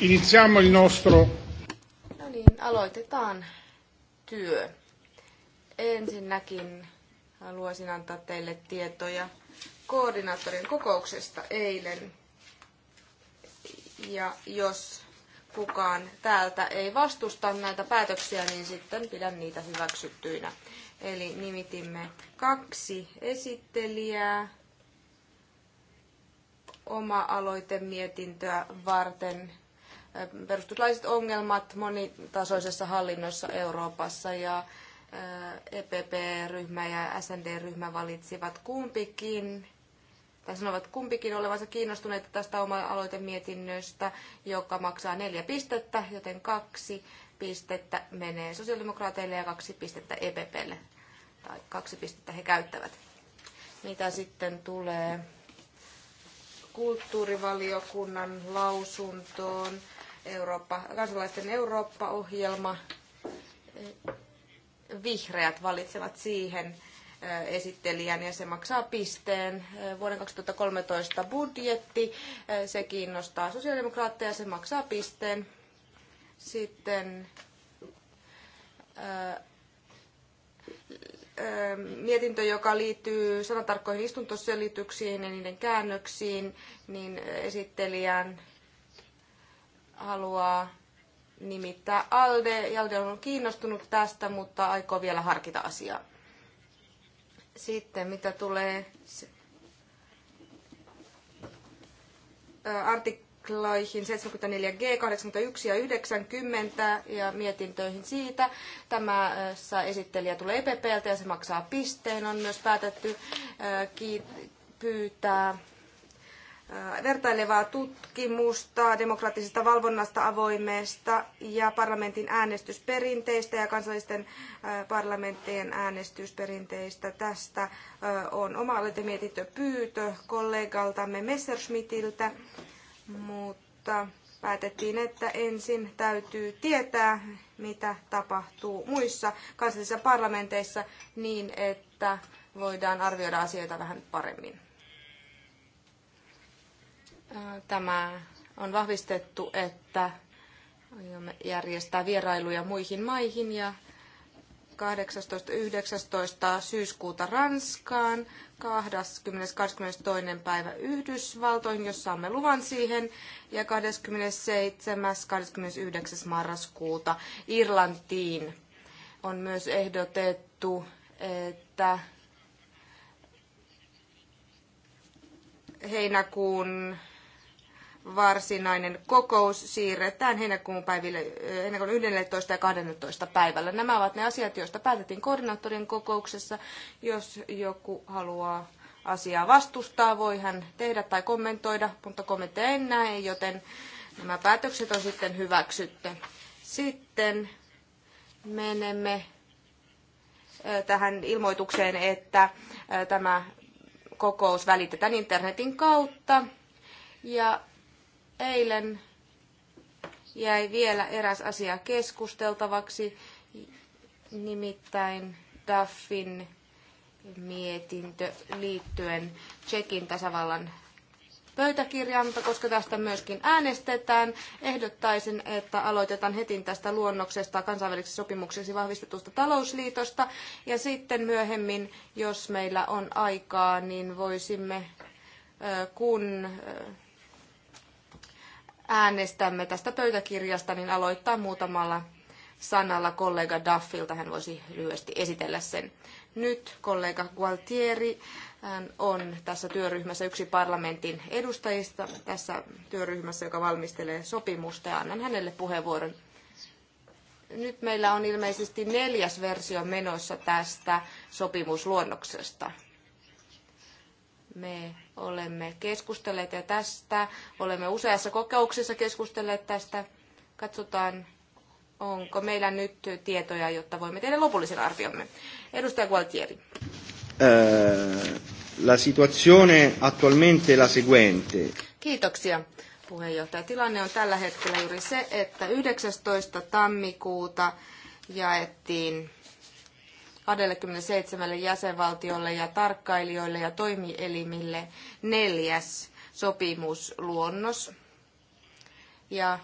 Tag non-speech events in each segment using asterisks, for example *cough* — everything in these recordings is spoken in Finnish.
Iniziamo il nostro... No niin, aloitetaan työ. Ensinnäkin haluaisin antaa teille tietoja koordinaattorin kokouksesta eilen. Ja jos kukaan täältä ei vastusta näitä päätöksiä, niin sitten pidän niitä hyväksyttyinä. Eli nimitimme kaksi esittelijää oma-aloitemietintöä varten perustuslaiset ongelmat monitasoisessa hallinnossa Euroopassa ja EPP-ryhmä ja SND-ryhmä valitsivat kumpikin tai sanovat kumpikin olevansa kiinnostuneita tästä oma-aloitemietinnöstä, joka maksaa neljä pistettä, joten kaksi pistettä menee sosiaalidemokraateille ja kaksi pistettä EPPlle. Tai kaksi pistettä he käyttävät. Mitä sitten tulee kulttuurivaliokunnan lausuntoon Eurooppa, kansalaisten Eurooppa-ohjelma. Vihreät valitsevat siihen eh, esittelijän ja se maksaa pisteen. Eh, vuoden 2013 budjetti, eh, se kiinnostaa sosiaalidemokraatteja, se maksaa pisteen. Sitten mietintö, joka liittyy sanatarkkoihin istuntoselityksiin ja niiden käännöksiin, niin esittelijän haluaa nimittää Alde. Alde on kiinnostunut tästä, mutta aikoo vielä harkita asiaa. Sitten mitä tulee artik- artiklaihin 74G, 81 ja 90 ja mietintöihin siitä. Tämä äh, esittelijä tulee EPPltä ja se maksaa pisteen. On myös päätetty äh, pyytää äh, vertailevaa tutkimusta demokraattisesta valvonnasta avoimesta ja parlamentin äänestysperinteistä ja kansallisten parlamenttien äänestysperinteistä. Tästä on oma aloitemietintö pyytö kollegaltamme Messerschmittiltä mutta päätettiin, että ensin täytyy tietää, mitä tapahtuu muissa kansallisissa parlamenteissa niin, että voidaan arvioida asioita vähän paremmin. Äh, tämä on vahvistettu, että järjestää vierailuja muihin maihin ja 18.19. syyskuuta Ranskaan, 20.22. päivä Yhdysvaltoihin, jos saamme luvan siihen, ja 27.29. marraskuuta Irlantiin. On myös ehdotettu, että heinäkuun varsinainen kokous siirretään heinäkuun päiville, heinäkuun 11. ja 12. päivällä. Nämä ovat ne asiat, joista päätettiin koordinaattorin kokouksessa. Jos joku haluaa asiaa vastustaa, voi hän tehdä tai kommentoida, mutta kommentteja en näe, joten nämä päätökset on sitten hyväksytty. Sitten menemme tähän ilmoitukseen, että tämä kokous välitetään internetin kautta. Ja eilen jäi vielä eräs asia keskusteltavaksi, nimittäin Duffin mietintö liittyen Tsekin tasavallan pöytäkirjaan, koska tästä myöskin äänestetään, ehdottaisin, että aloitetaan heti tästä luonnoksesta kansainväliseksi sopimukseksi vahvistetusta talousliitosta. Ja sitten myöhemmin, jos meillä on aikaa, niin voisimme, kun äänestämme tästä pöytäkirjasta, niin aloittaa muutamalla sanalla kollega Duffilta. Hän voisi lyhyesti esitellä sen. Nyt kollega Gualtieri hän on tässä työryhmässä yksi parlamentin edustajista tässä työryhmässä, joka valmistelee sopimusta ja annan hänelle puheenvuoron. Nyt meillä on ilmeisesti neljäs versio menossa tästä sopimusluonnoksesta. Me Olemme keskustelleet ja tästä, olemme useassa kokouksessa keskustelleet tästä. Katsotaan, onko meillä nyt tietoja, jotta voimme tehdä lopullisen arviomme. Edustaja Gualtieri. Eh, la situazione attualmente la seguente. Kiitoksia puheenjohtaja. Tilanne on tällä hetkellä juuri se, että 19. tammikuuta jaettiin 27 jäsenvaltiolle ja tarkkailijoille ja toimielimille neljäs sopimusluonnos. Ja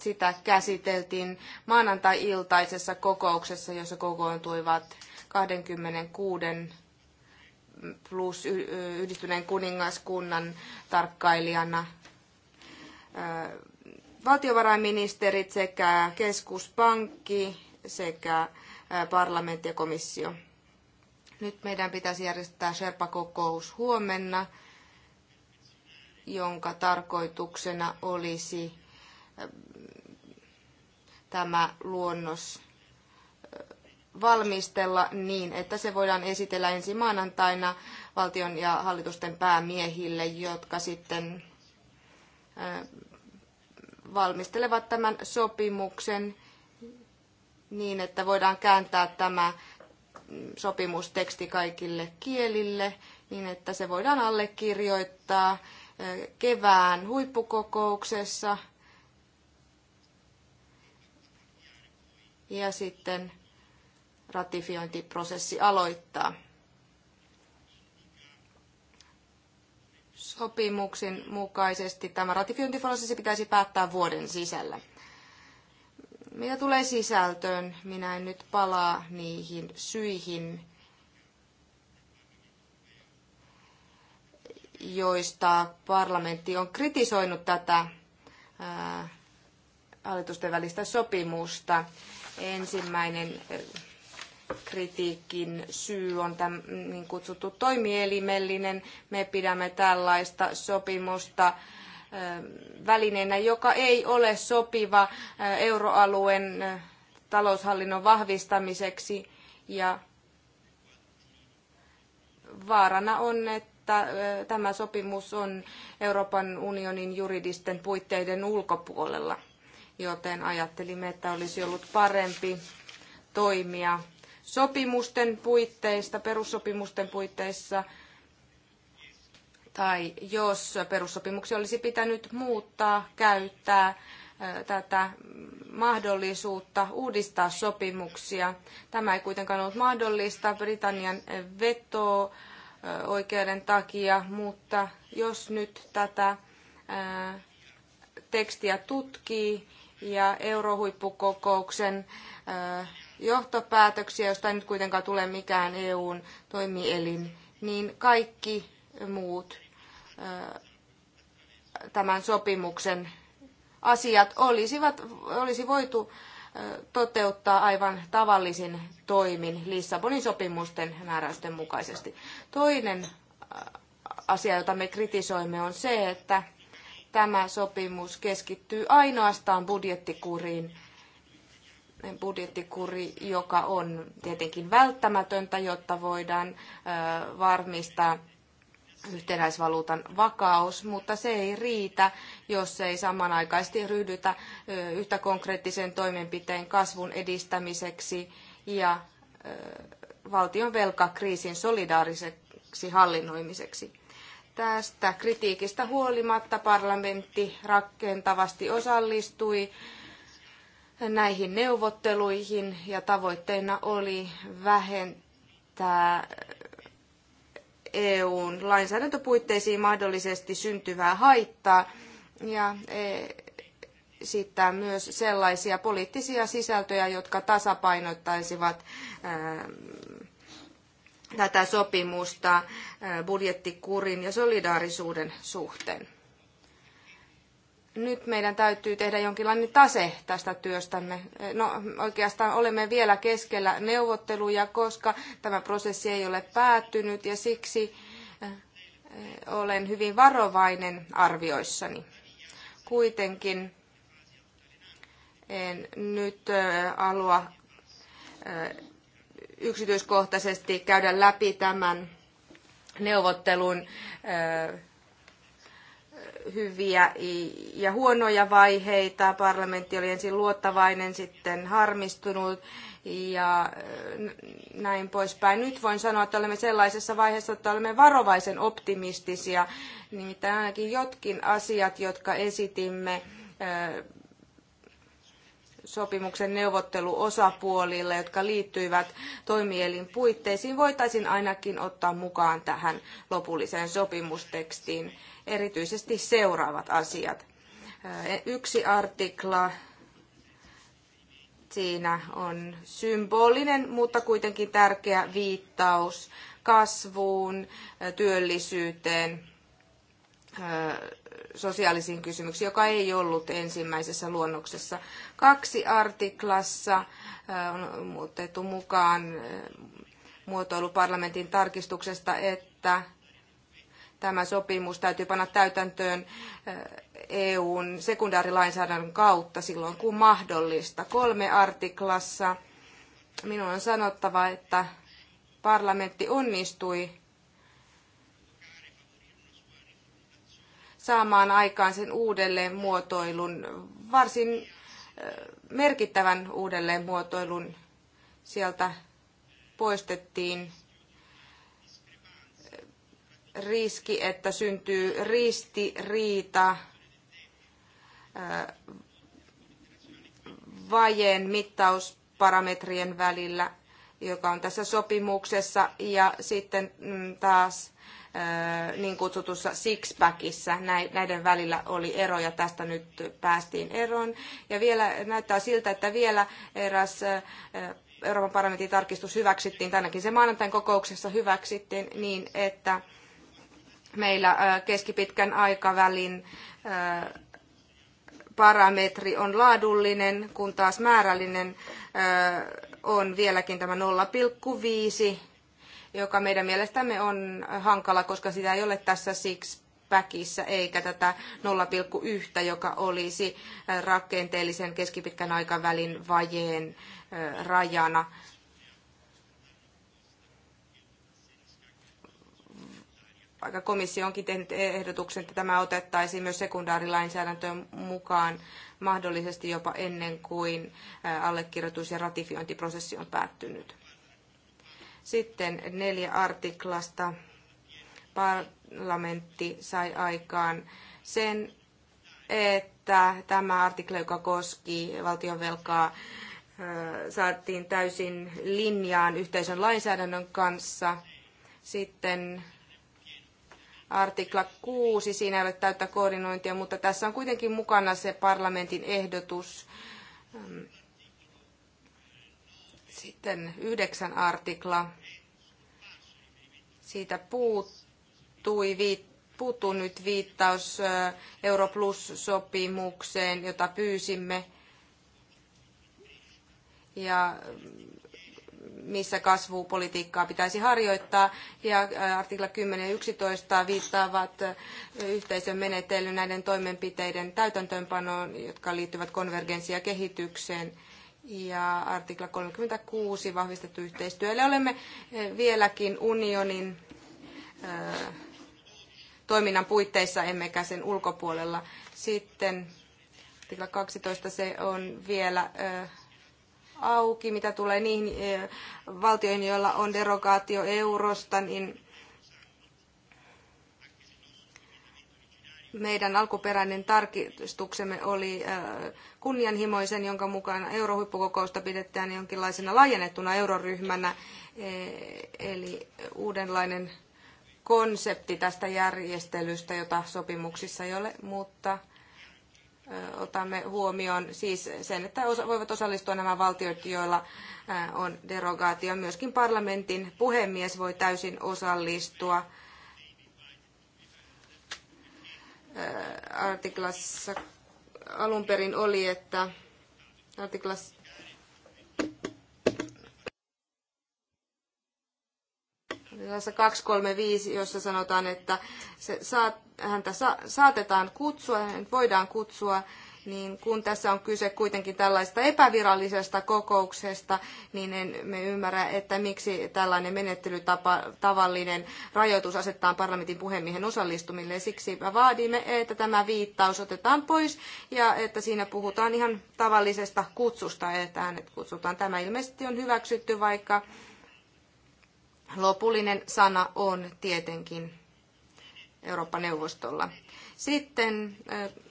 sitä käsiteltiin maanantai-iltaisessa kokouksessa, jossa kokoontuivat 26 plus yhdistyneen kuningaskunnan tarkkailijana valtiovarainministerit sekä keskuspankki sekä parlamentti ja komissio. Nyt meidän pitäisi järjestää Sherpa-kokous huomenna, jonka tarkoituksena olisi tämä luonnos valmistella niin, että se voidaan esitellä ensi maanantaina valtion ja hallitusten päämiehille, jotka sitten valmistelevat tämän sopimuksen niin, että voidaan kääntää tämä sopimusteksti kaikille kielille, niin että se voidaan allekirjoittaa eh, kevään huippukokouksessa ja sitten ratifiointiprosessi aloittaa. sopimuksen mukaisesti tämä ratifiointiprosessi pitäisi päättää vuoden sisällä. Mitä tulee sisältöön, minä en nyt palaa niihin syihin, joista parlamentti on kritisoinut tätä ää, hallitusten välistä sopimusta. Ensimmäinen kritiikin syy on tämän, niin kutsuttu toimielimellinen. Me pidämme tällaista sopimusta ähm, välineenä, joka ei ole sopiva äh, euroalueen äh, taloushallinnon vahvistamiseksi. Ja vaarana on, että äh, tämä sopimus on Euroopan unionin juridisten puitteiden ulkopuolella, joten ajattelimme, että olisi ollut parempi toimia sopimusten puitteista, perussopimusten puitteissa, tai jos perussopimuksia olisi pitänyt muuttaa, käyttää tätä mahdollisuutta uudistaa sopimuksia. Tämä ei kuitenkaan ollut mahdollista Britannian veto oikeuden takia, mutta jos nyt tätä tekstiä tutkii ja eurohuippukokouksen johtopäätöksiä, josta ei nyt kuitenkaan tule mikään EUn toimielin, niin kaikki muut tämän sopimuksen asiat olisivat, olisi voitu toteuttaa aivan tavallisin toimin Lissabonin sopimusten määräysten mukaisesti. Toinen asia, jota me kritisoimme, on se, että tämä sopimus keskittyy ainoastaan budjettikuriin budjettikuri, joka on tietenkin välttämätöntä, jotta voidaan varmistaa yhtenäisvaluutan vakaus, mutta se ei riitä, jos ei samanaikaisesti ryhdytä yhtä konkreettisen toimenpiteen kasvun edistämiseksi ja valtion velkakriisin solidaariseksi hallinnoimiseksi. Tästä kritiikistä huolimatta parlamentti rakentavasti osallistui näihin neuvotteluihin ja tavoitteena oli vähentää EUn lainsäädäntöpuitteisiin mahdollisesti syntyvää haittaa ja e, esittää myös sellaisia poliittisia sisältöjä, jotka tasapainottaisivat tätä sopimusta budjettikurin ja solidaarisuuden suhteen nyt meidän täytyy tehdä jonkinlainen tase tästä työstämme. No oikeastaan olemme vielä keskellä neuvotteluja, koska tämä prosessi ei ole päättynyt ja siksi eh, olen hyvin varovainen arvioissani. Kuitenkin en nyt eh, halua eh, yksityiskohtaisesti käydä läpi tämän neuvottelun hyviä ja huonoja vaiheita. Parlamentti oli ensin luottavainen, sitten harmistunut ja äh, näin poispäin. Nyt voin sanoa, että olemme sellaisessa vaiheessa, että olemme varovaisen optimistisia. Nimittäin ainakin jotkin asiat, jotka esitimme äh, sopimuksen neuvotteluosapuolille, jotka liittyivät toimielin puitteisiin, voitaisiin ainakin ottaa mukaan tähän lopulliseen sopimustekstiin erityisesti seuraavat asiat. Yksi artikla siinä on symbolinen, mutta kuitenkin tärkeä viittaus kasvuun, työllisyyteen, sosiaalisiin kysymyksiin, joka ei ollut ensimmäisessä luonnoksessa. Kaksi artiklassa on otettu mukaan muotoilu parlamentin tarkistuksesta, että tämä sopimus täytyy panna täytäntöön eh, EUn sekundaarilainsäädännön kautta silloin, kun mahdollista. Kolme artiklassa minun on sanottava, että parlamentti onnistui saamaan aikaan sen uudelleen muotoilun, varsin eh, merkittävän uudelleen muotoilun. Sieltä poistettiin riski, että syntyy ristiriita vajeen mittausparametrien välillä, joka on tässä sopimuksessa, ja sitten mm, taas niin kutsutussa six-packissa näiden välillä oli eroja, tästä nyt päästiin eroon. Ja vielä näyttää siltä, että vielä eräs Euroopan parlamentin tarkistus hyväksyttiin, ainakin se maanantain kokouksessa hyväksyttiin, niin että meillä keskipitkän aikavälin parametri on laadullinen, kun taas määrällinen on vieläkin tämä 0,5, joka meidän mielestämme on hankala, koska sitä ei ole tässä siksi päkissä, eikä tätä 0,1, joka olisi rakenteellisen keskipitkän aikavälin vajeen rajana. vaikka komissio onkin tehnyt ehdotuksen, että tämä otettaisiin myös sekundaarilainsäädäntöön mukaan mahdollisesti jopa ennen kuin allekirjoitus- ja ratifiointiprosessi on päättynyt. Sitten neljä artiklasta parlamentti sai aikaan sen, että tämä artikla, joka koski valtionvelkaa, saatiin täysin linjaan yhteisön lainsäädännön kanssa. Sitten artikla 6, siinä ei ole täyttä koordinointia, mutta tässä on kuitenkin mukana se parlamentin ehdotus. Sitten yhdeksän artikla. Siitä puuttui viittaus puuttuu nyt viittaus Europlus-sopimukseen, jota pyysimme. Ja missä kasvupolitiikkaa pitäisi harjoittaa. Ja artikla 10 ja 11 viittaavat yhteisön menettelyyn näiden toimenpiteiden täytäntöönpanoon, jotka liittyvät konvergenssia kehitykseen ja artikla 36 vahvistettu yhteistyö. Eli olemme vieläkin unionin toiminnan puitteissa emmekä sen ulkopuolella. Sitten artikla 12 se on vielä auki, mitä tulee niihin eh, valtioihin, joilla on derogaatio eurosta, niin meidän alkuperäinen tarkistuksemme oli eh, kunnianhimoisen, jonka mukaan eurohuippukokousta pidetään jonkinlaisena laajennettuna euroryhmänä, eh, eli uudenlainen konsepti tästä järjestelystä, jota sopimuksissa ei ole, mutta otamme huomioon siis sen, että voivat osallistua nämä valtiot, joilla on derogaatio. Myöskin parlamentin puhemies voi täysin osallistua artiklassa alun perin oli, että artiklassa tässä 235, jossa sanotaan, että se saat, häntä sa, saatetaan kutsua, hänet voidaan kutsua, niin kun tässä on kyse kuitenkin tällaista epävirallisesta kokouksesta, niin en me ymmärrä, että miksi tällainen menettelytapa, tavallinen rajoitus asettaa parlamentin puhemiehen osallistumille. Siksi vaadimme, että tämä viittaus otetaan pois ja että siinä puhutaan ihan tavallisesta kutsusta, että hänet kutsutaan. Tämä ilmeisesti on hyväksytty, vaikka Lopullinen sana on tietenkin Eurooppa-neuvostolla. Sitten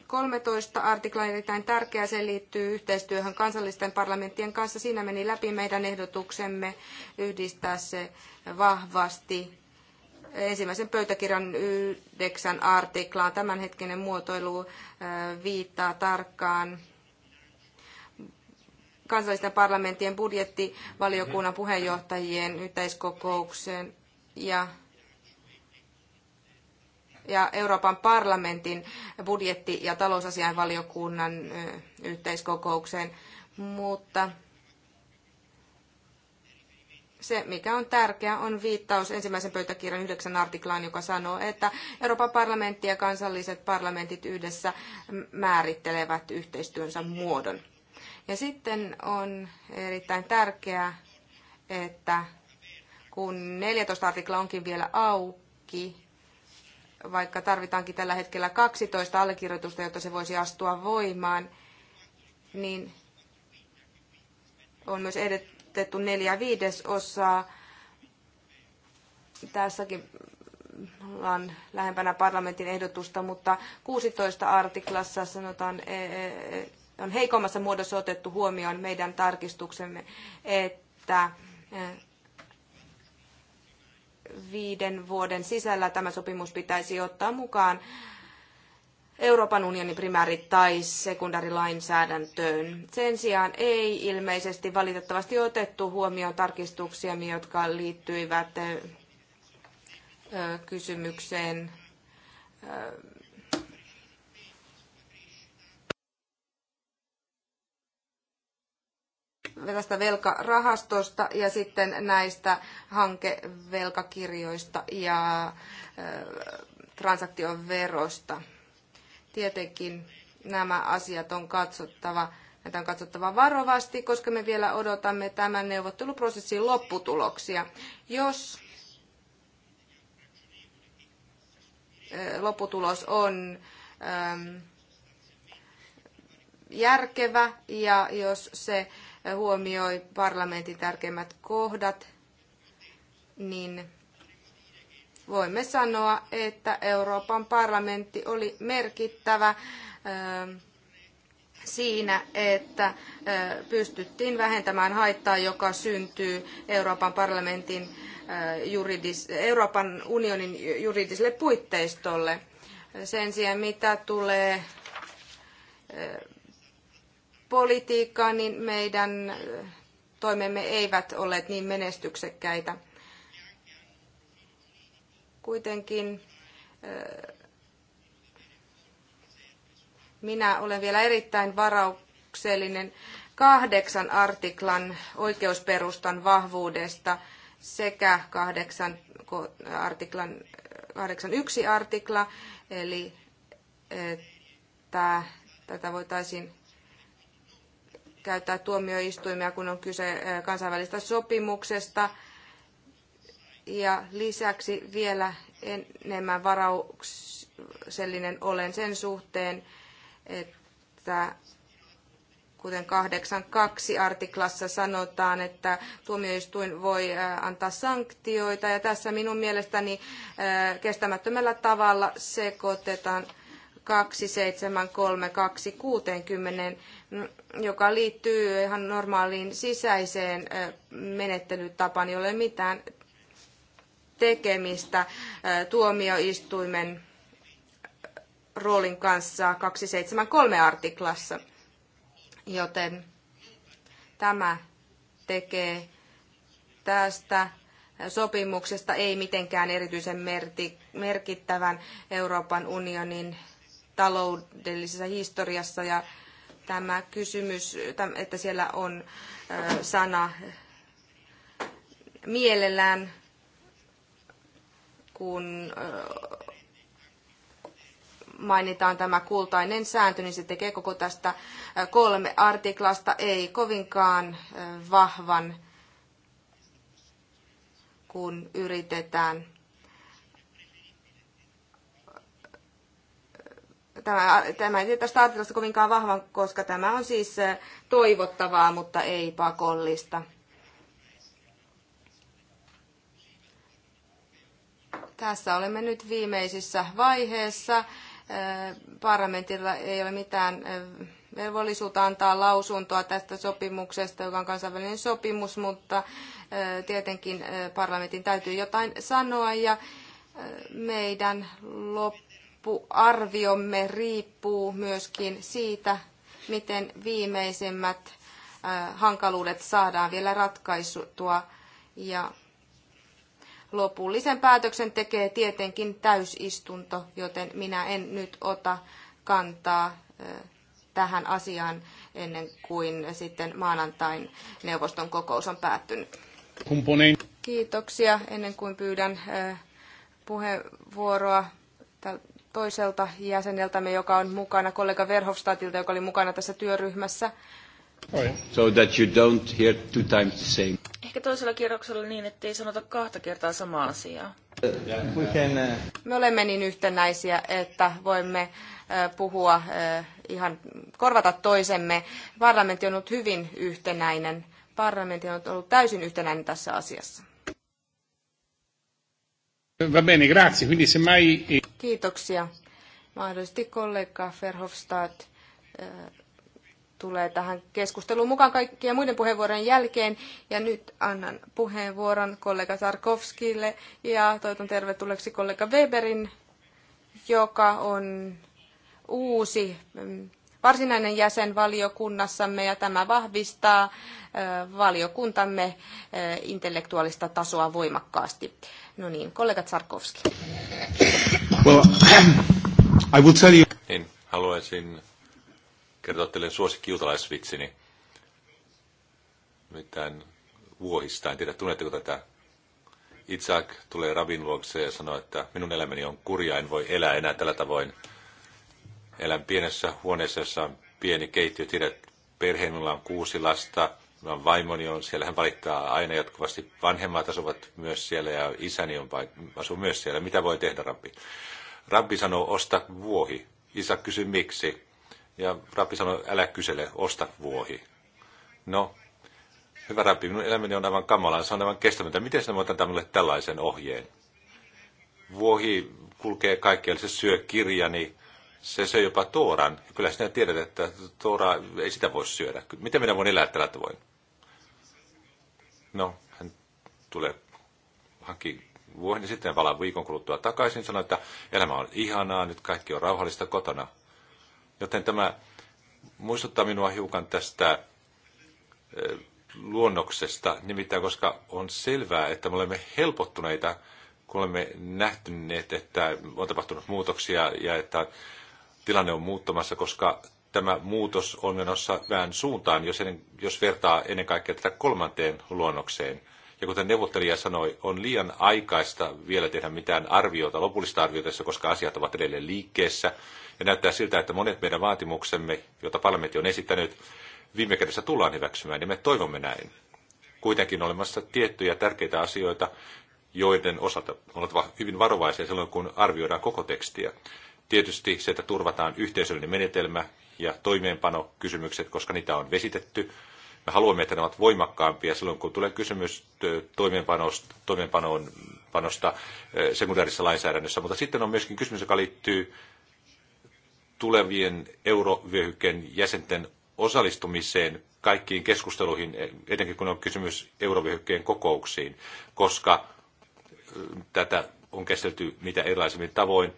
13 artikla on erittäin tärkeä. Se liittyy yhteistyöhön kansallisten parlamenttien kanssa. Siinä meni läpi meidän ehdotuksemme yhdistää se vahvasti ensimmäisen pöytäkirjan yhdeksän artiklaan. Tämänhetkinen muotoilu viittaa tarkkaan kansallisten parlamenttien budjettivaliokunnan puheenjohtajien yhteiskokouksen ja ja Euroopan parlamentin budjetti- ja talousasiainvaliokunnan yhteiskokoukseen, mutta se, mikä on tärkeää, on viittaus ensimmäisen pöytäkirjan yhdeksän artiklaan, joka sanoo, että Euroopan parlamentti ja kansalliset parlamentit yhdessä määrittelevät yhteistyönsä muodon. Ja sitten on erittäin tärkeää, että kun 14 artikla onkin vielä auki, vaikka tarvitaankin tällä hetkellä 12 allekirjoitusta, jotta se voisi astua voimaan, niin on myös edetetty neljä viidesosaa. Tässäkin ollaan lähempänä parlamentin ehdotusta, mutta 16 artiklassa sanotaan, e, e, e, on heikommassa muodossa otettu huomioon meidän tarkistuksemme, että eh, viiden vuoden sisällä tämä sopimus pitäisi ottaa mukaan Euroopan unionin primääri- tai sekundarilainsäädäntöön. Sen sijaan ei ilmeisesti valitettavasti otettu huomioon tarkistuksia, jotka liittyivät eh, eh, kysymykseen tästä velkarahastosta ja sitten näistä hankevelkakirjoista ja transaktioverosta. verosta. Tietenkin nämä asiat on katsottava, näitä on katsottava varovasti, koska me vielä odotamme tämän neuvotteluprosessin lopputuloksia. Jos lopputulos on järkevä ja jos se huomioi parlamentin tärkeimmät kohdat, niin voimme sanoa, että Euroopan parlamentti oli merkittävä siinä, että pystyttiin vähentämään haittaa, joka syntyy Euroopan parlamentin juridis, Euroopan unionin juridiselle puitteistolle. Sen sijaan mitä tulee politiikkaan niin meidän eh, toimemme eivät olleet niin menestyksekkäitä. Kuitenkin eh, minä olen vielä erittäin varauksellinen kahdeksan artiklan oikeusperustan vahvuudesta sekä kahdeksan artiklan, eh, kahdeksan yksi artikla, eli että tätä voitaisiin käyttää tuomioistuimia, kun on kyse kansainvälistä sopimuksesta. Ja lisäksi vielä enemmän varauksellinen olen sen suhteen, että kuten 8.2 artiklassa sanotaan, että tuomioistuin voi antaa sanktioita. Ja tässä minun mielestäni kestämättömällä tavalla sekoitetaan 273 260 joka liittyy ihan normaaliin sisäiseen menettelytapaan, jolle ei ole mitään tekemistä tuomioistuimen roolin kanssa 273 artiklassa. Joten tämä tekee tästä sopimuksesta ei mitenkään erityisen merkittävän Euroopan unionin taloudellisessa historiassa ja tämä kysymys, että siellä on sana mielellään, kun mainitaan tämä kultainen sääntö, niin se tekee koko tästä kolme artiklasta ei kovinkaan vahvan, kun yritetään tämä, tämä ei tästä artikkelista kovinkaan vahvan, koska tämä on siis eh, toivottavaa, mutta ei pakollista. Tässä olemme nyt viimeisissä vaiheissa. Eh, parlamentilla ei ole mitään eh, velvollisuutta antaa lausuntoa tästä sopimuksesta, joka on kansainvälinen sopimus, mutta tietenkin parlamentin täytyy jotain sanoa ja meidän loppu loppuarviomme riippuu myöskin siitä, miten viimeisimmät hankaluudet saadaan vielä ratkaistua. Ja lopullisen päätöksen tekee tietenkin täysistunto, joten minä en nyt ota kantaa tähän asiaan ennen kuin sitten maanantain neuvoston kokous on päättynyt. Kumpunin. Kiitoksia ennen kuin pyydän puheenvuoroa toiselta jäseneltämme, joka on mukana, kollega Verhofstadtilta, joka oli mukana tässä työryhmässä. So that you don't hear two times the same. Ehkä toisella kierroksella niin, ei sanota kahta kertaa samaa asiaa. Uh, Me olemme niin yhtenäisiä, että voimme uh, puhua uh, ihan korvata toisemme. Parlamentti on ollut hyvin yhtenäinen. Parlamentti on ollut täysin yhtenäinen tässä asiassa. Va bene, grazie. Quindi semmai... Eh, Kiitoksia. Mahdollisesti kollega Verhofstadt eh, tulee tähän keskusteluun mukaan kaikkien muiden puheenvuorojen jälkeen. Ja nyt annan puheenvuoron kollega Sarkovskille ja toivotan tervetulleeksi kollega Weberin, joka on uusi mm, varsinainen jäsen valiokunnassamme ja tämä vahvistaa eh, valiokuntamme intellektuaalista tasoa voimakkaasti. No niin, kollega Tsarkovski. Well, I will tell you... Niin, haluaisin kertoa teille suosikkiutalaisvitsini. Mitään vuohista, en tiedä tunnetteko tätä. Isaac tulee rabin luokse ja sanoo, että minun elämäni on kurja, en voi elää enää tällä tavoin. Elän pienessä huoneessa, jossa on pieni keittiö, tiedät, perheen on kuusi lasta, vaimoni on siellä, hän valittaa aina jatkuvasti. Vanhemmat asuvat myös siellä ja isäni on paik- asuu myös siellä. Mitä voi tehdä, rabbi? Rabbi sanoo, osta vuohi. Isä kysyi, miksi? Ja rabbi sanoi, älä kysele, osta vuohi. No, hyvä rabbi, minun elämäni on aivan kamala, se on aivan kestämätöntä. Miten sinä otan tämmöille tällaisen ohjeen? Vuohi kulkee kaikkialle, se syö kirjani, se söi jopa Tooran. Kyllä sinä tiedät, että tooraa ei sitä voi syödä. Miten minä voin elää tällä tavoin? No, hän tulee, hanki vuoden sitten palaa viikon kuluttua takaisin. Sanoi, että elämä on ihanaa, nyt kaikki on rauhallista kotona. Joten tämä muistuttaa minua hiukan tästä luonnoksesta, nimittäin koska on selvää, että me olemme helpottuneita, kun olemme nähtyneet, että on tapahtunut muutoksia ja että tilanne on muuttumassa, koska tämä muutos on menossa vähän suuntaan, jos, ennen, jos vertaa ennen kaikkea tätä kolmanteen luonnokseen. Ja kuten neuvottelija sanoi, on liian aikaista vielä tehdä mitään arviota, lopullista arviota, koska asiat ovat edelleen liikkeessä. Ja näyttää siltä, että monet meidän vaatimuksemme, joita parlamentti on esittänyt, viime kädessä tullaan hyväksymään, ja me toivomme näin. Kuitenkin on olemassa tiettyjä tärkeitä asioita, joiden osalta on oltava hyvin varovaisia silloin, kun arvioidaan koko tekstiä. Tietysti se, että turvataan yhteisöllinen menetelmä, ja toimeenpanokysymykset, koska niitä on vesitetty. Me haluamme, että ne ovat voimakkaampia silloin, kun tulee kysymys toimeenpanosta sekundaarissa lainsäädännössä. Mutta sitten on myöskin kysymys, joka liittyy tulevien eurovyöhykkeen jäsenten osallistumiseen kaikkiin keskusteluihin, e, etenkin kun on kysymys eurovyöhykkeen kokouksiin, koska tätä on käsitelty mitä erilaisemmin tavoin,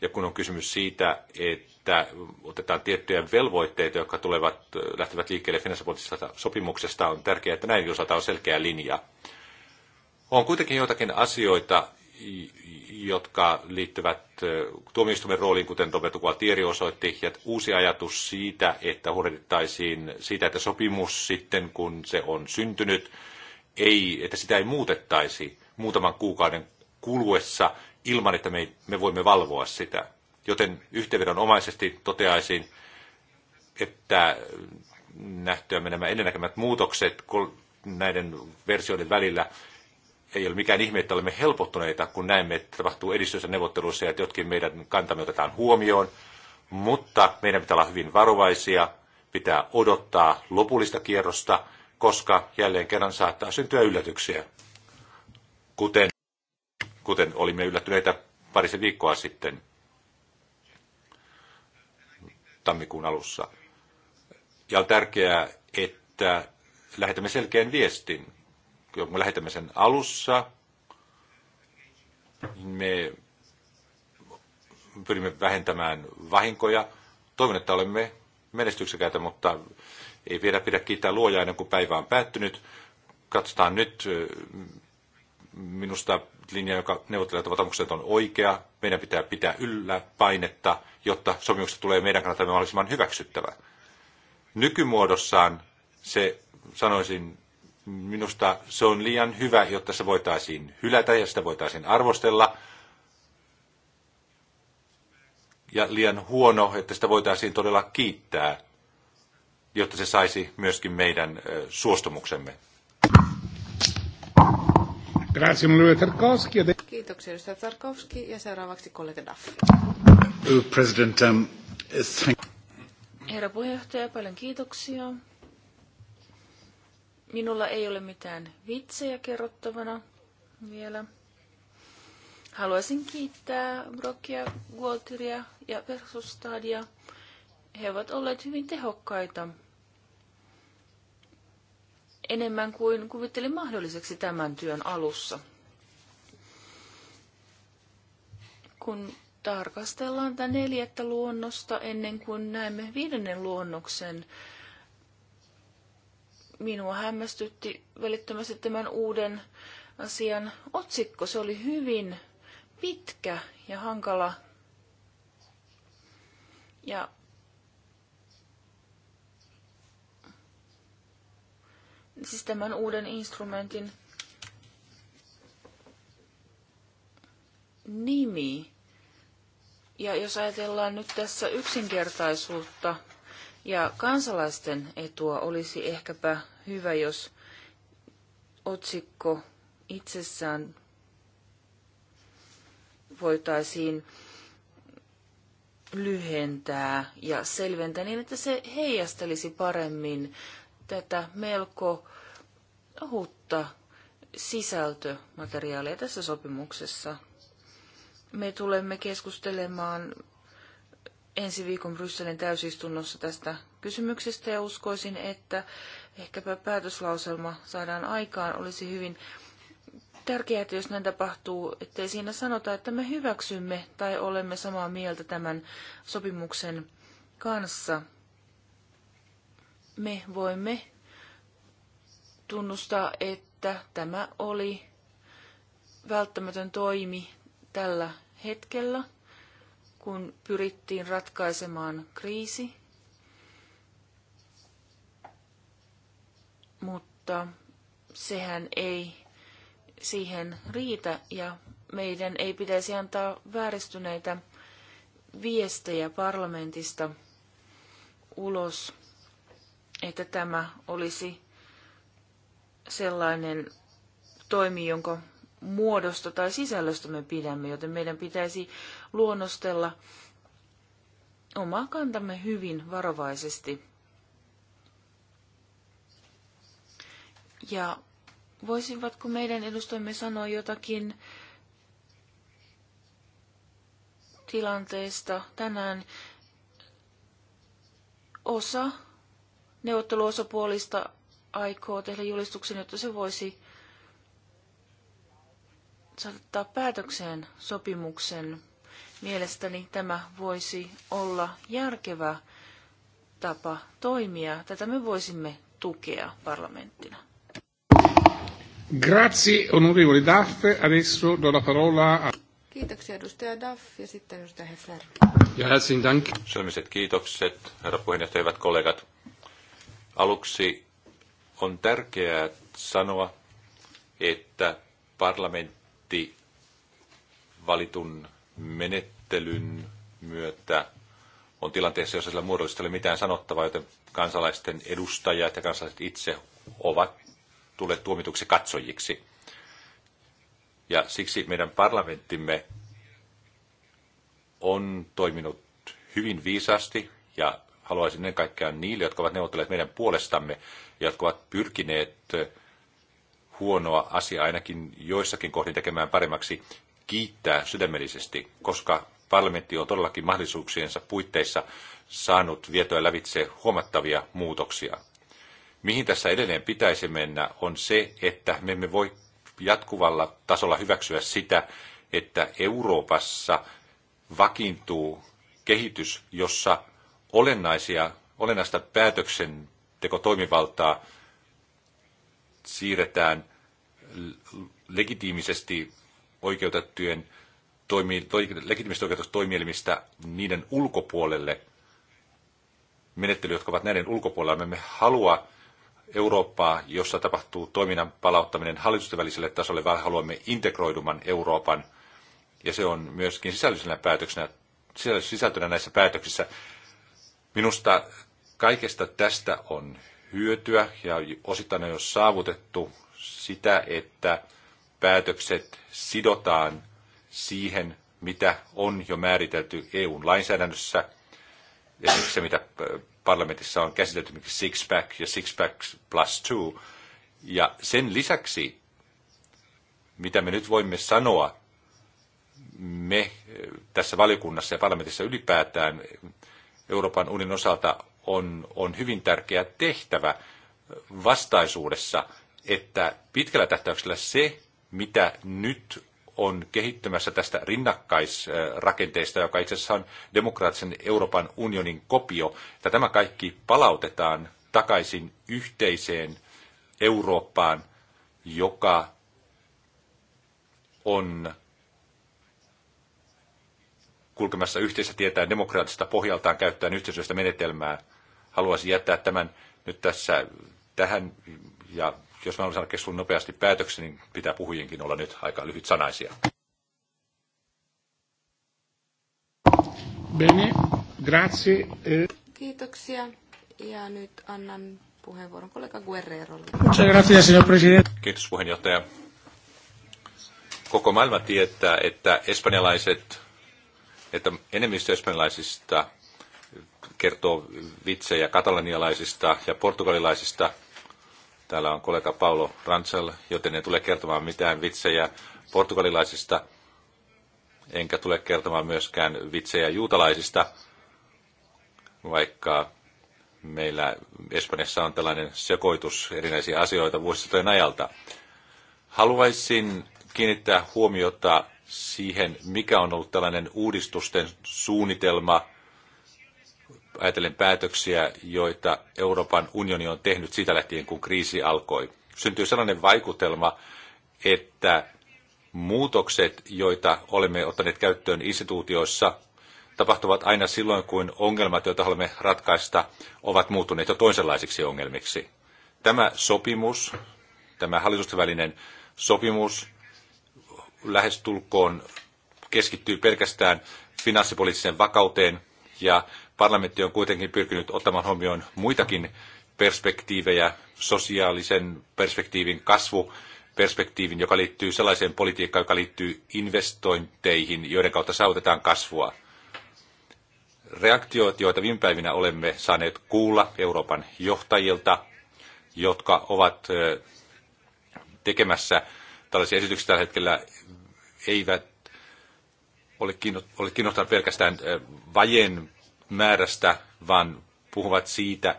ja kun on kysymys siitä, että että otetaan tiettyjä velvoitteita, jotka tulevat, lähtevät liikkeelle finanssipoliittisesta sopimuksesta, on tärkeää, että näin osalta on selkeä linja. On kuitenkin joitakin asioita, jotka liittyvät tuomioistuimen rooliin, kuten Roberto Gualtieri osoitti, ja uusi ajatus siitä, että huolehdittaisiin siitä, että sopimus sitten, kun se on syntynyt, ei, että sitä ei muutettaisi muutaman kuukauden kuluessa ilman, että me, me voimme valvoa sitä. Joten yhteenvedonomaisesti toteaisin, että nähtyämme nämä ennennäkemät muutokset näiden versioiden välillä ei ole mikään ihme, että olemme helpottuneita, kun näemme, että tapahtuu edistystä neuvotteluissa ja että jotkin meidän kantamme otetaan huomioon. Mutta meidän pitää olla hyvin varovaisia, pitää odottaa lopullista kierrosta, koska jälleen kerran saattaa syntyä yllätyksiä. Kuten, kuten olimme yllättyneitä parisen viikkoa sitten tammikuun alussa. Ja on tärkeää, että lähetämme selkeän viestin. Kun me lähetämme sen alussa, niin me pyrimme vähentämään vahinkoja. Toivon, että olemme menestyksekäitä, mutta ei vielä pidä kiittää luojaa ennen kuin päivä on päättynyt. Katsotaan nyt, Minusta linja, joka neuvottelijat ovat omukset, on oikea. Meidän pitää pitää yllä painetta, jotta sopimuksesta tulee meidän kannaltamme mahdollisimman hyväksyttävä. Nykymuodossaan se, sanoisin, minusta se on liian hyvä, jotta se voitaisiin hylätä ja sitä voitaisiin arvostella. Ja liian huono, että sitä voitaisiin todella kiittää, jotta se saisi myöskin meidän suostumuksemme. Grazie, onorevole Tarkovski. Kiitoksia, edustaja Tarkovski. Ja seuraavaksi kollega Duff. Oh, President, um, thank... Herra puheenjohtaja, paljon kiitoksia. Minulla ei ole mitään vitsejä kerrottavana vielä. Haluaisin kiittää Brokia, Walteria ja Versustadia. He ovat olleet hyvin tehokkaita enemmän kuin kuvittelin mahdolliseksi tämän työn alussa. Kun tarkastellaan tätä neljättä luonnosta ennen kuin näemme viidennen luonnoksen, minua hämmästytti välittömästi tämän uuden asian otsikko. Se oli hyvin pitkä ja hankala. Ja siis tämän uuden instrumentin nimi. Ja jos ajatellaan nyt tässä yksinkertaisuutta ja kansalaisten etua, olisi ehkäpä hyvä, jos otsikko itsessään voitaisiin lyhentää ja selventää niin, että se heijastelisi paremmin tätä melko ohutta sisältömateriaalia tässä sopimuksessa. Me tulemme keskustelemaan ensi viikon Brysselin täysistunnossa tästä kysymyksestä ja uskoisin, että ehkäpä päätöslauselma saadaan aikaan. Olisi hyvin tärkeää, että jos näin tapahtuu, ettei siinä sanota, että me hyväksymme tai olemme samaa mieltä tämän sopimuksen kanssa me voimme tunnustaa, että tämä oli välttämätön toimi tällä hetkellä, kun pyrittiin ratkaisemaan kriisi. Mutta sehän ei siihen riitä ja meidän ei pitäisi antaa vääristyneitä viestejä parlamentista ulos että tämä olisi sellainen toimi, jonka muodosta tai sisällöstä me pidämme, joten meidän pitäisi luonnostella omaa kantamme hyvin varovaisesti. Ja voisivatko meidän edustamme sanoa jotakin tilanteesta tänään? Osa neuvotteluosapuolista aikoo tehdä julistuksen, jotta se voisi saattaa päätökseen sopimuksen. Mielestäni tämä voisi olla järkevä tapa toimia. Tätä me voisimme tukea parlamenttina. Grazie, onorevole Daff. Adesso do la parola a... Kiitoksia edustaja Daff ja sitten edustaja Hefner. Ja herzlichen Dank. Sydämiset kiitokset, herra puheenjohtaja, hyvät kollegat. Aluksi on tärkeää sanoa, että parlamentti valitun menettelyn myötä on tilanteessa, jossa sillä muodollisesti ei ole mitään sanottavaa, joten kansalaisten edustajat ja kansalaiset itse ovat tulleet tuomituksi katsojiksi. Ja siksi meidän parlamenttimme on toiminut hyvin viisaasti ja haluaisin ennen kaikkea niille, jotka ovat neuvotelleet meidän puolestamme ja jotka ovat pyrkineet huonoa asiaa ainakin joissakin kohdin tekemään paremmaksi, kiittää sydämellisesti, koska parlamentti on todellakin mahdollisuuksiensa puitteissa saanut vietyä lävitse huomattavia muutoksia. Mihin tässä edelleen pitäisi mennä on se, että me emme voi jatkuvalla tasolla hyväksyä sitä, että Euroopassa vakiintuu kehitys, jossa olennaisia, olennaista päätöksentekotoimivaltaa siirretään legitiimisesti oikeutettujen toimi, toi, legitiimisesti oikeutettuista toimielimistä niiden ulkopuolelle menettely, jotka ovat näiden ulkopuolella. Me emme halua Eurooppaa, jossa tapahtuu toiminnan palauttaminen hallitusten väliselle tasolle, vaan haluamme integroiduman Euroopan. Ja se on myöskin sisällöllisenä päätöksenä, sisältönä näissä päätöksissä. Minusta kaikesta tästä on hyötyä ja osittain on jo saavutettu sitä, että päätökset sidotaan siihen, mitä on jo määritelty EUn lainsäädännössä. Esimerkiksi se, mitä parlamentissa on käsitelty, miksi six-pack ja six-pack plus two. Ja sen lisäksi, mitä me nyt voimme sanoa, me tässä valiokunnassa ja parlamentissa ylipäätään Euroopan unionin osalta on, on hyvin tärkeä tehtävä vastaisuudessa, että pitkällä tähtäyksellä se, mitä nyt on kehittymässä tästä rinnakkaisrakenteesta, joka itse asiassa on demokraattisen Euroopan unionin kopio, että tämä kaikki palautetaan takaisin yhteiseen Eurooppaan, joka on kulkemassa yhteistä tietää demokraattista pohjaltaan käyttäen yhteisöistä menetelmää. Haluaisin jättää tämän nyt tässä tähän ja jos mä haluan saada keskustelun nopeasti päätöksen, niin pitää puhujienkin olla nyt aika lyhyt sanaisia. Bene, grazie. Kiitoksia. Ja nyt annan puheenvuoron kollega Guerrerolle. Grazie, signor presidente. Kiitos puheenjohtaja. Koko maailma tietää, että espanjalaiset että enemmistö espanjalaisista kertoo vitsejä katalanialaisista ja portugalilaisista. Täällä on kollega Paulo Ransel, joten en tule kertomaan mitään vitsejä portugalilaisista, enkä tule kertomaan myöskään vitsejä juutalaisista, vaikka meillä Espanjassa on tällainen sekoitus erinäisiä asioita vuosisatojen ajalta. Haluaisin kiinnittää huomiota siihen, mikä on ollut tällainen uudistusten suunnitelma, ajatellen päätöksiä, joita Euroopan unioni on tehnyt siitä lähtien, kun kriisi alkoi. Syntyy sellainen vaikutelma, että muutokset, joita olemme ottaneet käyttöön instituutioissa, tapahtuvat aina silloin, kun ongelmat, joita haluamme ratkaista, ovat muuttuneet jo toisenlaisiksi ongelmiksi. Tämä sopimus, tämä hallitusten välinen sopimus, lähestulkoon keskittyy pelkästään finanssipoliittiseen vakauteen ja parlamentti on kuitenkin pyrkinyt ottamaan huomioon muitakin perspektiivejä, sosiaalisen perspektiivin kasvu, perspektiivin, joka liittyy sellaiseen politiikkaan, joka liittyy investointeihin, joiden kautta saavutetaan kasvua. Reaktiot, joita viime päivinä olemme saaneet kuulla Euroopan johtajilta, jotka ovat tekemässä tällaisia esityksiä tällä hetkellä eivät ole kiinnostaneet pelkästään vajen määrästä, vaan puhuvat siitä,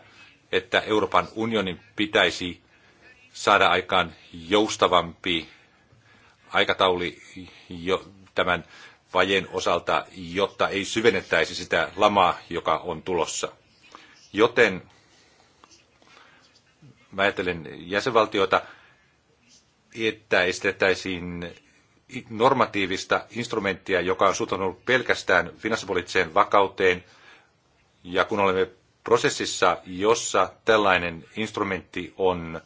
että Euroopan unionin pitäisi saada aikaan joustavampi aikatauli jo tämän vajen osalta, jotta ei syvennettäisi sitä lamaa, joka on tulossa. Joten mä ajattelen jäsenvaltioita, että esitettäisiin normatiivista instrumenttia, joka on suuntautunut pelkästään finanssipoliittiseen vakauteen, ja kun olemme prosessissa, jossa tällainen instrumentti on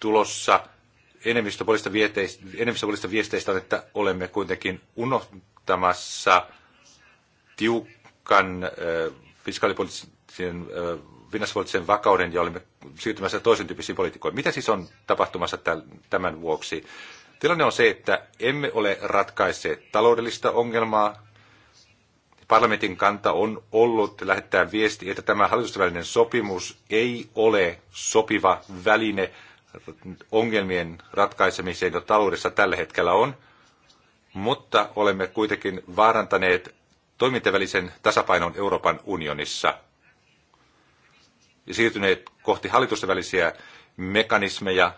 tulossa, enemmistöpoliittisista viesteistä, on, että olemme kuitenkin unohtamassa tiukan fiskaalipoliittisen finanssipoliittisen vakauden ja olemme siirtymässä toisen tyyppisiin poliitikkoihin. Mitä siis on tapahtumassa tämän vuoksi? Tilanne on se, että emme ole ratkaisseet taloudellista ongelmaa. Parlamentin kanta on ollut lähettää viesti, että tämä hallitusten sopimus ei ole sopiva väline ongelmien ratkaisemiseen, jota taloudessa tällä hetkellä on, mutta olemme kuitenkin vaarantaneet toimintavälisen tasapainon Euroopan unionissa ja siirtyneet kohti hallitusten välisiä mekanismeja,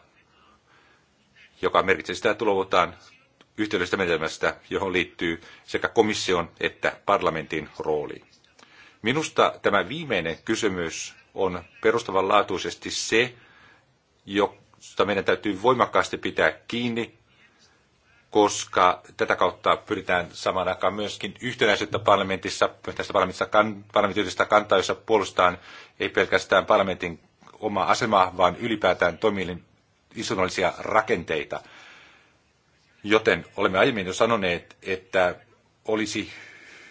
joka merkitsee sitä, että luovutaan yhteydestä menetelmästä, johon liittyy sekä komission että parlamentin rooli. Minusta tämä viimeinen kysymys on perustavanlaatuisesti se, josta meidän täytyy voimakkaasti pitää kiinni, koska tätä kautta pyritään samaan aikaan myöskin yhtenäisyyttä parlamentissa, tästä parlamentista, parlamentista kantaa, jossa puolustetaan ei pelkästään parlamentin omaa asemaa, vaan ylipäätään toimielin istunnollisia rakenteita. Joten olemme aiemmin jo sanoneet, että olisi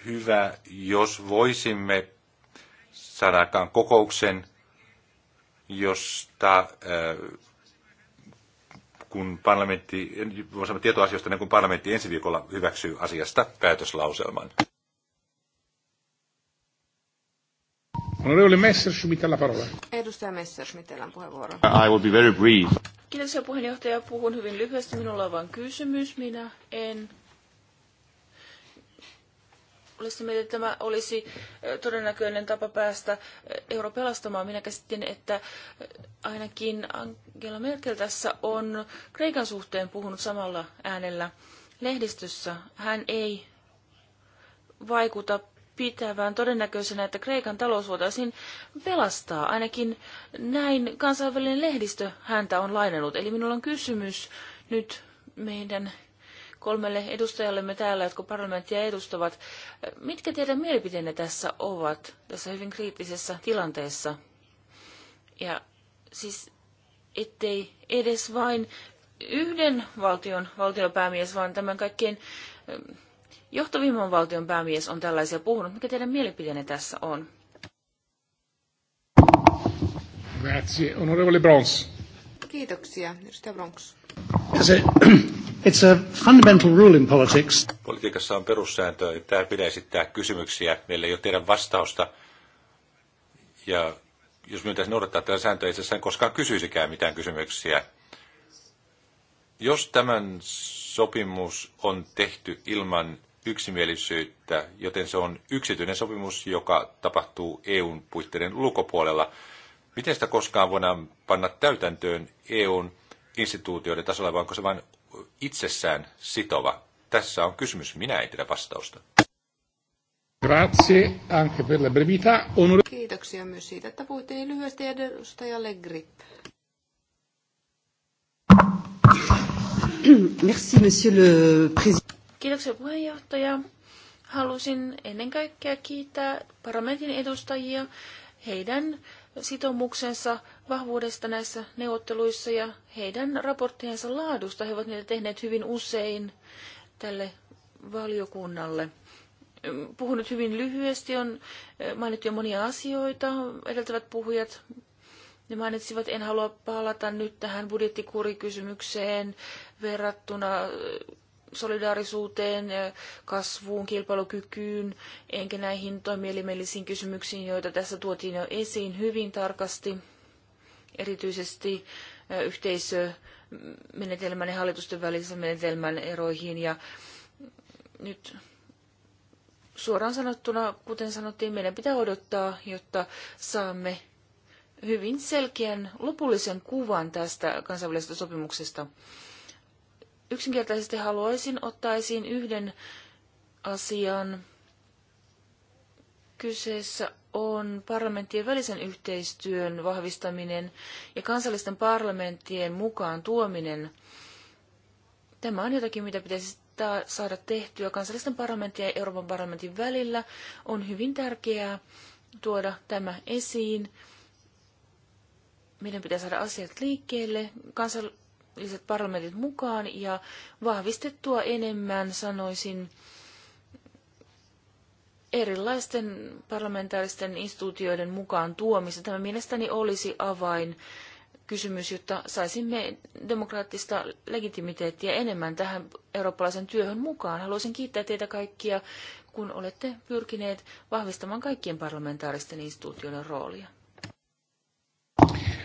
hyvä, jos voisimme saada aikaan kokouksen, josta äh, kun parlamentti, voisimme tietoa asioista, niin kun parlamentti ensi viikolla hyväksyy asiasta päätöslauselman. Honorable Messerschmitt, la parola. Edustaja Messerschmitt, on puheenvuoro. I will be very brief. Kiitoksia puheenjohtaja. Puhun hyvin lyhyesti. Minulla on vain kysymys. Minä en olisi mieltä, että tämä olisi todennäköinen tapa päästä euro pelastamaan. Minä käsitin, että ainakin Angela Merkel tässä on Kreikan suhteen puhunut samalla äänellä lehdistössä. Hän ei vaikuta pitävän todennäköisenä, että Kreikan talous voitaisiin pelastaa. Ainakin näin kansainvälinen lehdistö häntä on lainannut. Eli minulla on kysymys nyt meidän kolmelle edustajallemme täällä, jotka parlamenttia edustavat. Mitkä teidän mielipiteenne tässä ovat, tässä hyvin kriittisessä tilanteessa? Ja siis, ettei edes vain yhden valtion valtionpäämies, vaan tämän kaikkien Johtavimman valtion päämies on tällaisia puhunut. Mikä teidän mielipiteenne tässä on? Grazie. Onorevole Brons. Kiitoksia. Edustaja Bronx. *clears throat* It's a fundamental rule in politics. Politiikassa on perussääntö, että tämä pitää esittää kysymyksiä, meillä ei ole teidän vastausta. Ja jos minun pitäisi noudattaa tätä sääntöä, itse asiassa en koskaan kysyisikään mitään kysymyksiä. Jos tämän sopimus on tehty ilman yksimielisyyttä, joten se on yksityinen sopimus, joka tapahtuu EUn puitteiden ulkopuolella. Miten sitä koskaan voidaan panna täytäntöön EUn instituutioiden tasolla, vai onko se vain itsessään sitova? Tässä on kysymys, minä en tiedä vastausta. Grazie anche per la brevità. Onore... Kiitoksia myös siitä, että puhuitte niin lyhyesti edustajalle Grip. Merci, monsieur le président. Kiitoksia puheenjohtaja. Halusin ennen kaikkea kiittää parlamentin edustajia heidän sitoumuksensa vahvuudesta näissä neuvotteluissa ja heidän raporttiensa laadusta. He ovat niitä tehneet hyvin usein tälle valiokunnalle. Puhun nyt hyvin lyhyesti, on mainittu jo monia asioita, edeltävät puhujat ne mainitsivat, en halua palata nyt tähän budjettikurikysymykseen verrattuna solidaarisuuteen, kasvuun, kilpailukykyyn, enkä näihin toimielimellisiin kysymyksiin, joita tässä tuotiin jo esiin hyvin tarkasti, erityisesti yhteisömenetelmän ja hallitusten välisen menetelmän eroihin. Ja nyt suoraan sanottuna, kuten sanottiin, meidän pitää odottaa, jotta saamme hyvin selkeän lopullisen kuvan tästä kansainvälisestä sopimuksesta yksinkertaisesti haluaisin ottaa esiin yhden asian. Kyseessä on parlamenttien välisen yhteistyön vahvistaminen ja kansallisten parlamenttien mukaan tuominen. Tämä on jotakin, mitä pitäisi saada tehtyä kansallisten parlamenttien ja Euroopan parlamentin välillä. On hyvin tärkeää tuoda tämä esiin. Meidän pitää saada asiat liikkeelle. Kansal- kansalliset parlamentit mukaan ja vahvistettua enemmän, sanoisin, erilaisten parlamentaaristen instituutioiden mukaan tuomista. Tämä mielestäni olisi avain kysymys, jotta saisimme demokraattista legitimiteettiä enemmän tähän eurooppalaisen työhön mukaan. Haluaisin kiittää teitä kaikkia, kun olette pyrkineet vahvistamaan kaikkien parlamentaaristen instituutioiden roolia.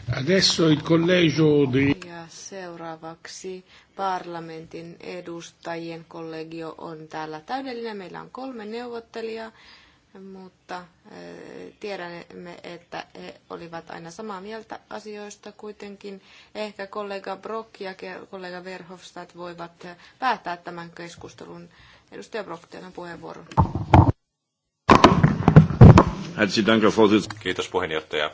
Adesso il collegio Ja seuraavaksi parlamentin edustajien kollegio on täällä täydellinen. Meillä on kolme neuvottelijaa, mutta eh, tiedämme, että he olivat aina samaa mieltä asioista kuitenkin. Ehkä kollega Brock ja kollega Verhofstadt voivat päättää tämän keskustelun. Edustaja Brock, teillä on puheenvuoro. Kiitos puheenjohtaja.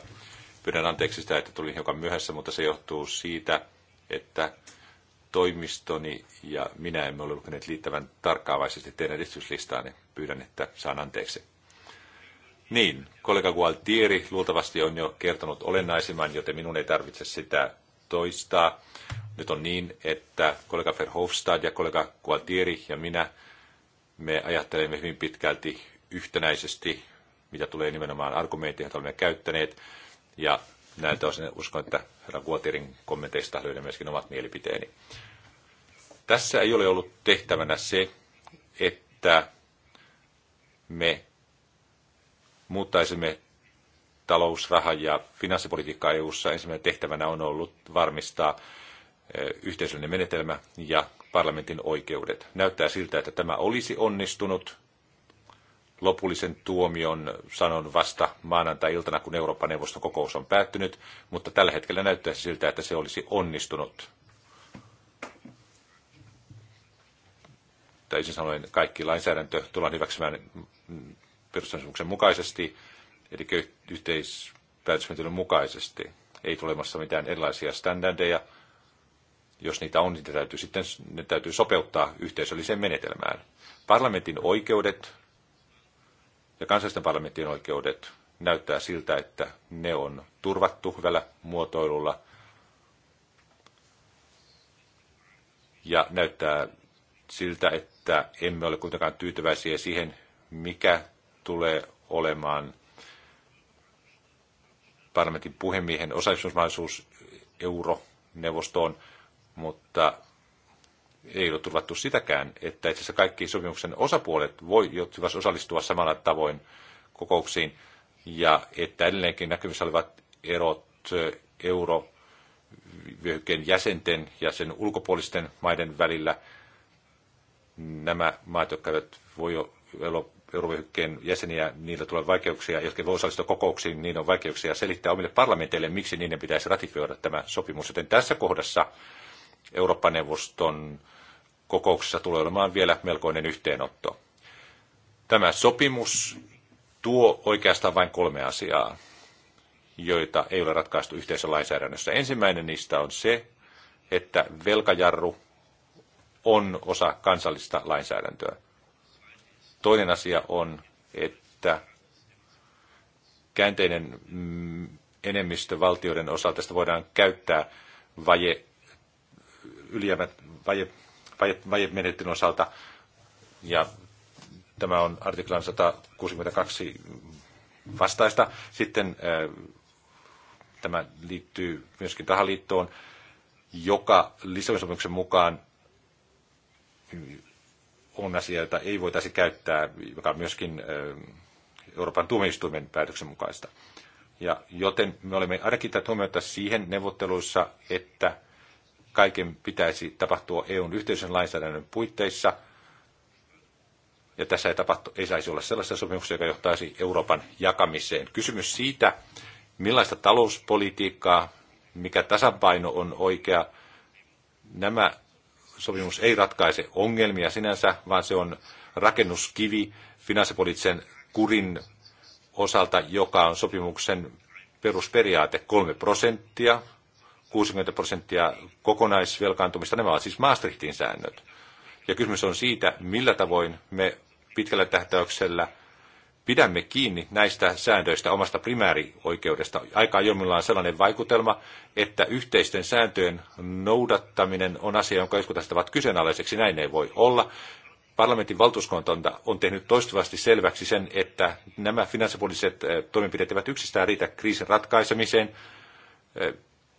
Pyydän anteeksi sitä, että tulin hiukan myöhässä, mutta se johtuu siitä, että toimistoni ja minä emme ole lukeneet liittävän tarkkaavaisesti teidän edistyslistaanne. Pyydän, että saan anteeksi. Niin, kollega Gualtieri luultavasti on jo kertonut olennaisimman, joten minun ei tarvitse sitä toistaa. Nyt on niin, että kollega Verhofstad ja kollega Gualtieri ja minä, me ajattelemme hyvin pitkälti yhtenäisesti, mitä tulee nimenomaan argumentteihin, joita olemme käyttäneet. Ja näiltä osin uskon, että herra Guotirin kommenteista löydän myöskin omat mielipiteeni. Tässä ei ole ollut tehtävänä se, että me muuttaisimme talousraha ja finanssipolitiikkaa EU-ssa. Ensimmäinen tehtävänä on ollut varmistaa e, yhteisöllinen menetelmä ja parlamentin oikeudet. Näyttää siltä, että tämä olisi onnistunut lopullisen tuomion sanon vasta maanantai-iltana, kun Euroopan neuvoston kokous on päättynyt, mutta tällä hetkellä näyttäisi siltä, että se olisi onnistunut. Täysin sanoen kaikki lainsäädäntö tullaan hyväksymään perustamisen mukaisesti, eli yhteispäätösmenettelyn mukaisesti. Ei tulemassa mitään erilaisia standardeja. Jos niitä on, ne täytyy sitten ne täytyy sopeuttaa yhteisölliseen menetelmään. Parlamentin oikeudet ja kansallisten parlamenttien oikeudet näyttää siltä, että ne on turvattu hyvällä muotoilulla. Ja näyttää siltä, että emme ole kuitenkaan tyytyväisiä siihen, mikä tulee olemaan parlamentin puhemiehen osallistumismahdollisuus euroneuvostoon, mutta ei ole turvattu sitäkään, että itse asiassa kaikki sopimuksen osapuolet voivat osallistua samalla tavoin kokouksiin, ja että edelleenkin näkyvissä olivat erot eurovyöhykkeen jäsenten ja sen ulkopuolisten maiden välillä. Nämä maat, jotka eivät voi olla eurovyöhykkeen jäseniä, niillä tulee vaikeuksia, jotka voi osallistua kokouksiin, niin on vaikeuksia selittää omille parlamenteille, miksi niiden pitäisi ratifioida tämä sopimus. Joten tässä kohdassa Eurooppa-neuvoston kokouksessa tulee olemaan vielä melkoinen yhteenotto. Tämä sopimus tuo oikeastaan vain kolme asiaa, joita ei ole ratkaistu yhteisölainsäädännössä. Ensimmäinen niistä on se, että velkajarru on osa kansallista lainsäädäntöä. Toinen asia on, että käänteinen mm, enemmistö valtioiden osalta voidaan käyttää vaje ylijäämät vaje, vaje, osalta. Ja tämä on artiklan 162 vastaista. Sitten tämä liittyy myöskin rahaliittoon, joka lisäysopimuksen mukaan on asia, jota ei voitaisi käyttää, joka on myöskin Euroopan tuomioistuimen päätöksen mukaista. Ja joten me olemme ainakin tätä huomiota siihen neuvotteluissa, että kaiken pitäisi tapahtua EUn yhteisen lainsäädännön puitteissa. Ja tässä ei, tapahtu, ei saisi olla sellaista sopimuksia, joka johtaisi Euroopan jakamiseen. Kysymys siitä, millaista talouspolitiikkaa, mikä tasapaino on oikea, nämä sopimus ei ratkaise ongelmia sinänsä, vaan se on rakennuskivi finanssipoliittisen kurin osalta, joka on sopimuksen perusperiaate kolme prosenttia 60 prosenttia kokonaisvelkaantumista. Nämä ovat siis Maastrichtin säännöt. Ja kysymys on siitä, millä tavoin me pitkällä tähtäyksellä pidämme kiinni näistä säännöistä omasta primäärioikeudesta. Aika ajoin on sellainen vaikutelma, että yhteisten sääntöjen noudattaminen on asia, jonka jotkut tästä ovat kyseenalaiseksi. Näin ei voi olla. Parlamentin valtuuskunta on tehnyt toistuvasti selväksi sen, että nämä finanssipoliittiset eh, toimenpiteet eivät yksistään riitä kriisin ratkaisemiseen eh,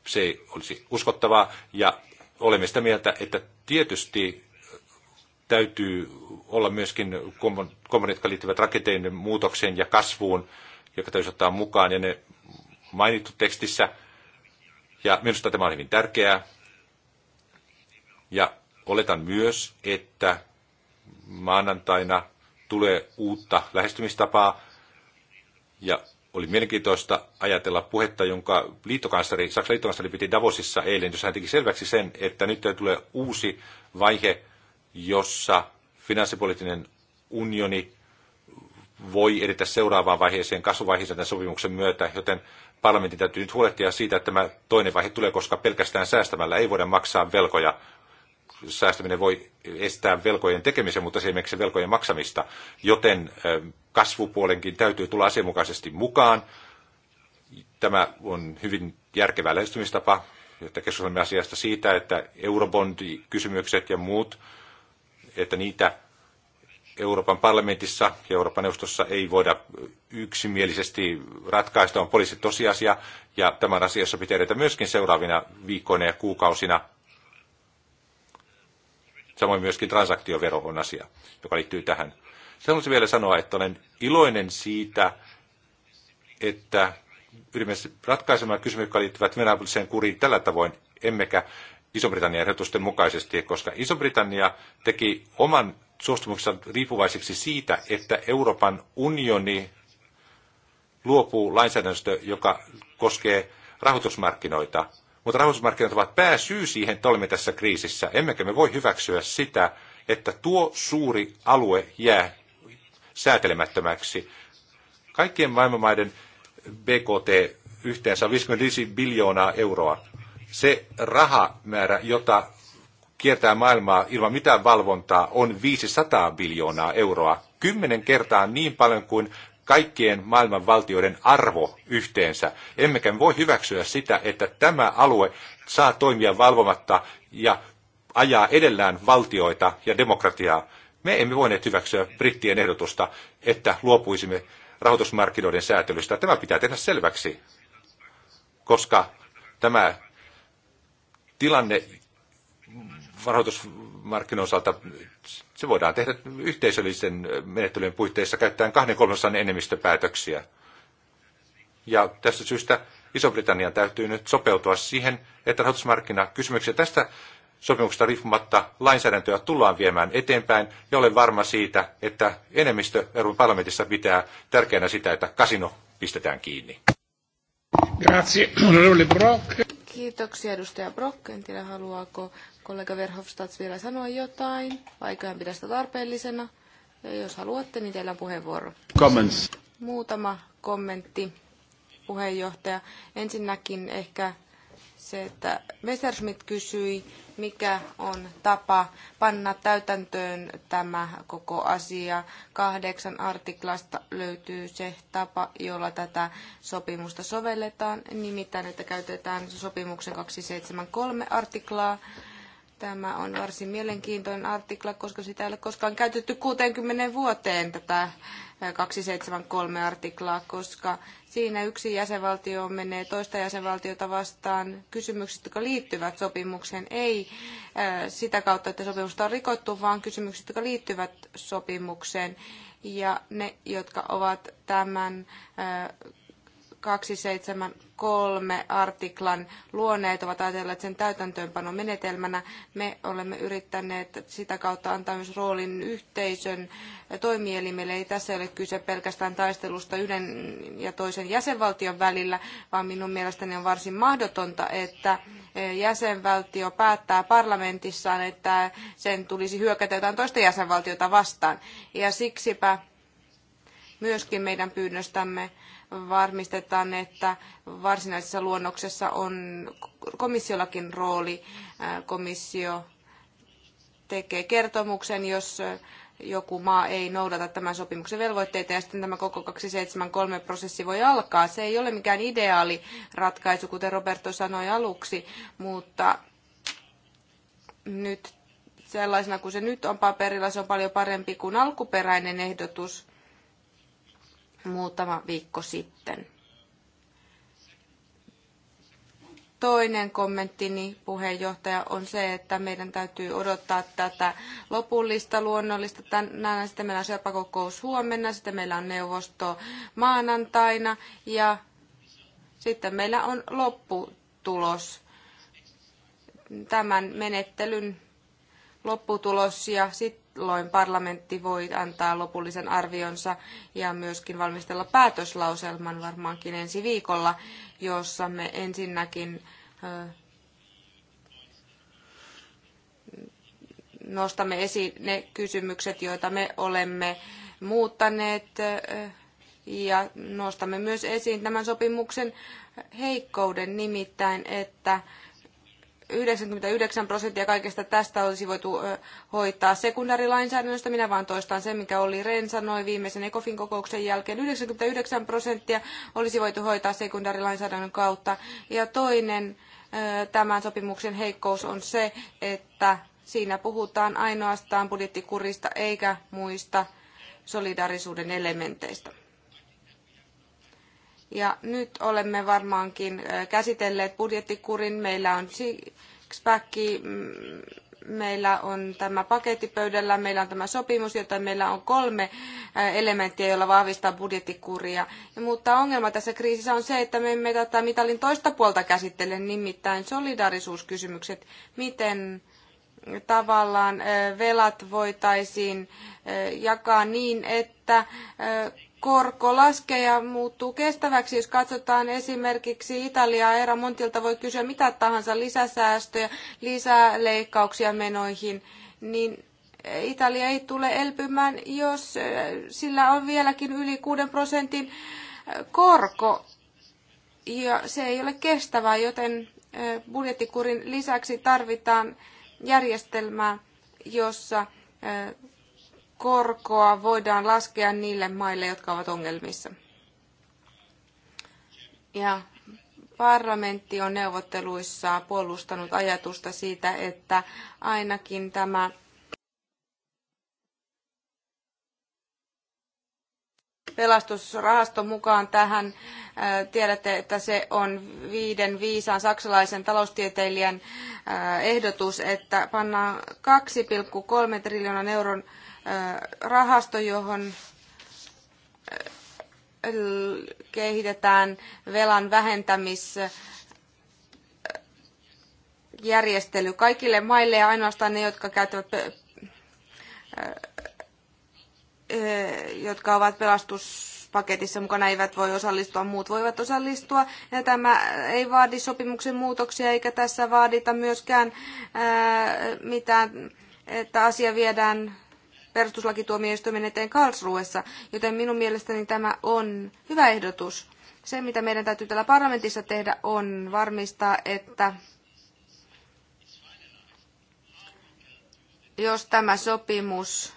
se ei olisi uskottavaa. Ja olemme sitä mieltä, että tietysti täytyy olla myöskin komponentit, jotka liittyvät rakenteiden muutokseen ja kasvuun, joka täytyy ottaa mukaan, ja ne mainittu tekstissä. Ja minusta tämä on hyvin tärkeää. Ja oletan myös, että maanantaina tulee uutta lähestymistapaa, ja oli mielenkiintoista ajatella puhetta, jonka liittokansari, Saksan liittokansari piti Davosissa eilen, jossa hän teki selväksi sen, että nyt tulee uusi vaihe, jossa finanssipoliittinen unioni voi edetä seuraavaan vaiheeseen, kasvuvaiheeseen tämän sopimuksen myötä, joten parlamentin täytyy nyt huolehtia siitä, että tämä toinen vaihe tulee, koska pelkästään säästämällä ei voida maksaa velkoja säästäminen voi estää velkojen tekemisen, mutta se ei velkojen maksamista. Joten kasvupuolenkin täytyy tulla asianmukaisesti mukaan. Tämä on hyvin järkevä lähestymistapa, että keskustelemme asiasta siitä, että eurobondikysymykset ja muut, että niitä Euroopan parlamentissa ja Euroopan neuvostossa ei voida yksimielisesti ratkaista, on poliisi tosiasia, ja tämän asiassa pitää edetä myöskin seuraavina viikkoina ja kuukausina Samoin myöskin transaktiovero on asia, joka liittyy tähän. Se haluaisin vielä sanoa, että olen iloinen siitä, että pyrimme ratkaisemaan kysymyksiä, jotka liittyvät venäläiseen kuriin tällä tavoin, emmekä Iso-Britannian ehdotusten mukaisesti, koska Iso-Britannia teki oman suostumuksensa riippuvaiseksi siitä, että Euroopan unioni luopuu lainsäädännöstä, joka koskee rahoitusmarkkinoita. Mutta rahoitusmarkkinat ovat pääsyy siihen, että olemme tässä kriisissä. Emmekä me voi hyväksyä sitä, että tuo suuri alue jää säätelemättömäksi. Kaikkien maailmanmaiden BKT yhteensä 55 biljoonaa euroa. Se rahamäärä, jota kiertää maailmaa ilman mitään valvontaa, on 500 biljoonaa euroa. Kymmenen kertaa niin paljon kuin kaikkien maailman valtioiden arvo yhteensä. Emmekä voi hyväksyä sitä, että tämä alue saa toimia valvomatta ja ajaa edellään valtioita ja demokratiaa. Me emme voineet hyväksyä brittien ehdotusta, että luopuisimme rahoitusmarkkinoiden säätelystä. Tämä pitää tehdä selväksi, koska tämä tilanne rahoitus, osalta se voidaan tehdä yhteisöllisen menettelyjen puitteissa käyttäen kahden kolmasosan enemmistöpäätöksiä. Ja tästä syystä Iso-Britannian täytyy nyt sopeutua siihen, että rahoitusmarkkinakysymyksiä tästä sopimuksesta riippumatta lainsäädäntöä tullaan viemään eteenpäin, ja olen varma siitä, että enemmistö Euroopan parlamentissa pitää tärkeänä sitä, että kasino pistetään kiinni. Grazie, Kiitoksia edustaja Brock. En tiedä, haluaako Kollega Verhofstadt vielä sanoi jotain, vaikka hän pidä sitä tarpeellisena. Ja jos haluatte, niin teillä on puheenvuoro. Comments. Muutama kommentti, puheenjohtaja. Ensinnäkin ehkä se, että Messerschmidt kysyi, mikä on tapa panna täytäntöön tämä koko asia. Kahdeksan artiklasta löytyy se tapa, jolla tätä sopimusta sovelletaan, nimittäin, että käytetään sopimuksen 273 artiklaa Tämä on varsin mielenkiintoinen artikla, koska sitä ei ole koskaan käytetty 60 vuoteen tätä 273 artiklaa, koska siinä yksi jäsenvaltio menee toista jäsenvaltiota vastaan kysymykset, jotka liittyvät sopimukseen, ei äh, sitä kautta, että sopimusta on rikottu, vaan kysymykset, jotka liittyvät sopimukseen. Ja ne, jotka ovat tämän äh, 273 artiklan luoneet ovat ajatelleet sen täytäntöönpanon menetelmänä. Me olemme yrittäneet sitä kautta antaa myös roolin yhteisön toimielimelle. Ei tässä ole kyse pelkästään taistelusta yhden ja toisen jäsenvaltion välillä, vaan minun mielestäni on varsin mahdotonta, että jäsenvaltio päättää parlamentissaan, että sen tulisi hyökätä jotain toista jäsenvaltiota vastaan. Ja siksipä myöskin meidän pyynnöstämme varmistetaan, että varsinaisessa luonnoksessa on komissiollakin rooli. Komissio tekee kertomuksen, jos joku maa ei noudata tämän sopimuksen velvoitteita ja sitten tämä koko 273 prosessi voi alkaa. Se ei ole mikään ideaali ratkaisu, kuten Roberto sanoi aluksi, mutta nyt sellaisena kuin se nyt on paperilla, se on paljon parempi kuin alkuperäinen ehdotus muutama viikko sitten. Toinen kommenttini puheenjohtaja on se, että meidän täytyy odottaa tätä lopullista luonnollista tänään, sitten meillä on syöpäkokous huomenna, sitten meillä on neuvosto maanantaina ja sitten meillä on lopputulos, tämän menettelyn lopputulos ja sitten jolloin parlamentti voi antaa lopullisen arvionsa ja myöskin valmistella päätöslauselman varmaankin ensi viikolla, jossa me ensinnäkin nostamme esiin ne kysymykset, joita me olemme muuttaneet ja nostamme myös esiin tämän sopimuksen heikkouden nimittäin, että 99 prosenttia kaikesta tästä olisi voitu hoitaa sekundärilainsäädännöstä. Minä vaan toistan sen, mikä oli Ren sanoi viimeisen ECOFIN kokouksen jälkeen. 99 prosenttia olisi voitu hoitaa sekundärilainsäädännön kautta. Ja toinen tämän sopimuksen heikkous on se, että siinä puhutaan ainoastaan budjettikurista eikä muista solidaarisuuden elementeistä. Ja nyt olemme varmaankin käsitelleet budjettikurin. Meillä on six-pack, mm, meillä on tämä paketti pöydällä, meillä on tämä sopimus, joten meillä on kolme elementtiä, joilla vahvistaa budjettikuria. Mutta ongelma tässä kriisissä on se, että me emme tätä mitalin toista puolta käsittele, nimittäin solidarisuuskysymykset. Miten tavallaan velat voitaisiin jakaa niin, että korko laskee ja muuttuu kestäväksi. Jos katsotaan esimerkiksi Italiaa, Eero Montilta voi kysyä mitä tahansa lisäsäästöjä, lisäleikkauksia menoihin, niin Italia ei tule elpymään, jos sillä on vieläkin yli 6 prosentin korko. Ja se ei ole kestävää, joten budjettikurin lisäksi tarvitaan järjestelmää, jossa korkoa voidaan laskea niille maille, jotka ovat ongelmissa. Ja parlamentti on neuvotteluissa puolustanut ajatusta siitä, että ainakin tämä pelastusrahasto mukaan tähän. Tiedätte, että se on viiden viisaan saksalaisen taloustieteilijän ehdotus, että pannaan 2,3 triljoonan euron rahasto, johon kehitetään velan vähentämisjärjestely. kaikille maille ja ainoastaan ne, jotka käyttävät jotka ovat pelastuspaketissa mukana, eivät voi osallistua, muut voivat osallistua. Ja tämä ei vaadi sopimuksen muutoksia, eikä tässä vaadita myöskään mitään, että asia viedään perustuslakituomioistuimen eteen Karlsruessa, joten minun mielestäni tämä on hyvä ehdotus. Se, mitä meidän täytyy täällä parlamentissa tehdä, on varmistaa, että jos tämä sopimus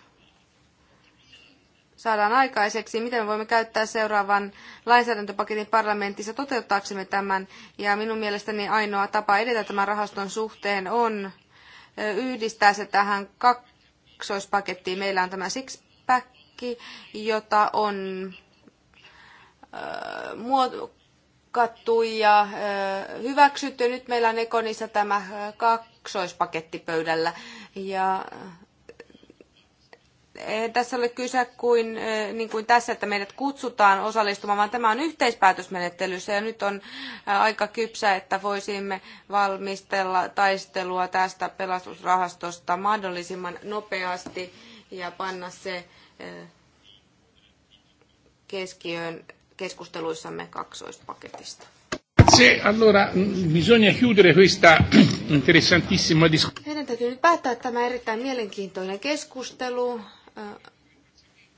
saadaan aikaiseksi, miten me voimme käyttää seuraavan lainsäädäntöpaketin parlamentissa toteuttaaksemme tämän. Ja minun mielestäni ainoa tapa edetä tämän rahaston suhteen on yhdistää se tähän kaksoispakettiin. Meillä on tämä six-pack, jota on äh, muokattu ja äh, hyväksytty. Nyt meillä on Ekonissa tämä äh, kaksoispaketti pöydällä. Ja tässä ole kyse kuin, niin kuin tässä, että meidät kutsutaan osallistumaan, vaan tämä on yhteispäätösmenettelyssä ja nyt on aika kypsä, että voisimme valmistella taistelua tästä pelastusrahastosta mahdollisimman nopeasti ja panna se keskiöön keskusteluissamme kaksoispaketista. Se, allora, bisogna chiudere questa *clears throat* interessantissima discussione. Meidän täytyy nyt päättää tämä erittäin mielenkiintoinen keskustelu.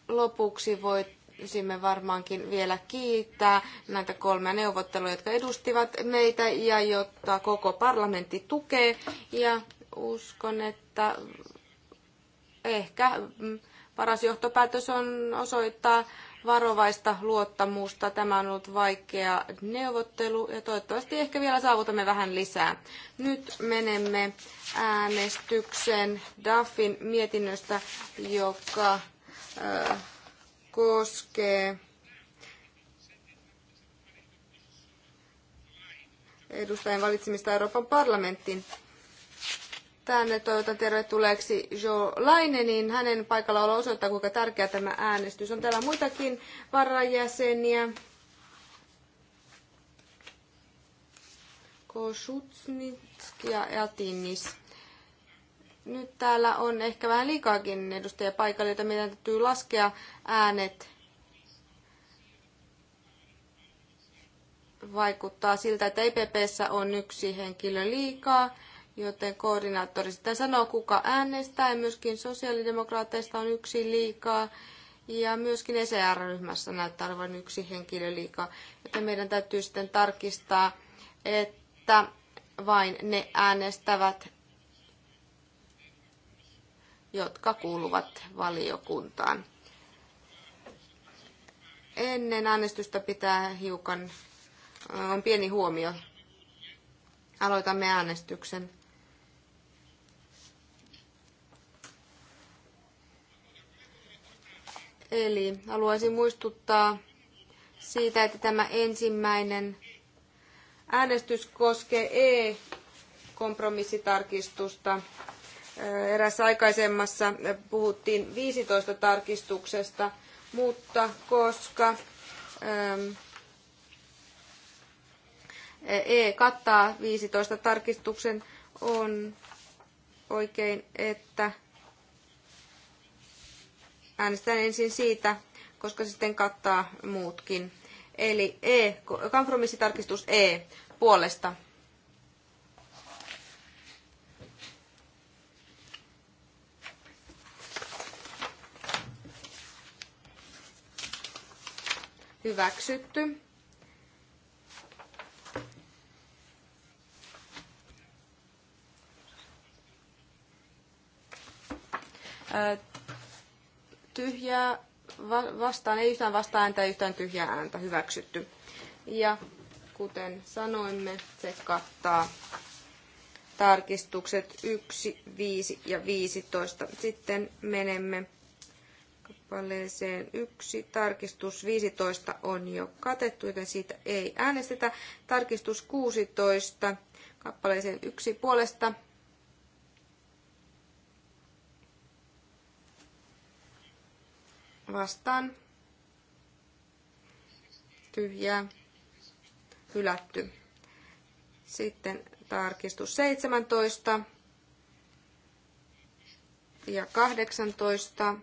Lopuksi voisimme varmaankin vielä kiittää näitä kolmea neuvottelua, jotka edustivat meitä ja jotta koko parlamentti tukee. Ja uskon, että ehkä mm, paras johtopäätös on osoittaa varovaista luottamusta. Tämä on ollut vaikea neuvottelu ja toivottavasti ehkä vielä saavutamme vähän lisää. Nyt menemme äänestyksen DAFin mietinnöstä, joka äh, koskee edustajien valitsemista Euroopan parlamenttiin tänne toivotan tervetulleeksi Jo Lainenin. Hänen paikallaolo osoittaa, kuinka tärkeä tämä äänestys on. Täällä muitakin varajäseniä. Kosutsnitski ja Atinis. Nyt täällä on ehkä vähän liikaakin edustajia paikalla, joita meidän täytyy laskea äänet vaikuttaa siltä, että EPPssä on yksi henkilö liikaa joten koordinaattori sitä sanoo, kuka äänestää, ja myöskin sosiaalidemokraateista on yksi liikaa, ja myöskin ECR-ryhmässä näyttää olevan yksi henkilö liikaa, joten meidän täytyy sitten tarkistaa, että vain ne äänestävät, jotka kuuluvat valiokuntaan. Ennen äänestystä pitää hiukan, on pieni huomio. Aloitamme äänestyksen. Eli haluaisin muistuttaa siitä, että tämä ensimmäinen äänestys koskee E-kompromissitarkistusta. Erässä aikaisemmassa puhuttiin 15 tarkistuksesta, mutta koska ähm, E kattaa 15 tarkistuksen, on oikein, että Äänestän ensin siitä, koska sitten kattaa muutkin. Eli E, kompromissitarkistus E puolesta. Hyväksytty tyhjää vastaan, ei yhtään vastaan ääntä, ei yhtään tyhjää ääntä hyväksytty. Ja kuten sanoimme, se kattaa tarkistukset 1, 5 ja 15. Sitten menemme kappaleeseen 1. Tarkistus 15 on jo katettu, joten siitä ei äänestetä. Tarkistus 16 kappaleeseen 1 puolesta vastaan tyhjää hylätty. Sitten tarkistus 17 ja 18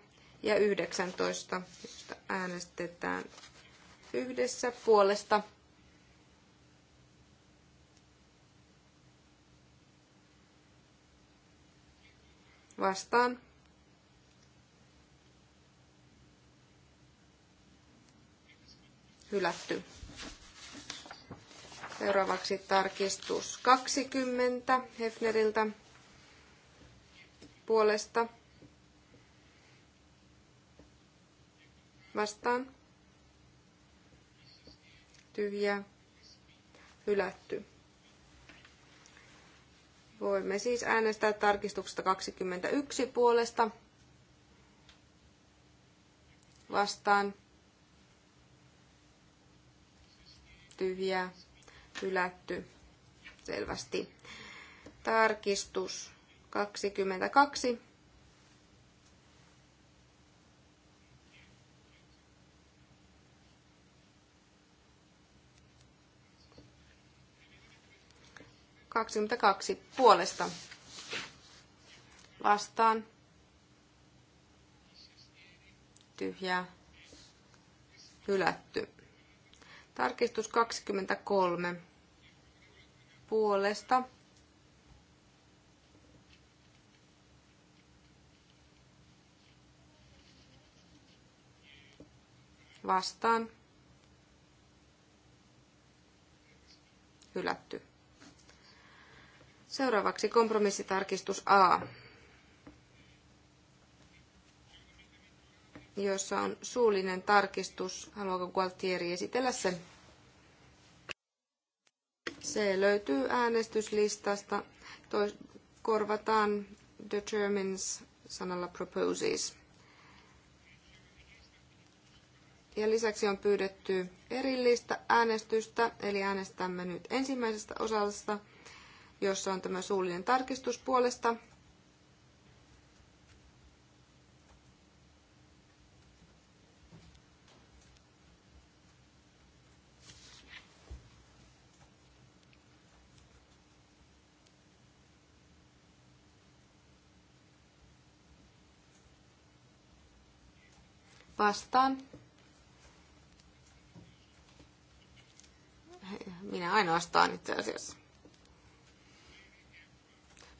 ja 19, josta äänestetään yhdessä puolesta. Vastaan hylätty. Seuraavaksi tarkistus 20 Hefneriltä puolesta. Vastaan. Tyhjä. Hylätty. Voimme siis äänestää tarkistuksesta 21 puolesta. Vastaan. tyhjä, hylätty selvästi. Tarkistus 22. Kaksikymmentäkaksi puolesta vastaan tyhjä hylätty. Tarkistus 23 puolesta. Vastaan. Hylätty. Seuraavaksi kompromissitarkistus A jossa on suullinen tarkistus. Haluaako Gualtieri esitellä sen? Se löytyy äänestyslistasta. Tois, korvataan determines sanalla proposes. Ja lisäksi on pyydetty erillistä äänestystä, eli äänestämme nyt ensimmäisestä osasta, jossa on tämä suullinen tarkistus puolesta vastaan. Minä ainoastaan itse asiassa.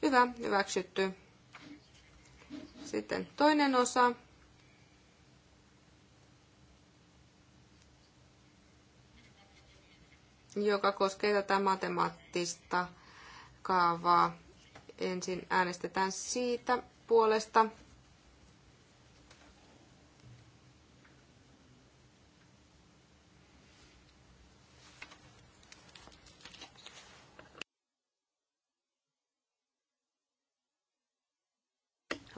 Hyvä, hyväksytty. Sitten toinen osa. joka koskee tätä matemaattista kaavaa. Ensin äänestetään siitä puolesta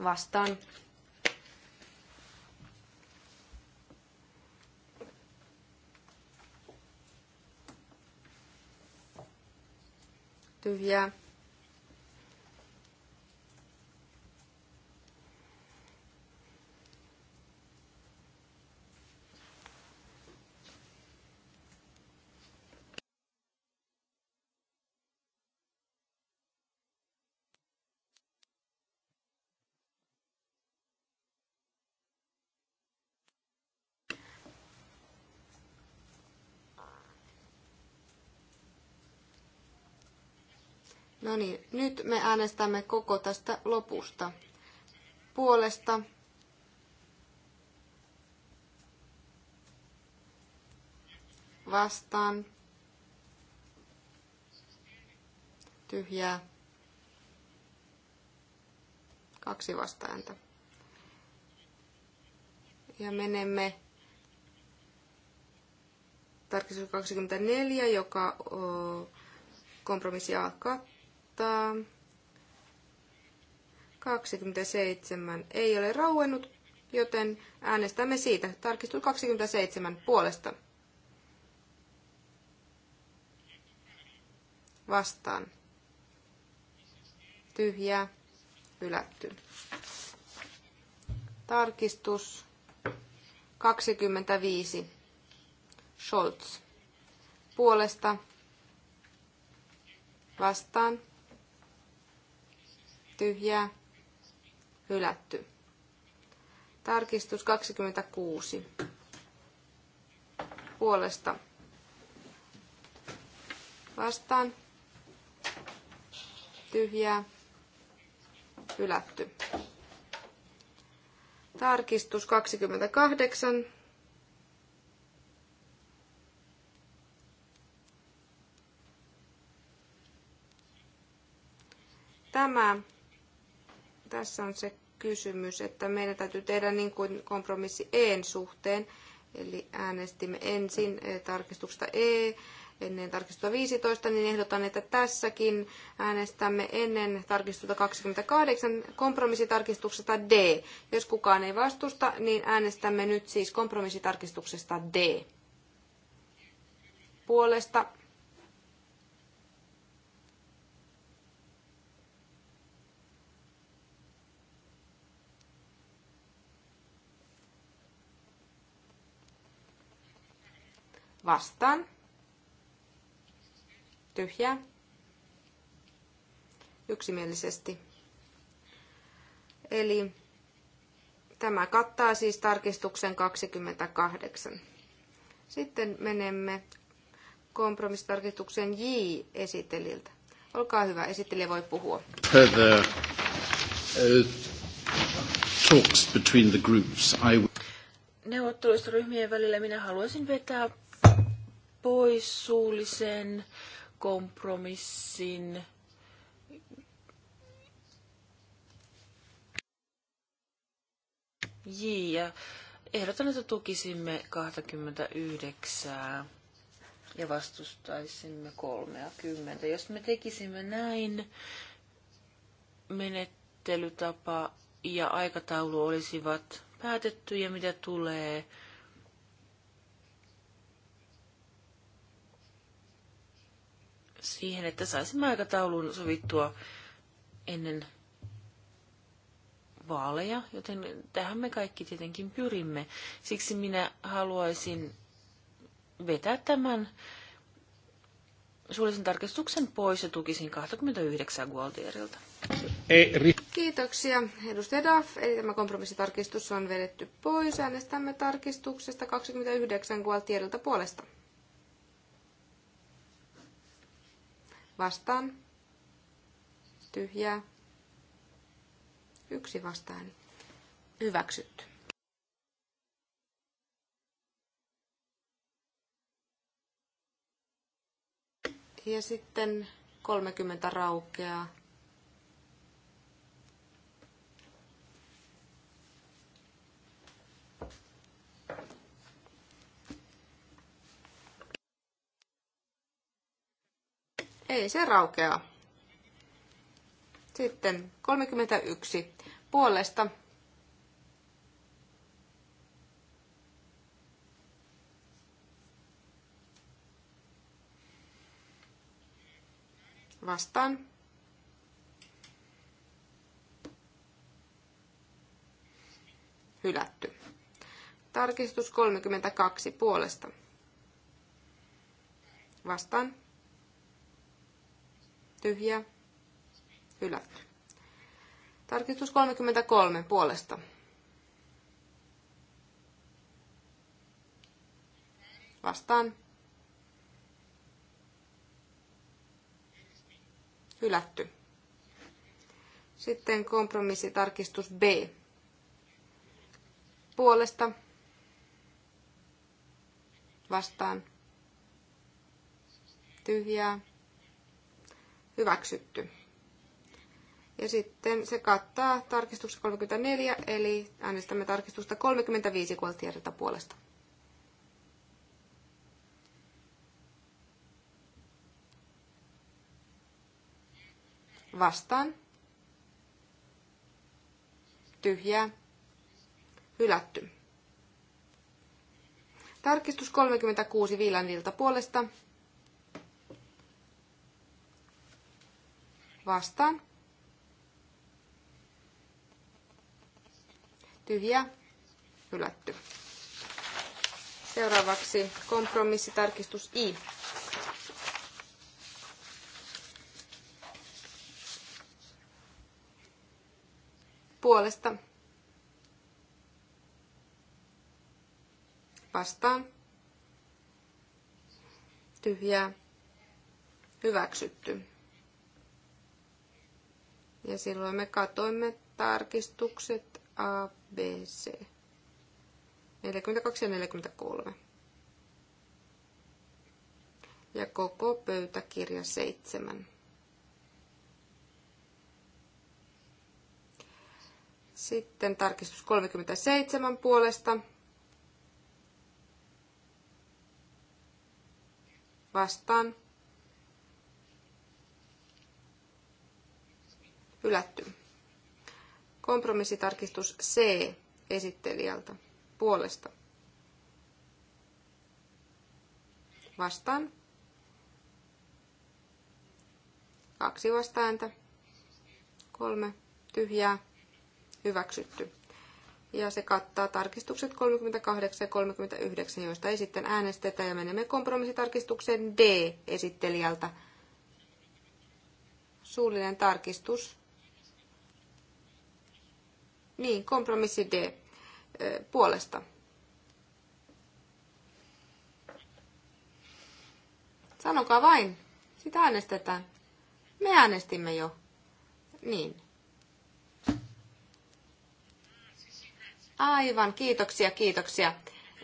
vastaan. Tyhjää No niin, nyt me äänestämme koko tästä lopusta. Puolesta vastaan tyhjää kaksi vastaajanta. Ja menemme tarkistus 24, joka kompromissi A2 27 ei ole rauennut, joten äänestämme siitä. Tarkistus 27 puolesta. Vastaan. tyhjä Hylätty. Tarkistus 25. Scholz. Puolesta. Vastaan tyhjää, hylätty. Tarkistus 26. Puolesta vastaan, tyhjää, hylätty. Tarkistus 28. Tämä tässä on se kysymys, että meidän täytyy tehdä niin kuin kompromissi EEN suhteen, eli äänestimme ensin eh, tarkistuksesta E, ennen tarkistusta 15, niin ehdotan, että tässäkin äänestämme ennen tarkistusta 28 kompromissitarkistuksesta D. Jos kukaan ei vastusta, niin äänestämme nyt siis kompromissitarkistuksesta D. Puolesta vastaan. Tyhjää. Yksimielisesti. Eli tämä kattaa siis tarkistuksen 28. Sitten menemme kompromissitarkistuksen J esiteliltä. Olkaa hyvä, esittelijä voi puhua. Further, uh, ryhmien välillä minä haluaisin vetää poissuullisen kompromissin J. Ja ehdotan, että tukisimme 29 ja vastustaisimme 30. Jos me tekisimme näin, menettelytapa ja aikataulu olisivat päätetty ja mitä tulee siihen, että saisimme aikataulun sovittua ennen vaaleja, joten tähän me kaikki tietenkin pyrimme. Siksi minä haluaisin vetää tämän suullisen tarkistuksen pois ja tukisin 29 Gualtierilta. E, Kiitoksia, edustaja Daff. Eli tämä kompromissitarkistus on vedetty pois. Äänestämme tarkistuksesta 29 Gualtierilta puolesta. Vastaan. Tyhjää. Yksi vastaan. Hyväksytty. Ja sitten 30 raukeaa. Ei se raukea. Sitten 31 puolesta. Vastaan. Hylätty. Tarkistus 32 puolesta. Vastaan tyhjä, hylätty. Tarkistus 33 puolesta. Vastaan. Hylätty. Sitten kompromissitarkistus B. Puolesta. Vastaan. Tyhjää hyväksytty. Ja sitten se kattaa tarkistuksen 34, eli äänestämme tarkistusta 35 Gualtierilta puolesta. Vastaan. Tyhjää. Hylätty. Tarkistus 36 Viilandilta puolesta. vastaan. Tyhjä, hylätty. Seuraavaksi kompromissitarkistus I. Puolesta vastaan. Tyhjää. Hyväksytty. Ja silloin me katoimme tarkistukset A, B, C. 42 ja 43. Ja koko pöytäkirja 7. Sitten tarkistus 37 puolesta. Vastaan Hylätty. Kompromissitarkistus C esittelijältä puolesta. Vastaan. Kaksi vastaääntä. Kolme tyhjää. Hyväksytty. Ja se kattaa tarkistukset 38 ja 39, joista ei sitten äänestetä. Ja menemme kompromissitarkistukseen D esittelijältä. Suullinen tarkistus niin, kompromissi D puolesta. Sanokaa vain. Sitä äänestetään. Me äänestimme jo. Niin. Aivan, kiitoksia, kiitoksia.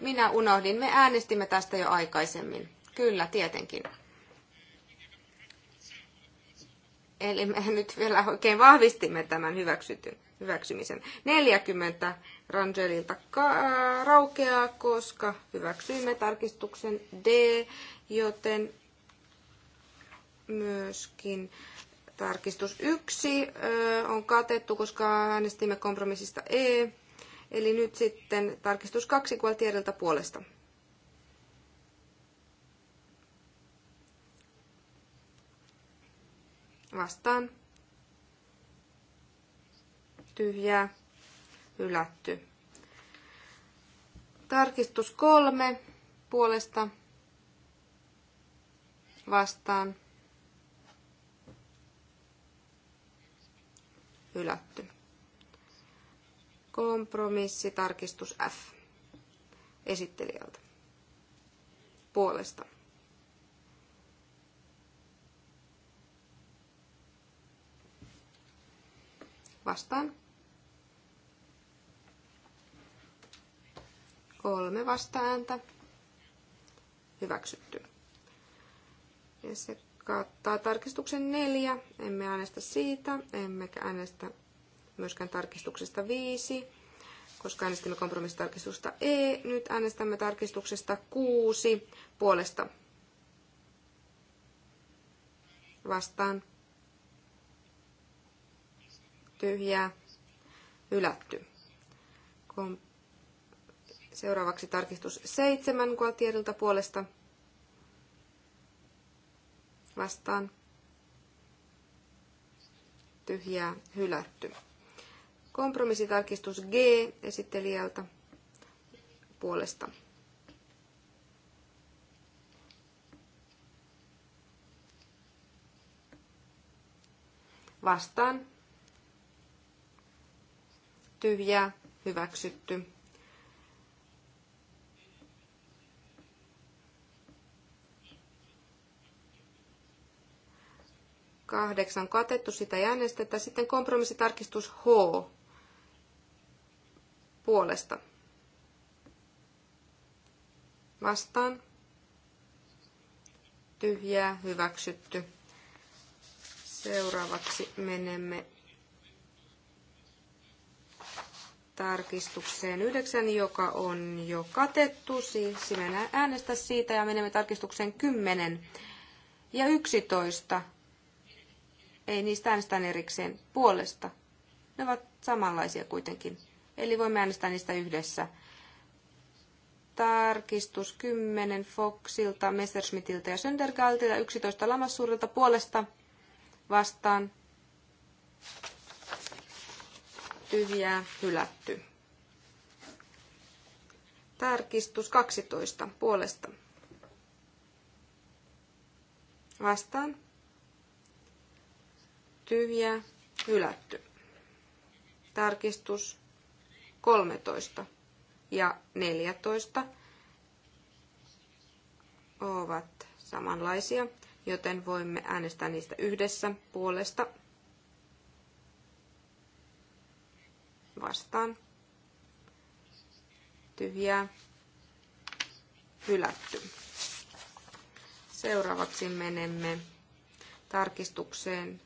Minä unohdin, me äänestimme tästä jo aikaisemmin. Kyllä, tietenkin. Eli me nyt vielä oikein vahvistimme tämän hyväksytyn hyväksymisen. 40 Rangelilta raukeaa, koska hyväksyimme tarkistuksen D, joten myöskin tarkistus 1 on katettu, koska äänestimme kompromissista E. Eli nyt sitten tarkistus 2 kuoltiedeltä puolesta. Vastaan tyhjää, hylätty. Tarkistus kolme puolesta vastaan, hylätty. Kompromissi, tarkistus F esittelijältä puolesta. Vastaan. Kolme vastaääntä. Hyväksytty. Ja se kattaa tarkistuksen neljä. Emme äänestä siitä, emmekä äänestä myöskään tarkistuksesta viisi, koska äänestimme kompromissitarkistusta E. Nyt äänestämme tarkistuksesta kuusi puolesta. Vastaan. Tyhjää. Hylätty. Kom- Seuraavaksi tarkistus seitsemän Gualtierilta puolesta. Vastaan. Tyhjää hylätty. Kompromissitarkistus G esittelijältä puolesta. Vastaan. Tyhjää hyväksytty. kahdeksan katettu, sitä ei äänestetä. Sitten kompromissitarkistus H puolesta. Vastaan. Tyhjää, hyväksytty. Seuraavaksi menemme tarkistukseen 9, joka on jo katettu. Siis äänestä siitä ja menemme tarkistukseen 10 ja 11 ei niistä äänestään erikseen puolesta. Ne ovat samanlaisia kuitenkin. Eli voimme äänestää niistä yhdessä. Tarkistus 10 Foxilta, Messerschmittiltä ja Söndergaltilta, 11 Lamassuurilta puolesta vastaan. Tyhjää hylätty. Tarkistus 12 puolesta. Vastaan tyhjä, hylätty. Tarkistus 13 ja 14 ovat samanlaisia, joten voimme äänestää niistä yhdessä puolesta vastaan. Tyhjää, hylätty. Seuraavaksi menemme tarkistukseen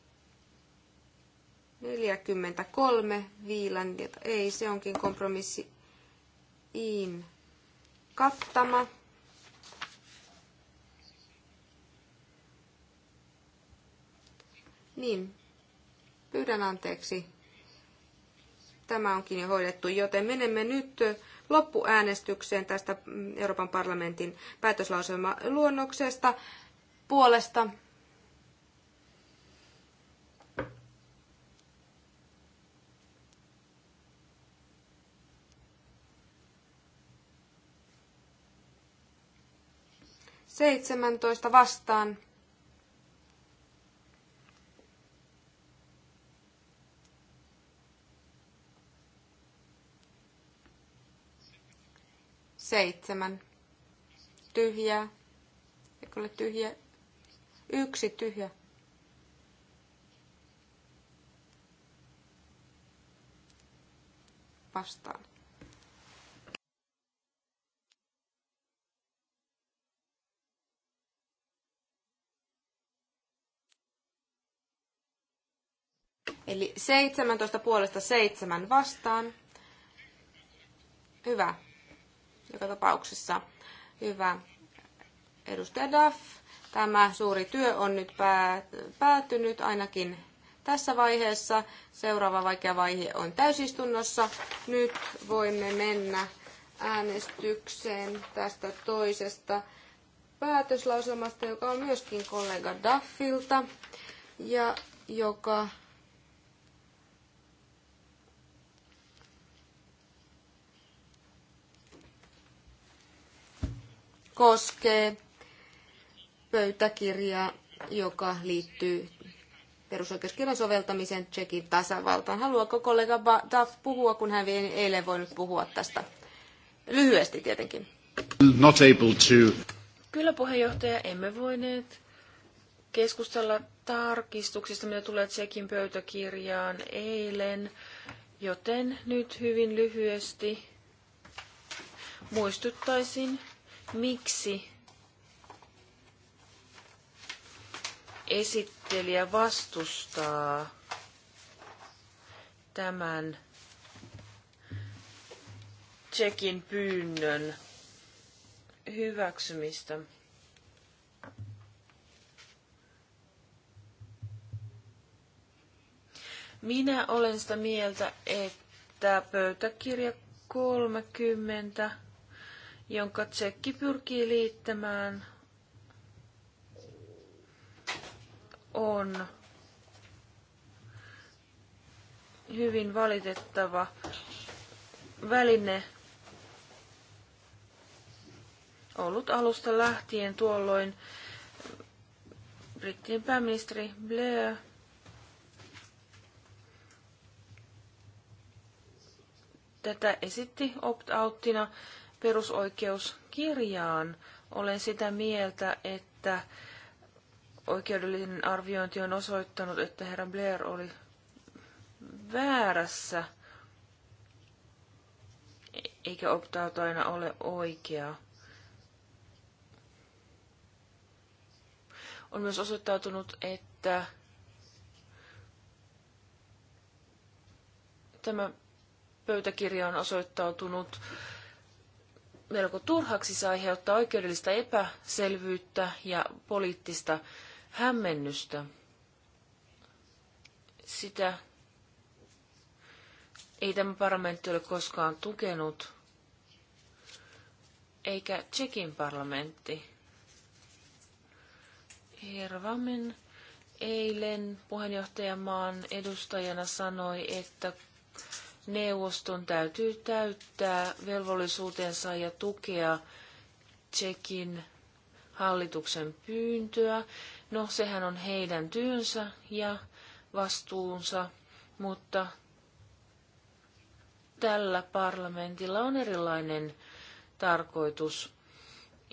43 Viilandilta. Ei, se onkin kompromissi in kattama. Niin, pyydän anteeksi. Tämä onkin jo hoidettu, joten menemme nyt loppuäänestykseen tästä Euroopan parlamentin päätöslauselma luonnoksesta puolesta 17 vastaan. Seitsemän. Tyhjää. Eikö ole tyhjä? Yksi tyhjä. Vastaan. Eli 17 puolesta 7 vastaan. Hyvä. Joka tapauksessa hyvä. Edustaja Duff, tämä suuri työ on nyt päättynyt ainakin tässä vaiheessa. Seuraava vaikea vaihe on täysistunnossa. Nyt voimme mennä äänestykseen tästä toisesta päätöslauselmasta, joka on myöskin kollega Duffilta ja joka koskee pöytäkirjaa, joka liittyy perusoikeuskirjan soveltamiseen, Tsekin tasavaltaan. Haluaako kollega Duff puhua, kun hän ei eilen voinut puhua tästä? Lyhyesti tietenkin. Not able to. Kyllä puheenjohtaja, emme voineet keskustella tarkistuksista, mitä tulee Tsekin pöytäkirjaan eilen, joten nyt hyvin lyhyesti muistuttaisin miksi esittelijä vastustaa tämän Tsekin pyynnön hyväksymistä. Minä olen sitä mieltä, että pöytäkirja 30 jonka tsekki pyrkii liittämään, on hyvin valitettava väline ollut alusta lähtien tuolloin brittien pääministeri Blair tätä esitti opt-outtina perusoikeuskirjaan. Olen sitä mieltä, että oikeudellinen arviointi on osoittanut, että herra Blair oli väärässä, eikä optaut aina ole oikea. On myös osoittautunut, että tämä pöytäkirja on osoittautunut melko turhaksi se aiheuttaa oikeudellista epäselvyyttä ja poliittista hämmennystä. Sitä ei tämä parlamentti ole koskaan tukenut, eikä Tsekin parlamentti. Hervamen eilen puheenjohtajamaan edustajana sanoi, että neuvoston täytyy täyttää velvollisuutensa ja tukea Tsekin hallituksen pyyntöä. No, sehän on heidän työnsä ja vastuunsa, mutta tällä parlamentilla on erilainen tarkoitus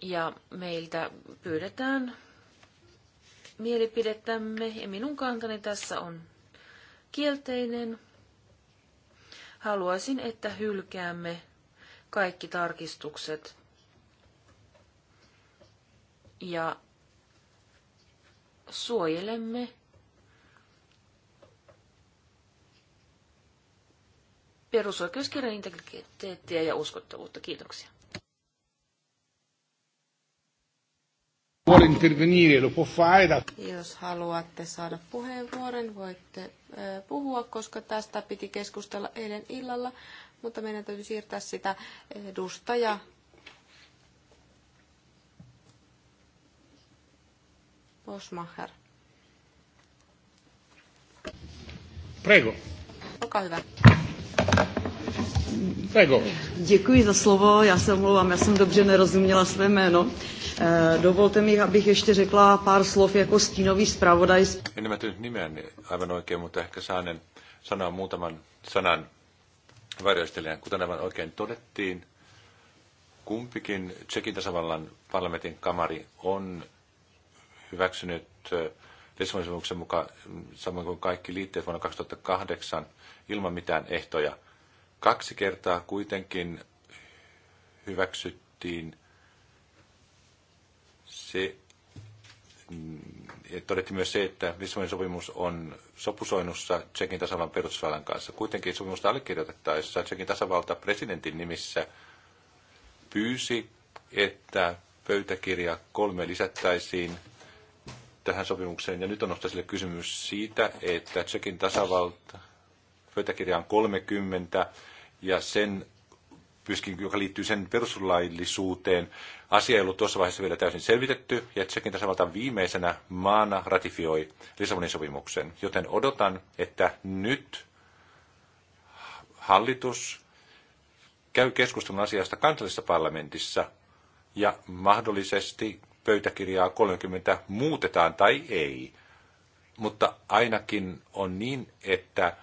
ja meiltä pyydetään mielipidettämme ja minun kantani tässä on kielteinen. Haluaisin, että hylkäämme kaikki tarkistukset ja suojelemme perusoikeuskirjan integriteettiä ja uskottavuutta. Kiitoksia. vuole intervenire lo può fare. Da... Jos haluatte saada puheenvuoron, voitte puhua, koska tästä piti keskustella eilen illalla, mutta meidän täytyy siirtää sitä edustaja Bosmacher. Prego. Olkaa hyvä. Prego. Děkuji za slovo, já se omlouvám, já jsem dobře nerozuměla své jméno. Eh, dovolte mi, abych ještě řekla pár slov jako stínový zpravodaj. En nimetynyt nimeäni aivan oikein, mutta ehkä saanen sanoa muutaman sanan varjoistelijan. Kuten aivan oikein todettiin, kumpikin Tsekin tasavallan parlamentin kamari on hyväksynyt eh, Lissabonin sopimuksen mukaan, samoin kuin kaikki liitteet vuonna 2008, ilman mitään ehtoja. Kaksi kertaa kuitenkin hyväksyttiin se, ja todettiin myös se, että Lissabonin sopimus on sopusoinnussa Tsekin tasavallan perusvallan kanssa. Kuitenkin sopimusta allekirjoitettaessa Tsekin tasavalta presidentin nimissä pyysi, että pöytäkirja kolme lisättäisiin tähän sopimukseen. Ja nyt on nostaa sille kysymys siitä, että Tsekin tasavalta pöytäkirjaan 30 ja sen myöskin, joka liittyy sen perustuslaillisuuteen. Asia ei ollut tuossa vaiheessa vielä täysin selvitetty, ja Tsekin tasavalta viimeisenä maana ratifioi Lissabonin sopimuksen. Joten odotan, että nyt hallitus käy keskustelun asiasta kansallisessa parlamentissa, ja mahdollisesti pöytäkirjaa 30 muutetaan tai ei. Mutta ainakin on niin, että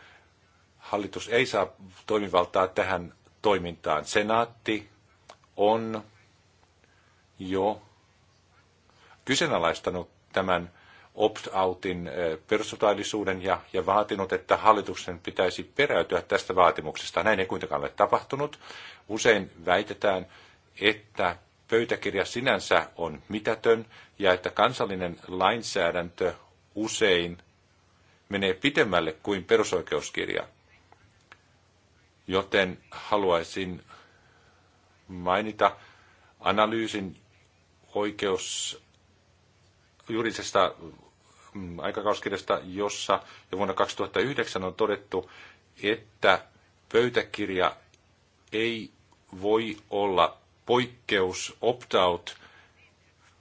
Hallitus ei saa toimivaltaa tähän toimintaan. Senaatti on jo kyseenalaistanut tämän opt-outin eh, perustuslaillisuuden ja, ja vaatinut, että hallituksen pitäisi peräytyä tästä vaatimuksesta. Näin ei kuitenkaan ole tapahtunut. Usein väitetään, että pöytäkirja sinänsä on mitätön ja että kansallinen lainsäädäntö usein menee pitemmälle kuin perusoikeuskirja. Joten haluaisin mainita analyysin oikeus juridisesta mm, aikakauskirjasta, jossa jo vuonna 2009 on todettu, että pöytäkirja ei voi olla poikkeus, opt-out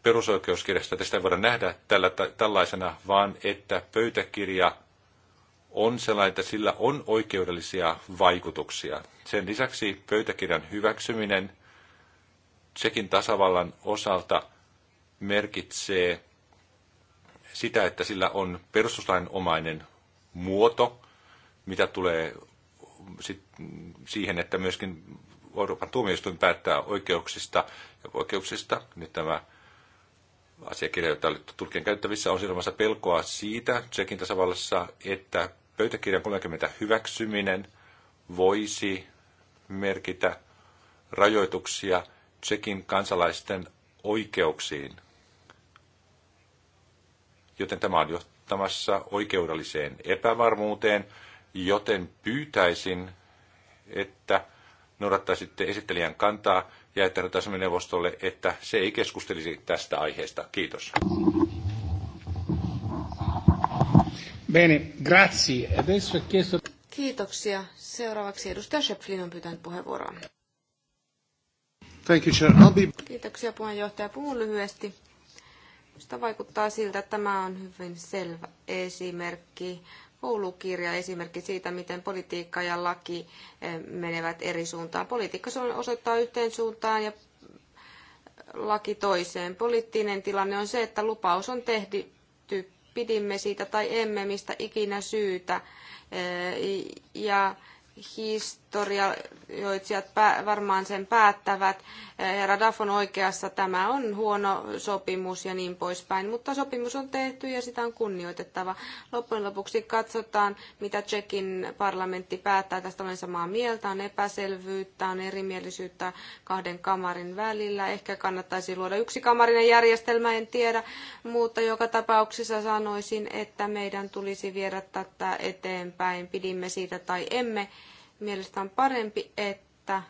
perusoikeuskirjasta. Tästä ei voida nähdä tällä, tällaisena, vaan että pöytäkirja on sellainen, että sillä on oikeudellisia vaikutuksia. Sen lisäksi pöytäkirjan hyväksyminen sekin tasavallan osalta merkitsee sitä, että sillä on perustuslainomainen muoto, mitä tulee sit siihen, että myöskin Euroopan tuomioistuin päättää oikeuksista ja oikeuksista. Nyt tämä asiakirja, jota oli tulkien käyttävissä, on ilmassa pelkoa siitä Tsekin tasavallassa, että pöytäkirjan 30 hyväksyminen voisi merkitä rajoituksia Tsekin kansalaisten oikeuksiin, joten tämä on johtamassa oikeudelliseen epävarmuuteen, joten pyytäisin, että noudattaisitte esittelijän kantaa ja että neuvostolle, että se ei keskustelisi tästä aiheesta. Kiitos. Bene, grazie. Adesso chiesto... Kiitoksia. Seuraavaksi edustaja Schöpflin on pyytänyt puheenvuoroa. Thank you, Chair. I'll be... Kiitoksia puheenjohtaja. Puhun lyhyesti. Minusta vaikuttaa siltä, että tämä on hyvin selvä esimerkki, koulukirja esimerkki siitä, miten politiikka ja laki eh, menevät eri suuntaan. Politiikka osoittaa yhteen suuntaan ja laki toiseen. Poliittinen tilanne on se, että lupaus on tehty pidimme siitä tai emme, mistä ikinä syytä. Ja his, historioitsijat varmaan sen päättävät. Eh, herra Duff on oikeassa, tämä on huono sopimus ja niin poispäin, mutta sopimus on tehty ja sitä on kunnioitettava. Loppujen lopuksi katsotaan, mitä Tsekin parlamentti päättää. Tästä olen samaa mieltä, on epäselvyyttä, on erimielisyyttä kahden kamarin välillä. Ehkä kannattaisi luoda yksi kamarinen järjestelmä, en tiedä, mutta joka tapauksessa sanoisin, että meidän tulisi viedä tätä eteenpäin, pidimme siitä tai emme Mielestäni on parempi, että,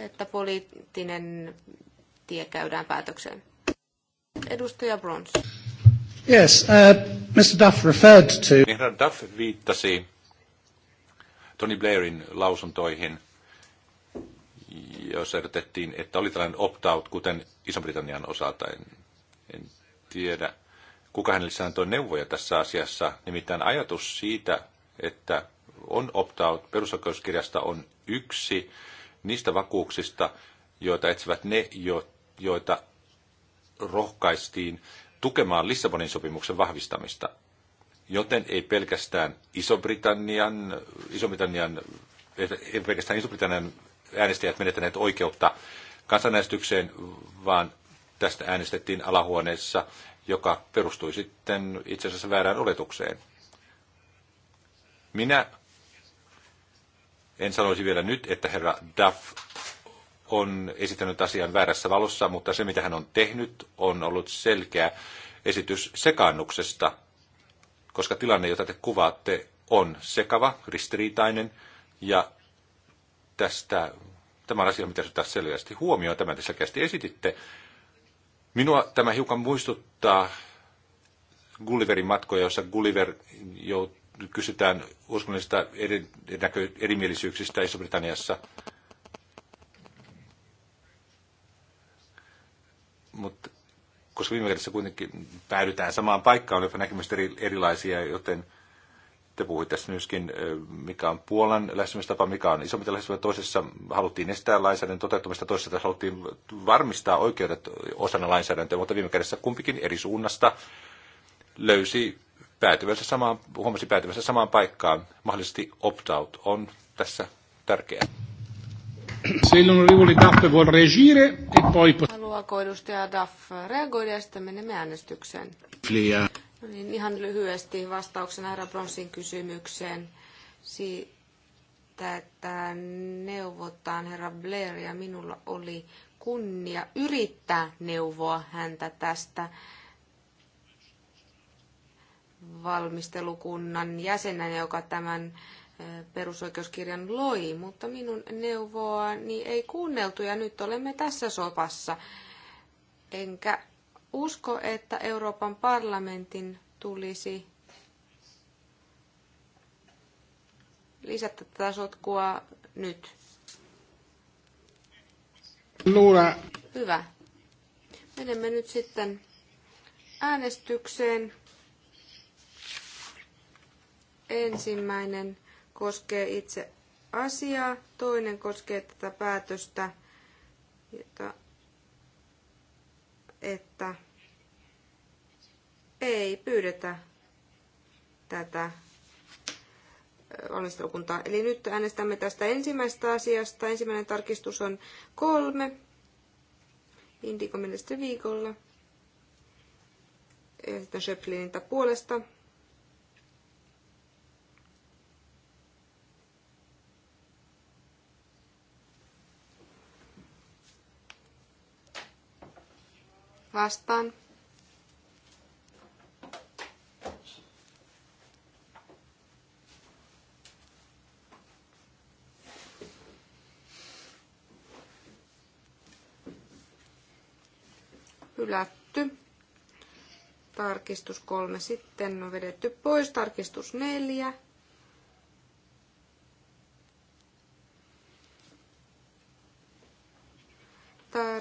että poliittinen tie käydään päätökseen. Edustaja Brons. Yes, uh, Mr. Duff referred to... Herra Duff viittasi Tony Blairin lausuntoihin, joissa ehdotettiin, että oli tällainen opt-out, kuten Iso-Britannian osalta. En, en tiedä, kuka hänelle antoi neuvoja tässä asiassa. Nimittäin ajatus siitä, että on opt-out perusoikeuskirjasta on yksi niistä vakuuksista, joita etsivät ne, jo, joita rohkaistiin tukemaan Lissabonin sopimuksen vahvistamista. Joten ei pelkästään Iso-Britannian, Iso-Britannian, ei pelkästään Iso-Britannian äänestäjät menettäneet oikeutta kansanäänestykseen, vaan tästä äänestettiin alahuoneessa joka perustui sitten itse asiassa väärään oletukseen. Minä en sanoisi vielä nyt, että herra Duff on esittänyt asian väärässä valossa, mutta se mitä hän on tehnyt on ollut selkeä esitys sekaannuksesta, koska tilanne, jota te kuvaatte, on sekava, ristiriitainen ja tästä, tämä on asia, mitä se tässä selvästi huomioon, tämä tässä kästi esititte, Minua tämä hiukan muistuttaa Gulliverin matkoja, jossa Gulliver jo kysytään uskonnollisista eri, näkö, erimielisyyksistä Iso-Britanniassa. Mutta koska viime kädessä kuitenkin päädytään samaan paikkaan, jopa näkemystä eri, erilaisia, joten – te puhuitte tässä myöskin, mikä on Puolan lähestymistapa, mikä on iso lähestymistapa. Toisessa haluttiin estää lainsäädännön toteuttamista, toisessa haluttiin varmistaa oikeudet osana lainsäädäntöä, mutta viime kädessä kumpikin eri suunnasta löysi päätyvänsä samaan, huomasi päätyvänsä samaan paikkaan. Mahdollisesti opt-out on tässä tärkeä. Se l'onorevole Daff voi reagire e poi... Haluaako edustaja Daff reagoida ja sitten menemme äänestykseen? No niin ihan lyhyesti vastauksena herra Bronsin kysymykseen siitä, että neuvotaan herra Blair ja minulla oli kunnia yrittää neuvoa häntä tästä valmistelukunnan jäsenen, joka tämän perusoikeuskirjan loi, mutta minun neuvoani ei kuunneltu ja nyt olemme tässä sopassa. Enkä usko, että Euroopan parlamentin tulisi lisätä tätä sotkua nyt. Luura. Hyvä. Menemme nyt sitten äänestykseen. Ensimmäinen koskee itse asiaa, toinen koskee tätä päätöstä, jota että ei pyydetä tätä valmistelukuntaa. Eli nyt äänestämme tästä ensimmäisestä asiasta. Ensimmäinen tarkistus on kolme. Indiko viikolla. Ja sitten Schöpflinintä puolesta vastaan. Hylätty. Tarkistus kolme sitten on vedetty pois. Tarkistus neljä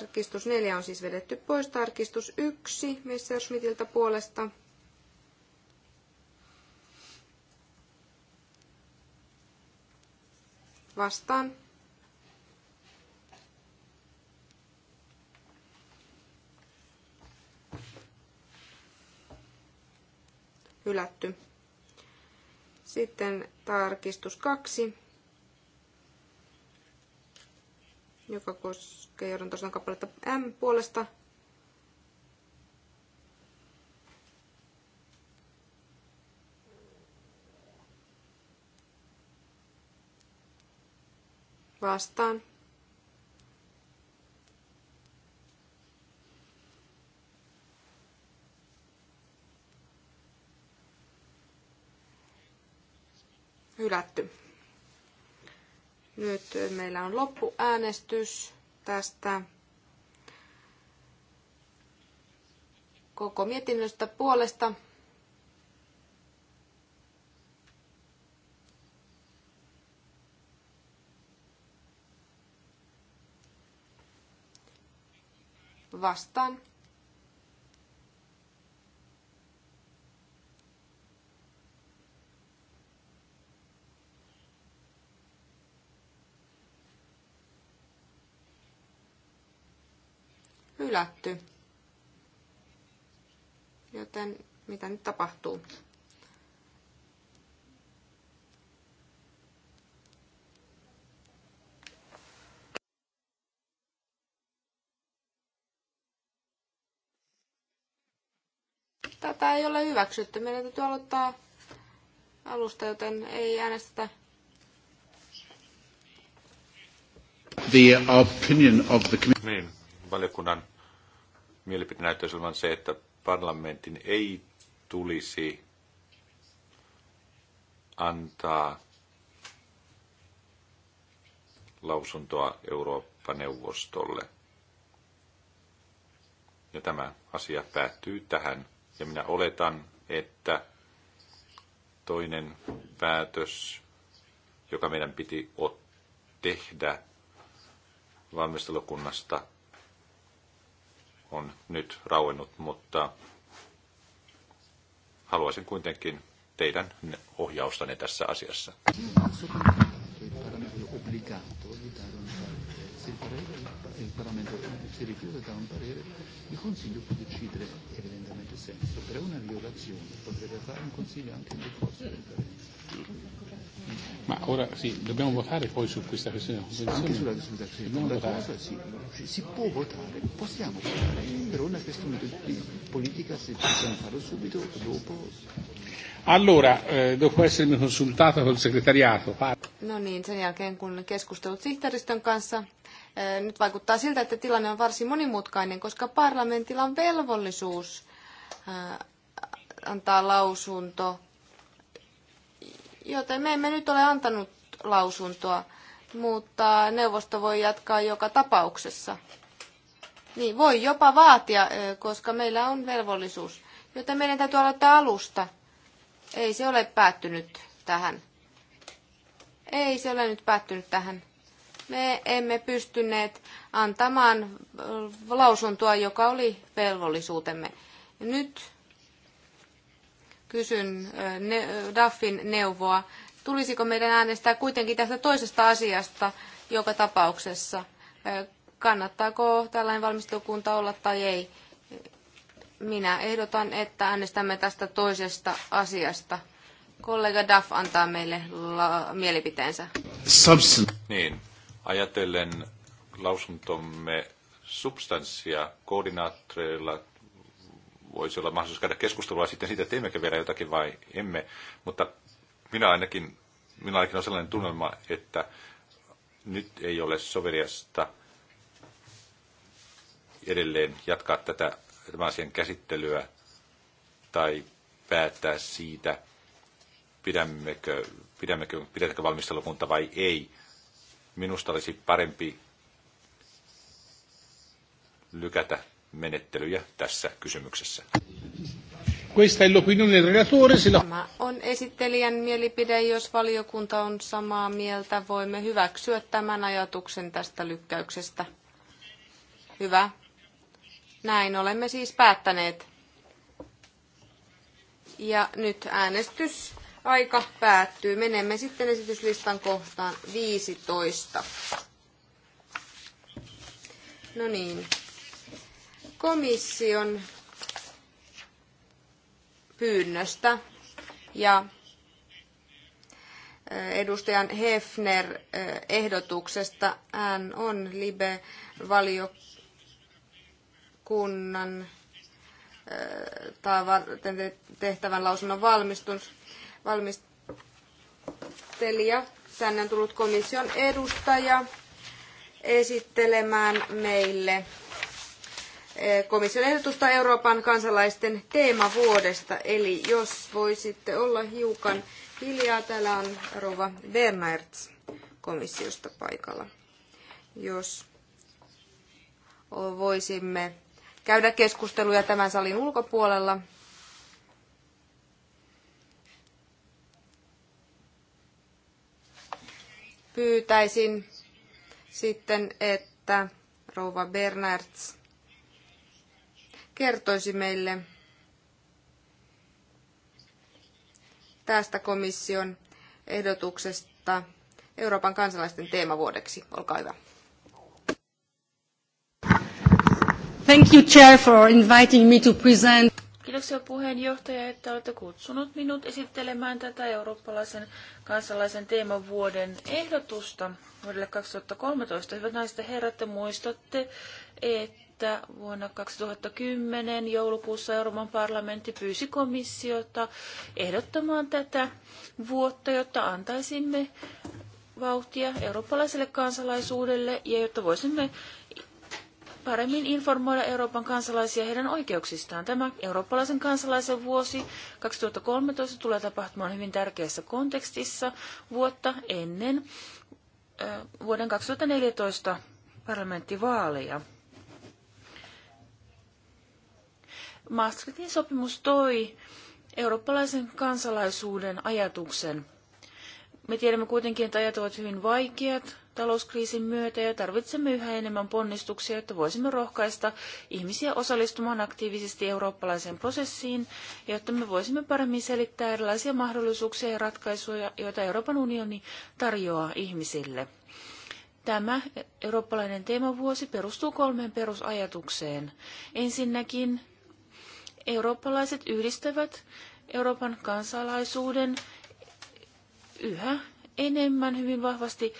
Tarkistus 4 on siis vedetty pois. Tarkistus 1 Messerschmittiltä puolesta. Vastaan. Hylätty. Sitten tarkistus 2 joka koskee jordan tosiaan kappaletta M puolesta. Vastaan. Hylätty. Nyt meillä on loppuäänestys tästä koko mietinnöstä puolesta. Vastaan. hylätty. Joten mitä nyt tapahtuu? Tätä ei ole hyväksytty. Meidän täytyy aloittaa alusta, joten ei äänestetä. The opinion of the... Niin, valiokunnan olevan se, että parlamentin ei tulisi antaa lausuntoa Eurooppa-neuvostolle. Ja tämä asia päättyy tähän. Ja minä oletan, että toinen päätös, joka meidän piti tehdä valmistelukunnasta on nyt rauennut, mutta haluaisin kuitenkin teidän ohjaustanne tässä asiassa il Parlamento si rifiuta da un parere, il Consiglio può decidere evidentemente senso. Per una violazione potrebbe fare un Consiglio anche in decorso del parere. Ma ora sì, dobbiamo votare poi su questa questione. Anche sulla discussione. la Cosa, sì, si può votare, possiamo votare, però è una questione di politica se possiamo farlo subito o dopo. Allora, eh, dopo essermi consultato col segretariato. parlo. No niin, sen jälkeen kun keskustelut sihteeristön kanssa, nyt vaikuttaa siltä, että tilanne on varsin monimutkainen, koska parlamentilla on velvollisuus antaa lausunto, joten me emme nyt ole antanut lausuntoa, mutta neuvosto voi jatkaa joka tapauksessa. Niin, voi jopa vaatia, koska meillä on velvollisuus. Joten meidän täytyy aloittaa alusta. Ei se ole päättynyt tähän. Ei se ole nyt päättynyt tähän me emme pystyneet antamaan lausuntoa, joka oli velvollisuutemme. Nyt kysyn ne, Daffin neuvoa. Tulisiko meidän äänestää kuitenkin tästä toisesta asiasta joka tapauksessa? Kannattaako tällainen valmistelukunta olla tai ei? Minä ehdotan, että äänestämme tästä toisesta asiasta. Kollega Duff antaa meille la- mielipiteensä. Substan- niin, Ajatellen lausuntomme substanssia koordinaattoreilla voisi olla mahdollisuus käydä keskustelua sitten siitä, teemmekö vielä jotakin vai emme. Mutta minä ainakin, minä ainakin on sellainen tunnelma, että nyt ei ole soveliasta edelleen jatkaa tätä tämän asian käsittelyä tai päättää siitä, pidämmekö, pidämmekö, pidetäänkö valmistelukunta vai ei. Minusta olisi parempi lykätä menettelyjä tässä kysymyksessä. Tämä on esittelijän mielipide. Jos valiokunta on samaa mieltä, voimme hyväksyä tämän ajatuksen tästä lykkäyksestä. Hyvä. Näin olemme siis päättäneet. Ja nyt äänestys aika päättyy. Menemme sitten esityslistan kohtaan 15. No niin. Komission pyynnöstä ja edustajan Hefner ehdotuksesta. Hän on Libe-valiokunnan tehtävän lausunnon valmistunut valmistelija. Tänne on tullut komission edustaja esittelemään meille eh, komission ehdotusta Euroopan kansalaisten teemavuodesta. Eli jos voisitte olla hiukan hiljaa, täällä on Rova Wernertz komissiosta paikalla. Jos voisimme käydä keskusteluja tämän salin ulkopuolella. Pyytäisin sitten, että rouva Bernards kertoisi meille tästä komission ehdotuksesta Euroopan kansalaisten teemavuodeksi. Olkaa hyvä. Thank you, Chair, for inviting me to present. Kiitoksia puheenjohtaja, että olette kutsunut minut esittelemään tätä eurooppalaisen kansalaisen vuoden ehdotusta vuodelle 2013. Hyvät naiset ja herrat, te muistatte, että vuonna 2010 joulukuussa Euroopan parlamentti pyysi komissiota ehdottamaan tätä vuotta, jotta antaisimme vauhtia eurooppalaiselle kansalaisuudelle ja jotta voisimme paremmin informoida Euroopan kansalaisia heidän oikeuksistaan. Tämä eurooppalaisen kansalaisen vuosi 2013 tulee tapahtumaan hyvin tärkeässä kontekstissa vuotta ennen vuoden 2014 parlamenttivaaleja. Maastrichtin sopimus toi eurooppalaisen kansalaisuuden ajatuksen. Me tiedämme kuitenkin, että ajat ovat hyvin vaikeat, talouskriisin myötä ja tarvitsemme yhä enemmän ponnistuksia, jotta voisimme rohkaista ihmisiä osallistumaan aktiivisesti eurooppalaiseen prosessiin, jotta me voisimme paremmin selittää erilaisia mahdollisuuksia ja ratkaisuja, joita Euroopan unioni tarjoaa ihmisille. Tämä eurooppalainen teemavuosi perustuu kolmeen perusajatukseen. Ensinnäkin eurooppalaiset yhdistävät Euroopan kansalaisuuden yhä enemmän hyvin vahvasti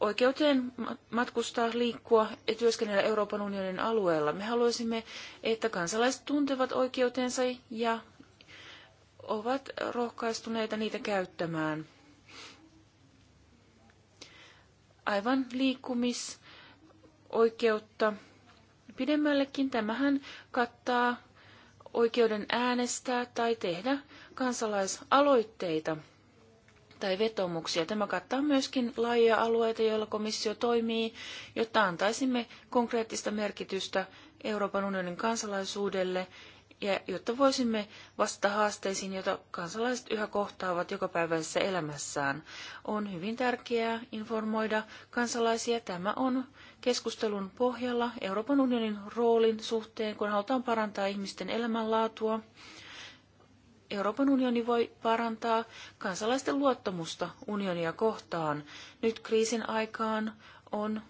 oikeuteen matkustaa, liikkua ja työskennellä Euroopan unionin alueella. Me haluaisimme, että kansalaiset tuntevat oikeutensa ja ovat rohkaistuneita niitä käyttämään. Aivan liikkumisoikeutta pidemmällekin tämähän kattaa oikeuden äänestää tai tehdä kansalaisaloitteita tai vetomuksia. Tämä kattaa myöskin laajia alueita, joilla komissio toimii, jotta antaisimme konkreettista merkitystä Euroopan unionin kansalaisuudelle ja jotta voisimme vastata haasteisiin, joita kansalaiset yhä kohtaavat jokapäiväisessä elämässään. On hyvin tärkeää informoida kansalaisia. Tämä on keskustelun pohjalla Euroopan unionin roolin suhteen, kun halutaan parantaa ihmisten elämänlaatua Euroopan unioni voi parantaa kansalaisten luottamusta unionia kohtaan. Nyt kriisin aikaan on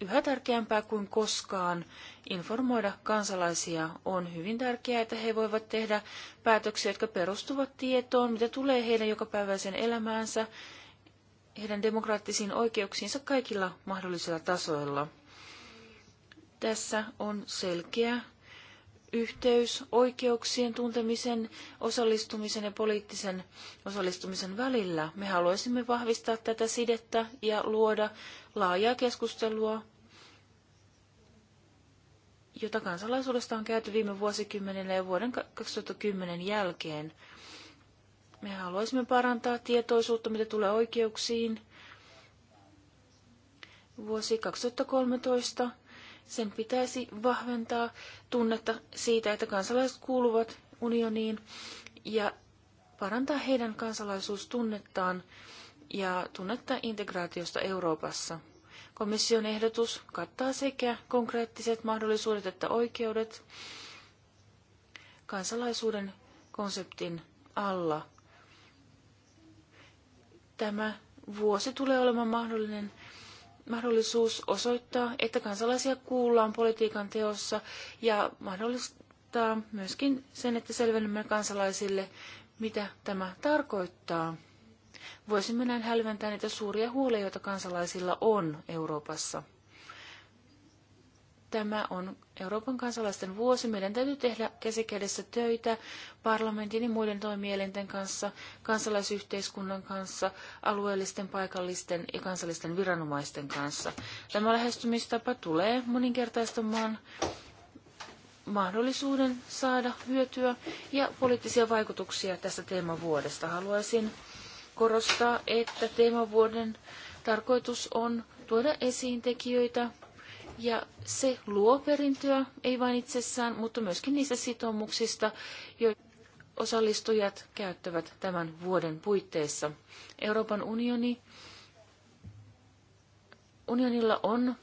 yhä tärkeämpää kuin koskaan informoida kansalaisia. On hyvin tärkeää, että he voivat tehdä päätöksiä, jotka perustuvat tietoon, mitä tulee heidän jokapäiväiseen elämäänsä, heidän demokraattisiin oikeuksiinsa kaikilla mahdollisilla tasoilla. Tässä on selkeä yhteys oikeuksien tuntemisen, osallistumisen ja poliittisen osallistumisen välillä. Me haluaisimme vahvistaa tätä sidettä ja luoda laajaa keskustelua, jota kansalaisuudesta on käyty viime vuosikymmenellä ja vuoden 2010 jälkeen. Me haluaisimme parantaa tietoisuutta, mitä tulee oikeuksiin. Vuosi 2013 sen pitäisi vahventaa tunnetta siitä, että kansalaiset kuuluvat unioniin ja parantaa heidän kansalaisuustunnettaan ja tunnetta integraatiosta Euroopassa. Komission ehdotus kattaa sekä konkreettiset mahdollisuudet että oikeudet kansalaisuuden konseptin alla. Tämä vuosi tulee olemaan mahdollinen mahdollisuus osoittaa, että kansalaisia kuullaan politiikan teossa ja mahdollistaa myöskin sen, että selvennämme kansalaisille, mitä tämä tarkoittaa. Voisimme näin hälventää niitä suuria huolia, joita kansalaisilla on Euroopassa. Tämä on Euroopan kansalaisten vuosi. Meidän täytyy tehdä käsikädessä töitä parlamentin ja muiden toimielinten kanssa, kansalaisyhteiskunnan kanssa, alueellisten, paikallisten ja kansallisten viranomaisten kanssa. Tämä lähestymistapa tulee moninkertaistamaan mahdollisuuden saada hyötyä ja poliittisia vaikutuksia tästä teemavuodesta. Haluaisin korostaa, että teemavuoden tarkoitus on tuoda esiin tekijöitä, ja se luo perintöä, ei vain itsessään, mutta myöskin niistä sitoumuksista, joita osallistujat käyttävät tämän vuoden puitteissa. Euroopan unioni, unionilla on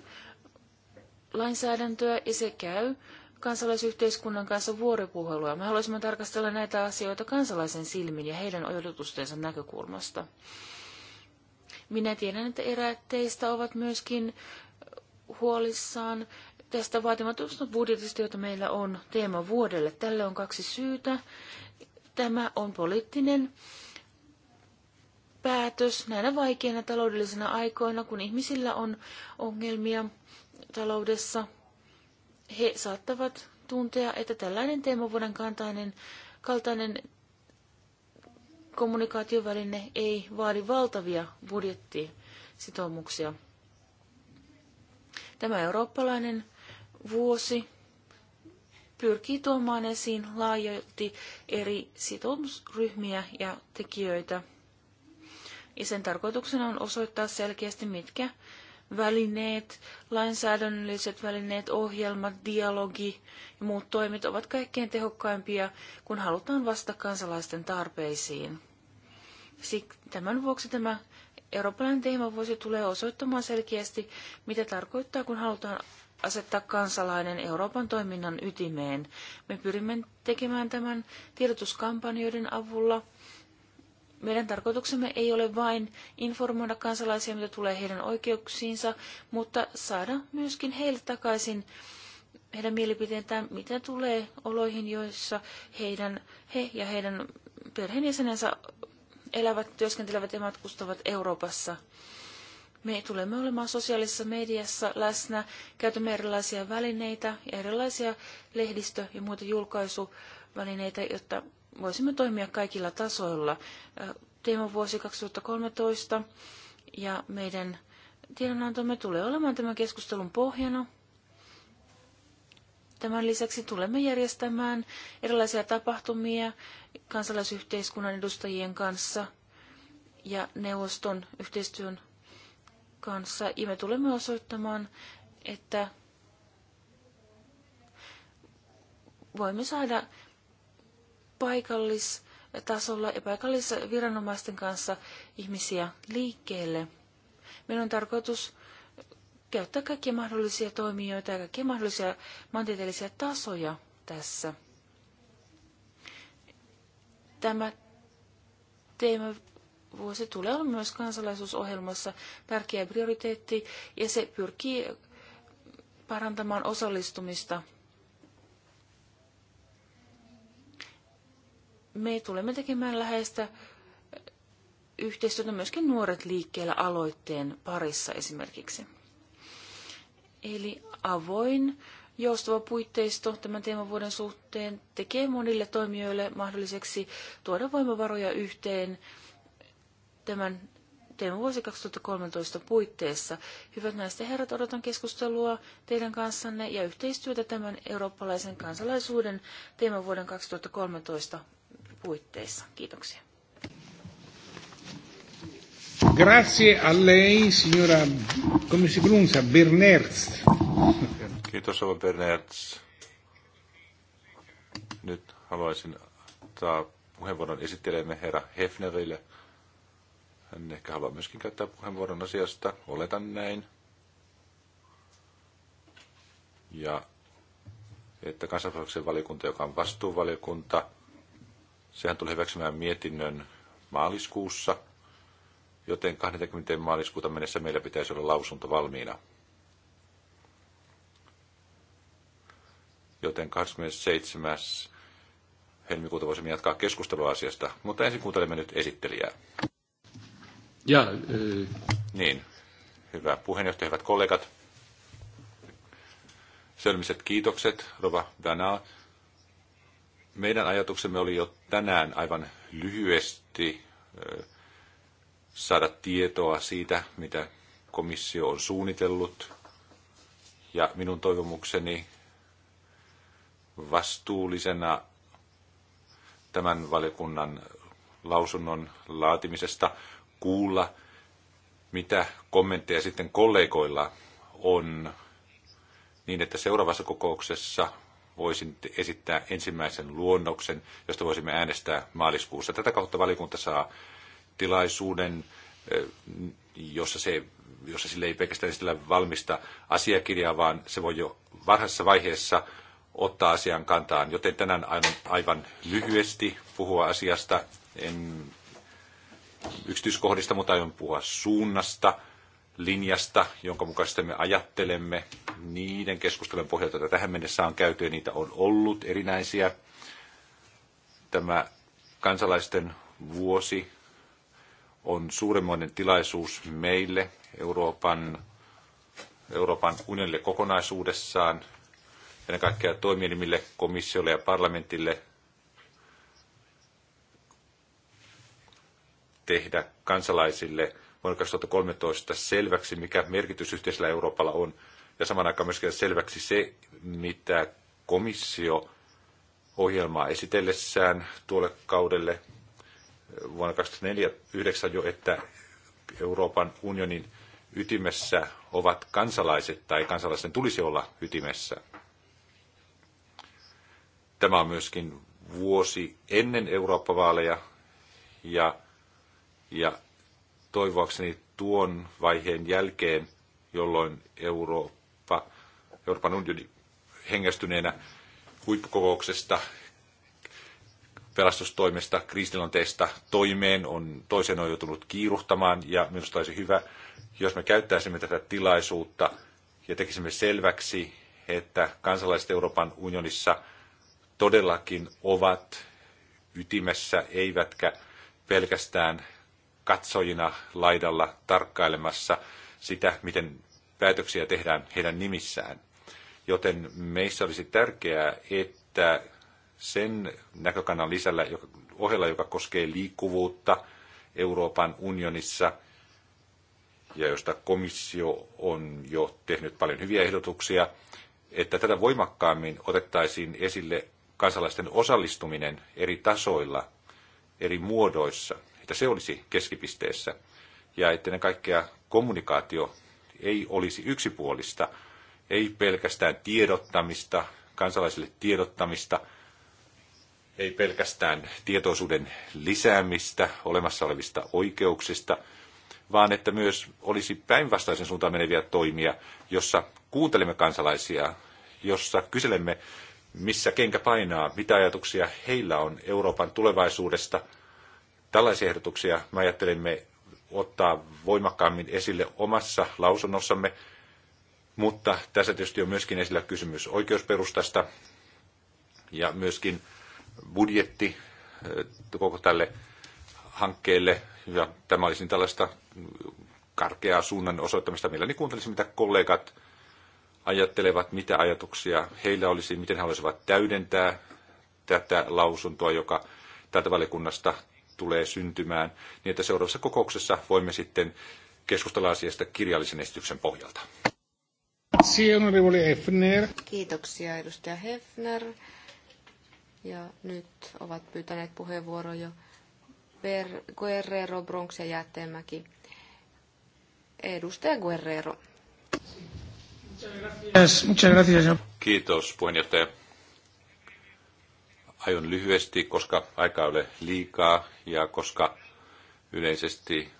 lainsäädäntöä ja se käy kansalaisyhteiskunnan kanssa vuoropuhelua. Me haluaisimme tarkastella näitä asioita kansalaisen silmin ja heidän odotustensa näkökulmasta. Minä tiedän, että eräät teistä ovat myöskin huolissaan tästä vaatimattomasta budjetista, jota meillä on teema vuodelle. Tälle on kaksi syytä. Tämä on poliittinen päätös näinä vaikeina taloudellisina aikoina, kun ihmisillä on ongelmia taloudessa. He saattavat tuntea, että tällainen teemavuoden kantainen, kaltainen kommunikaatioväline ei vaadi valtavia budjettisitoumuksia. Tämä eurooppalainen vuosi pyrkii tuomaan esiin laajalti eri sitoumusryhmiä ja tekijöitä. Ja sen tarkoituksena on osoittaa selkeästi, mitkä välineet, lainsäädännölliset välineet, ohjelmat, dialogi ja muut toimet ovat kaikkein tehokkaimpia, kun halutaan vastata kansalaisten tarpeisiin. Siksi tämän vuoksi tämä Eurooppalainen teemavuosi tulee osoittamaan selkeästi, mitä tarkoittaa, kun halutaan asettaa kansalainen Euroopan toiminnan ytimeen. Me pyrimme tekemään tämän tiedotuskampanjoiden avulla. Meidän tarkoituksemme ei ole vain informoida kansalaisia, mitä tulee heidän oikeuksiinsa, mutta saada myöskin heille takaisin heidän mielipiteentään, mitä tulee oloihin, joissa heidän, he ja heidän perheenjäsenensä elävät, työskentelevät ja matkustavat Euroopassa. Me tulemme olemaan sosiaalisessa mediassa läsnä, käytämme erilaisia välineitä ja erilaisia lehdistö- ja muita julkaisuvälineitä, jotta voisimme toimia kaikilla tasoilla. Teema vuosi 2013 ja meidän tiedonantomme tulee olemaan tämän keskustelun pohjana. Tämän lisäksi tulemme järjestämään erilaisia tapahtumia kansalaisyhteiskunnan edustajien kanssa ja neuvoston yhteistyön kanssa. Ja me tulemme osoittamaan, että voimme saada paikallistasolla ja paikallisviranomaisten kanssa ihmisiä liikkeelle. Meidän on tarkoitus käyttää kaikkia mahdollisia toimijoita ja kaikkia mahdollisia maantieteellisiä tasoja tässä. Tämä teema vuosi tulee olla myös kansalaisuusohjelmassa tärkeä prioriteetti ja se pyrkii parantamaan osallistumista. Me tulemme tekemään läheistä yhteistyötä myöskin nuoret liikkeellä aloitteen parissa esimerkiksi. Eli avoin joustava puitteisto tämän teemavuoden suhteen tekee monille toimijoille mahdolliseksi tuoda voimavaroja yhteen tämän teemavuosi 2013 puitteissa. Hyvät naiset ja herrat, odotan keskustelua teidän kanssanne ja yhteistyötä tämän eurooppalaisen kansalaisuuden teemavuoden 2013 puitteissa. Kiitoksia. Grazie a lei, signora, come si pronuncia? Kiitos, Ova Bernerz. Nyt haluaisin antaa puheenvuoron esittelemme herra Hefnerille. Hän ehkä haluaa myöskin käyttää puheenvuoron asiasta, oletan näin. Ja että kansanvaltaisen valiokunta, joka on vastuuvaliokunta, sehän tulee hyväksymään mietinnön maaliskuussa – joten 20. maaliskuuta mennessä meillä pitäisi olla lausunto valmiina. Joten 27. helmikuuta voisimme jatkaa keskustelua asiasta, mutta ensin kuuntelemme nyt esittelijää. Ja, e- niin, hyvä puheenjohtaja, hyvät kollegat. Selmiset kiitokset, Rova Dana. Meidän ajatuksemme oli jo tänään aivan lyhyesti saada tietoa siitä, mitä komissio on suunnitellut. Ja minun toivomukseni vastuullisena tämän valiokunnan lausunnon laatimisesta kuulla, mitä kommentteja sitten kollegoilla on, niin että seuraavassa kokouksessa voisin esittää ensimmäisen luonnoksen, josta voisimme äänestää maaliskuussa. Tätä kautta valiokunta saa tilaisuuden, jossa, se, jossa sille ei pelkästään esitellä valmista asiakirjaa, vaan se voi jo varhaisessa vaiheessa ottaa asian kantaan. Joten tänään aivan, aivan lyhyesti puhua asiasta, en yksityiskohdista, mutta aion puhua suunnasta, linjasta, jonka mukaisesti me ajattelemme niiden keskustelujen pohjalta, joita tähän mennessä on käyty, ja niitä on ollut erinäisiä. Tämä kansalaisten vuosi on suuremmoinen tilaisuus meille, Euroopan, Euroopan unionille kokonaisuudessaan, ennen kaikkea toimielimille, komissiolle ja parlamentille tehdä kansalaisille vuonna 2013 selväksi, mikä merkitys yhteisellä Euroopalla on, ja saman aikaan myöskin selväksi se, mitä komissio ohjelmaa esitellessään tuolle kaudelle vuonna 2009 jo, että Euroopan unionin ytimessä ovat kansalaiset tai kansalaisten tulisi olla ytimessä. Tämä on myöskin vuosi ennen Eurooppa-vaaleja ja, ja toivoakseni tuon vaiheen jälkeen, jolloin Eurooppa, Euroopan unioni hengästyneenä huippukokouksesta pelastustoimesta, kriisitilanteesta toimeen on, toisen on joutunut kiiruhtamaan ja minusta olisi hyvä, jos me käyttäisimme tätä tilaisuutta ja tekisimme selväksi, että kansalaiset Euroopan unionissa todellakin ovat ytimessä, eivätkä pelkästään katsojina laidalla tarkkailemassa sitä, miten päätöksiä tehdään heidän nimissään. Joten meissä olisi tärkeää, että sen näkökannan lisällä, joka, ohella, joka koskee liikkuvuutta Euroopan unionissa, ja josta komissio on jo tehnyt paljon hyviä ehdotuksia, että tätä voimakkaammin otettaisiin esille kansalaisten osallistuminen eri tasoilla, eri muodoissa, että se olisi keskipisteessä. Ja että ennen kaikkea kommunikaatio ei olisi yksipuolista, ei pelkästään tiedottamista, kansalaisille tiedottamista – ei pelkästään tietoisuuden lisäämistä olemassa olevista oikeuksista, vaan että myös olisi päinvastaisen suuntaan meneviä toimia, jossa kuuntelemme kansalaisia, jossa kyselemme, missä kenkä painaa, mitä ajatuksia heillä on Euroopan tulevaisuudesta. Tällaisia ehdotuksia me ajattelemme ottaa voimakkaammin esille omassa lausunnossamme, mutta tässä tietysti on myöskin esillä kysymys oikeusperustasta ja myöskin budjetti eh, koko tälle hankkeelle, ja tämä olisi tällaista karkeaa suunnan osoittamista. Mielelläni kuuntelisin, mitä kollegat ajattelevat, mitä ajatuksia heillä olisi, miten he haluaisivat täydentää tätä lausuntoa, joka tältä valiokunnasta tulee syntymään, niin että seuraavassa kokouksessa voimme sitten keskustella asiasta kirjallisen esityksen pohjalta. Kiitoksia edustaja Hefner ja nyt ovat pyytäneet puheenvuoroja Guerrero, Bronx ja Jäätteenmäki. Edustaja Guerrero. Kiitos puheenjohtaja. Aion lyhyesti, koska aika ei ole liikaa ja koska yleisesti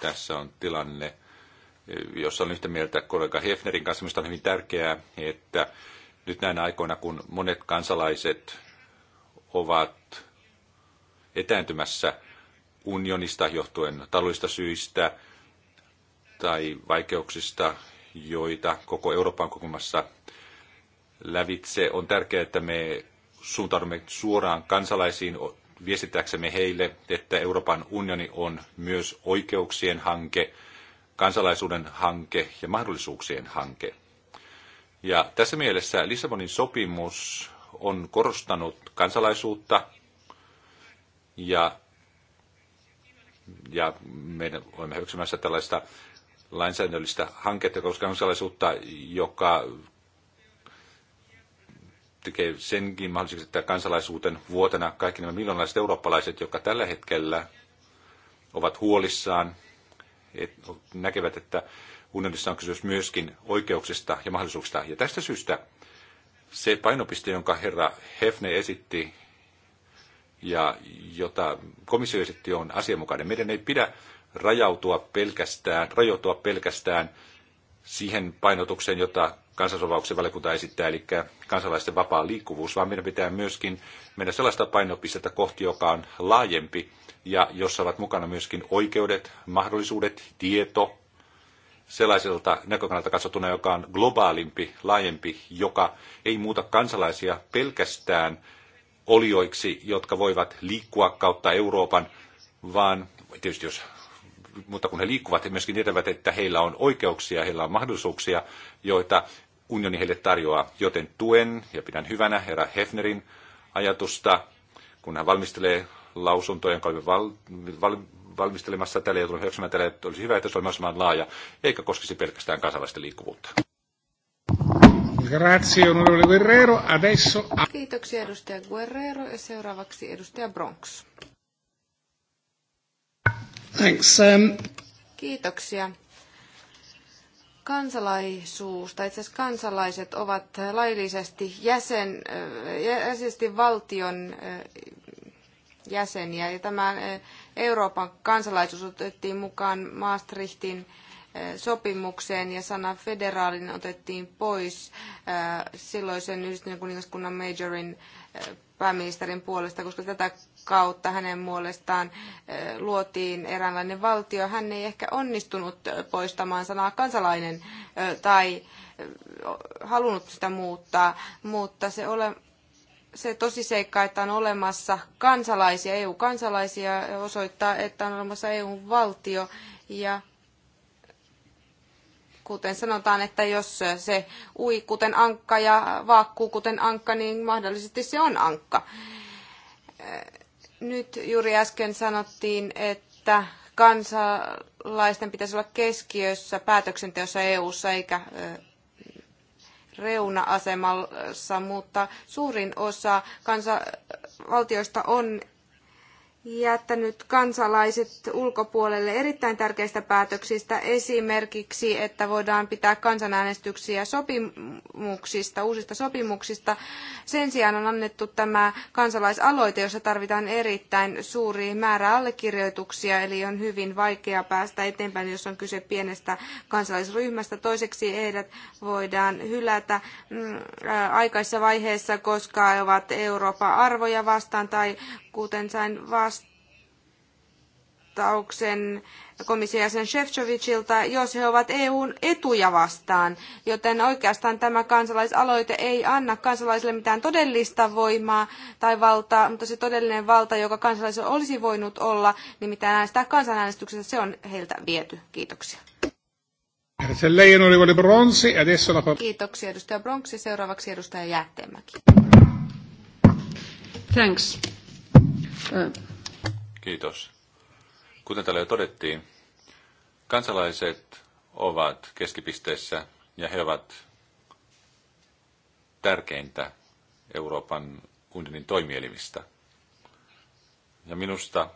tässä on tilanne, jossa on yhtä mieltä kollega Hefnerin kanssa. Minusta on hyvin tärkeää, että nyt näinä aikoina, kun monet kansalaiset ovat etääntymässä unionista johtuen taloudellisista syistä tai vaikeuksista, joita koko Euroopan kokemassa lävitse, on tärkeää, että me suuntaudumme suoraan kansalaisiin viestittääksemme heille, että Euroopan unioni on myös oikeuksien hanke, kansalaisuuden hanke ja mahdollisuuksien hanke. Ja tässä mielessä Lissabonin sopimus on korostanut kansalaisuutta ja, ja meidän olemme hyväksymässä tällaista lainsäädännöllistä hanketta koska kansalaisuutta, joka tekee senkin mahdolliseksi, että kansalaisuuten vuotena kaikki nämä miljoonalaiset eurooppalaiset, jotka tällä hetkellä ovat huolissaan, et, näkevät, että unionissa on kysymys myöskin oikeuksista ja mahdollisuuksista. Ja tästä syystä se painopiste, jonka herra Hefne esitti ja jota komissio esitti, on asianmukainen. Meidän ei pidä rajautua pelkästään, rajoitua pelkästään siihen painotukseen, jota kansansovauksen valiokunta esittää, eli kansalaisten vapaa liikkuvuus, vaan meidän pitää myöskin mennä sellaista painopistettä kohti, joka on laajempi ja jossa ovat mukana myöskin oikeudet, mahdollisuudet, tieto, sellaiselta näkökannalta katsottuna, joka on globaalimpi, laajempi, joka ei muuta kansalaisia pelkästään olioiksi, jotka voivat liikkua kautta Euroopan, vaan tietysti jos mutta kun he liikkuvat, he myöskin tietävät, että heillä on oikeuksia, heillä on mahdollisuuksia, joita unioni heille tarjoaa. Joten tuen ja pidän hyvänä herra Hefnerin ajatusta, kun hän valmistelee lausuntoja, jonka olemme val, val, valmistelemassa tällä ja tullut hyväksymään tällä, että olisi hyvä, että se olisi mahdollisimman laaja, eikä koskisi pelkästään kansainvälistä liikkuvuutta. Grazie, onorevole Guerrero. Adesso... Kiitoksia, edustaja Guerrero. Ja seuraavaksi edustaja Bronx. Thanks. Um... Kiitoksia kansalaisuus, tai itse asiassa kansalaiset ovat laillisesti jäsen, äh, jäsen valtion äh, jäseniä, ja tämä äh, Euroopan kansalaisuus otettiin mukaan Maastrichtin eh, sopimukseen ja sana federaalinen otettiin pois eh, silloisen yhdistyneen kuningaskunnan majorin eh, pääministerin puolesta, koska tätä kautta hänen muolestaan luotiin eräänlainen valtio. Hän ei ehkä onnistunut poistamaan sanaa kansalainen tai halunnut sitä muuttaa, mutta se ole, se tosiseikka, että on olemassa kansalaisia, EU-kansalaisia, osoittaa, että on olemassa EU-valtio. Ja kuten sanotaan, että jos se ui kuten ankka ja vaakkuu kuten ankka, niin mahdollisesti se on ankka. Nyt juuri äsken sanottiin, että kansalaisten pitäisi olla keskiössä päätöksenteossa EU-ssa eikä reuna-asemassa, mutta suurin osa kansa- valtioista on jättänyt kansalaiset ulkopuolelle erittäin tärkeistä päätöksistä, esimerkiksi, että voidaan pitää kansanäänestyksiä sopimuksista, uusista sopimuksista. Sen sijaan on annettu tämä kansalaisaloite, jossa tarvitaan erittäin suuri määrä allekirjoituksia, eli on hyvin vaikea päästä eteenpäin, jos on kyse pienestä kansalaisryhmästä. Toiseksi ehdot voidaan hylätä mm, äh, aikaisessa vaiheessa, koska ovat Euroopan arvoja vastaan tai kuten sain vastaan, vastauksen komission jäsen Shevchovicilta, jos he ovat EUn etuja vastaan. Joten oikeastaan tämä kansalaisaloite ei anna kansalaisille mitään todellista voimaa tai valtaa, mutta se todellinen valta, joka kansalaisilla olisi voinut olla, nimittäin äänestää kansanäänestyksessä, se on heiltä viety. Kiitoksia. Kiitoksia edustaja Bronksi. Seuraavaksi edustaja Jäätteenmäki. Thanks. Uh, Kiitos. Kuten täällä jo todettiin, kansalaiset ovat keskipisteessä ja he ovat tärkeintä Euroopan unionin toimielimistä. Ja minusta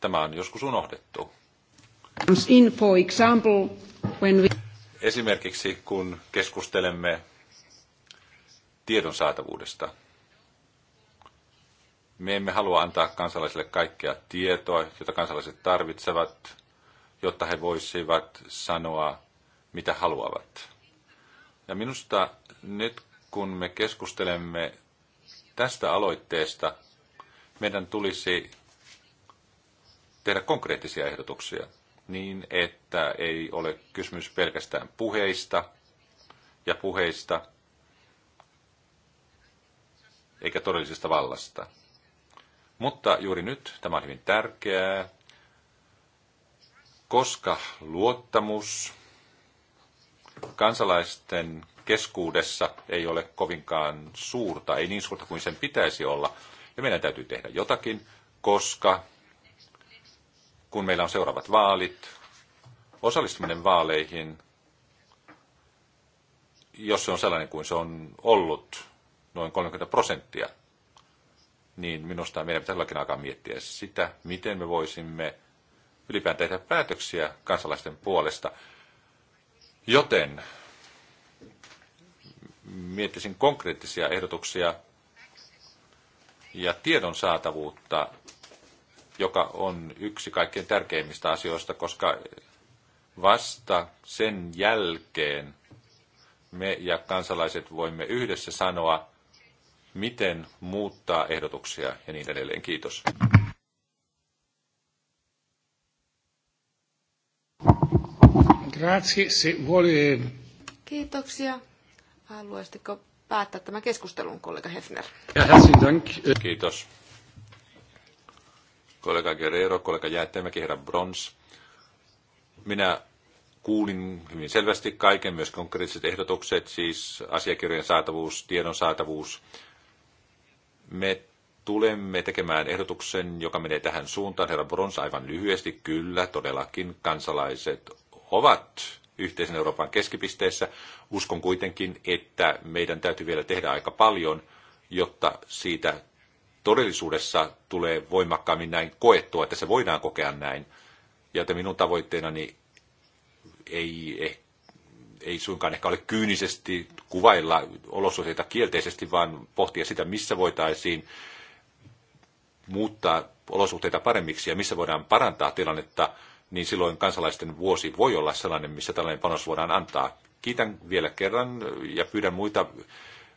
tämä on joskus unohdettu. Esimerkiksi kun keskustelemme tiedon saatavuudesta – me emme halua antaa kansalaisille kaikkea tietoa, jota kansalaiset tarvitsevat, jotta he voisivat sanoa, mitä haluavat. Ja minusta nyt, kun me keskustelemme tästä aloitteesta, meidän tulisi tehdä konkreettisia ehdotuksia niin, että ei ole kysymys pelkästään puheista ja puheista, eikä todellisesta vallasta. Mutta juuri nyt tämä on hyvin tärkeää, koska luottamus kansalaisten keskuudessa ei ole kovinkaan suurta, ei niin suurta kuin sen pitäisi olla. Ja meidän täytyy tehdä jotakin, koska kun meillä on seuraavat vaalit, osallistuminen vaaleihin, jos se on sellainen kuin se on ollut, noin 30 prosenttia, niin minusta meidän pitäisi alkaa miettiä sitä, miten me voisimme ylipäätään tehdä päätöksiä kansalaisten puolesta. Joten miettisin konkreettisia ehdotuksia ja tiedon saatavuutta, joka on yksi kaikkein tärkeimmistä asioista, koska vasta sen jälkeen me ja kansalaiset voimme yhdessä sanoa, miten muuttaa ehdotuksia ja niin edelleen. Kiitos. Grazie, se vuole... Kiitoksia. Haluaisitko päättää tämän keskustelun, kollega Hefner? Ja, dank. Kiitos. Kollega Guerrero, kollega Jäätteenmäki, herra Brons. Minä kuulin hyvin selvästi kaiken, myös konkreettiset ehdotukset, siis asiakirjojen saatavuus, tiedon saatavuus, me tulemme tekemään ehdotuksen, joka menee tähän suuntaan. Herra Brons aivan lyhyesti, kyllä, todellakin kansalaiset ovat yhteisen Euroopan keskipisteessä. Uskon kuitenkin, että meidän täytyy vielä tehdä aika paljon, jotta siitä todellisuudessa tulee voimakkaammin näin koettua, että se voidaan kokea näin. Ja että minun tavoitteenani ei ehkä ei suinkaan ehkä ole kyynisesti kuvailla olosuhteita kielteisesti, vaan pohtia sitä, missä voitaisiin muuttaa olosuhteita paremmiksi ja missä voidaan parantaa tilannetta, niin silloin kansalaisten vuosi voi olla sellainen, missä tällainen panos voidaan antaa. Kiitän vielä kerran ja pyydän muita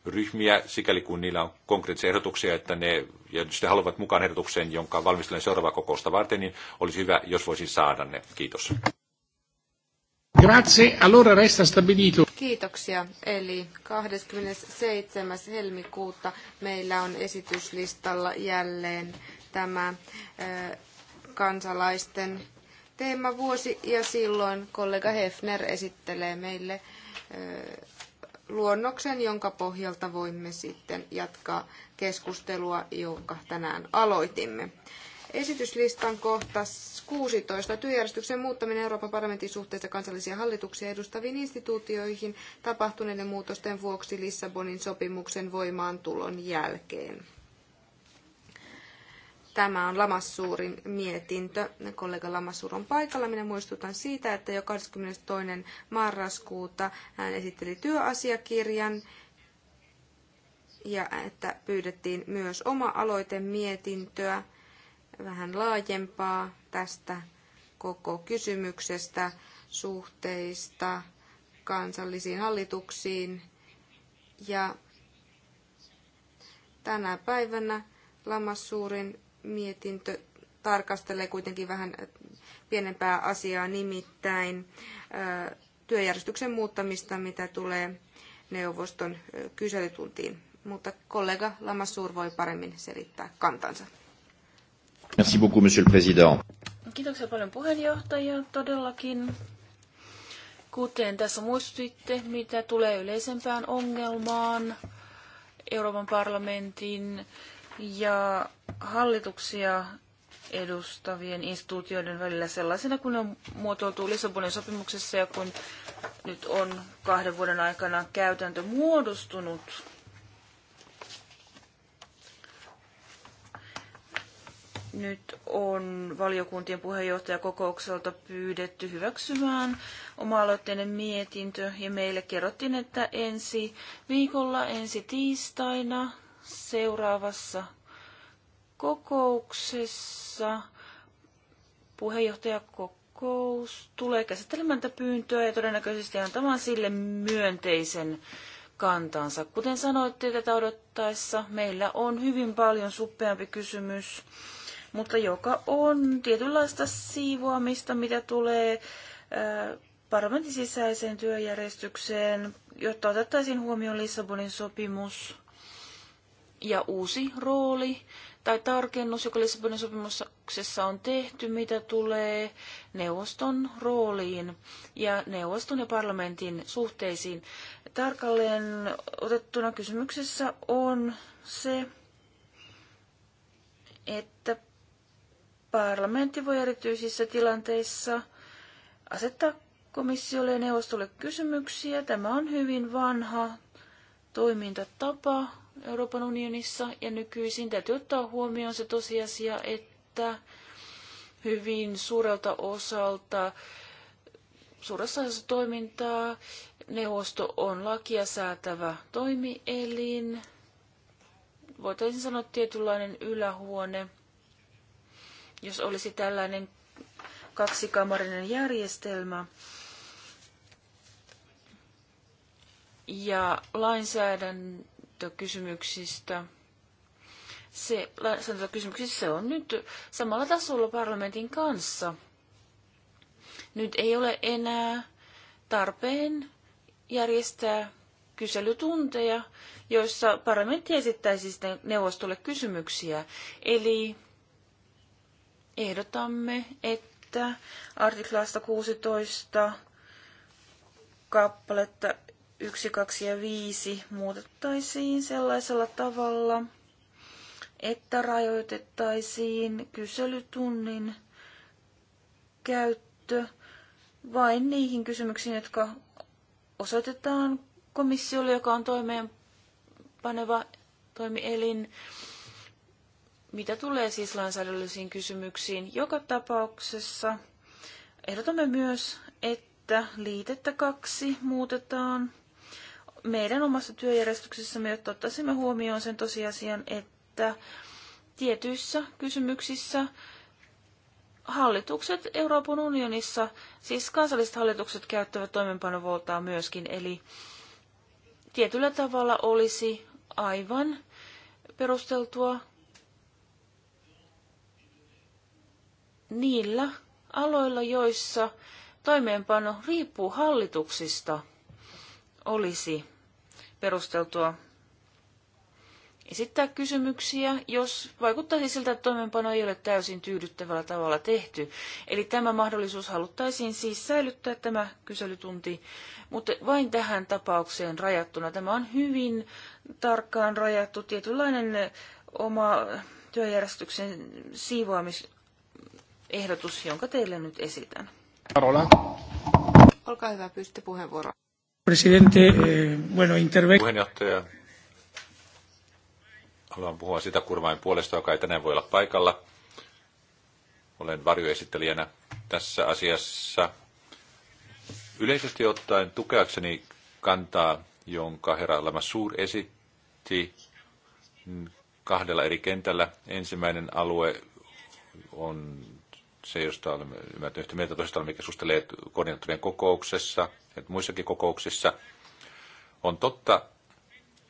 ryhmiä, sikäli kun niillä on konkreettisia ehdotuksia, että ne, ja jos ne haluavat mukaan ehdotukseen, jonka valmistelen seuraavaa kokousta varten, niin olisi hyvä, jos voisin saada ne. Kiitos. Grazie, allora resta stabilito. Kiitoksia. Eli 27. helmikuuta meillä on esityslistalla jälleen tämä kansalaisten teemavuosi ja silloin kollega Hefner esittelee meille luonnoksen, jonka pohjalta voimme sitten jatkaa keskustelua, jonka tänään aloitimme. Esityslistan kohtas Tarkistus 16. Työjärjestyksen muuttaminen Euroopan parlamentin suhteessa kansallisia hallituksia edustaviin instituutioihin tapahtuneiden muutosten vuoksi Lissabonin sopimuksen voimaantulon jälkeen. Tämä on Lamassuurin mietintö. Kollega Lamassuur on paikalla. Minä muistutan siitä, että jo 22. marraskuuta hän esitteli työasiakirjan ja että pyydettiin myös oma mietintöä vähän laajempaa tästä koko kysymyksestä, suhteista kansallisiin hallituksiin. Ja tänä päivänä Lamassuurin mietintö tarkastelee kuitenkin vähän pienempää asiaa, nimittäin työjärjestyksen muuttamista, mitä tulee neuvoston kyselytuntiin. Mutta kollega Lamassuur voi paremmin selittää kantansa. Merci beaucoup, monsieur le président. Kiitoksia paljon puheenjohtaja. Todellakin, kuten tässä muistutitte, mitä tulee yleisempään ongelmaan Euroopan parlamentin ja hallituksia edustavien instituutioiden välillä sellaisena, kun ne on muotoiltu Lissabonin sopimuksessa ja kun nyt on kahden vuoden aikana käytäntö muodostunut nyt on valiokuntien puheenjohtajakokoukselta pyydetty hyväksymään oma-aloitteinen mietintö ja meille kerrottiin, että ensi viikolla, ensi tiistaina seuraavassa kokouksessa puheenjohtajakokous tulee käsittelemään tätä pyyntöä ja todennäköisesti antamaan sille myönteisen kantansa. Kuten sanoitte tätä odottaessa, meillä on hyvin paljon suppeampi kysymys mutta joka on tietynlaista siivoamista, mitä tulee parlamentin sisäiseen työjärjestykseen, jotta otettaisiin huomioon Lissabonin sopimus ja uusi rooli tai tarkennus, joka Lissabonin sopimuksessa on tehty, mitä tulee neuvoston rooliin ja neuvoston ja parlamentin suhteisiin. Tarkalleen otettuna kysymyksessä on se, että Parlamentti voi erityisissä tilanteissa asettaa komissiolle ja neuvostolle kysymyksiä. Tämä on hyvin vanha toimintatapa Euroopan unionissa ja nykyisin täytyy ottaa huomioon se tosiasia, että hyvin suurelta osalta suuressa osassa toimintaa neuvosto on lakia säätävä toimielin, voitaisiin sanoa tietynlainen ylähuone – jos olisi tällainen kaksikamarinen järjestelmä ja lainsäädäntökysymyksistä, se lainsäädäntökysymyksissä se on nyt samalla tasolla parlamentin kanssa. Nyt ei ole enää tarpeen järjestää kyselytunteja, joissa parlamentti esittäisi neuvostolle kysymyksiä. Eli ehdotamme, että artiklasta 16 kappaletta 1, 2 ja 5 muutettaisiin sellaisella tavalla, että rajoitettaisiin kyselytunnin käyttö vain niihin kysymyksiin, jotka osoitetaan komissiolle, joka on toimeenpaneva toimielin mitä tulee siis lainsäädännöllisiin kysymyksiin, joka tapauksessa ehdotamme myös, että liitettä kaksi muutetaan meidän omassa työjärjestyksessämme, jotta ottaisimme huomioon sen tosiasian, että tietyissä kysymyksissä hallitukset Euroopan unionissa, siis kansalliset hallitukset käyttävät toimenpanovoltaa myöskin, eli tietyllä tavalla olisi aivan perusteltua niillä aloilla, joissa toimeenpano riippuu hallituksista, olisi perusteltua esittää kysymyksiä, jos vaikuttaisi siltä, että toimeenpano ei ole täysin tyydyttävällä tavalla tehty. Eli tämä mahdollisuus haluttaisiin siis säilyttää tämä kyselytunti, mutta vain tähän tapaukseen rajattuna. Tämä on hyvin tarkkaan rajattu tietynlainen oma työjärjestyksen siivoamis ehdotus, jonka teille nyt esitän. Parola. Olkaa hyvä, pystytte puheenvuoroon. Presidente, eh, bueno, interve... Puheenjohtaja, haluan puhua sitä kurvain puolesta, joka ei tänään voi olla paikalla. Olen varjoesittelijänä tässä asiassa. Yleisesti ottaen tukeakseni kantaa, jonka herra Lama Suur esitti kahdella eri kentällä. Ensimmäinen alue on se, josta olen ymmärtäneet yhtä mieltä, toisesta mikä sustelee koordinaattorien kokouksessa, että muissakin kokouksissa. On totta,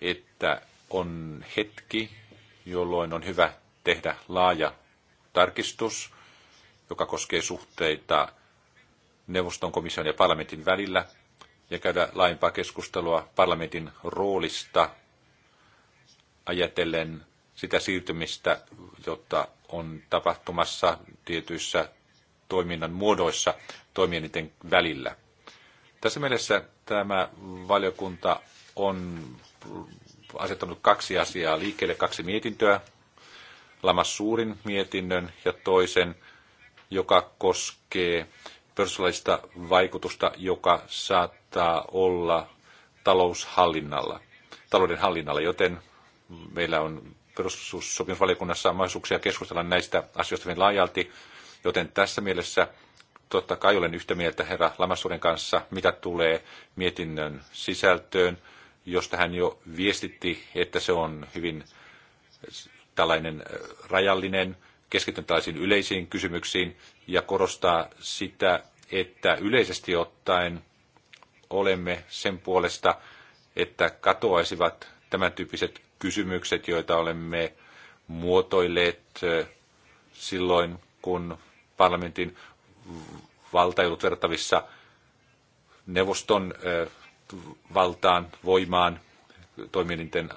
että on hetki, jolloin on hyvä tehdä laaja tarkistus, joka koskee suhteita neuvoston, komission ja parlamentin välillä, ja käydä laajempaa keskustelua parlamentin roolista ajatellen sitä siirtymistä, jotta on tapahtumassa tietyissä toiminnan muodoissa toimijoiden välillä. Tässä mielessä tämä valiokunta on asettanut kaksi asiaa liikkeelle, kaksi mietintöä. Lamas suurin mietinnön ja toisen, joka koskee pörssilaista vaikutusta, joka saattaa olla taloushallinnalla, talouden hallinnalla, joten meillä on perussopimusvaliokunnassa on mahdollisuuksia keskustella näistä asioista hyvin laajalti, joten tässä mielessä totta kai olen yhtä mieltä herra Lamassuuden kanssa, mitä tulee mietinnön sisältöön, josta hän jo viestitti, että se on hyvin äh, tällainen äh, rajallinen, keskittynyt tällaisiin yleisiin kysymyksiin ja korostaa sitä, että yleisesti ottaen olemme sen puolesta, että katoaisivat tämän tyyppiset kysymykset, joita olemme muotoilleet silloin, kun parlamentin valta ei ollut verrattavissa neuvoston valtaan, voimaan toimielinten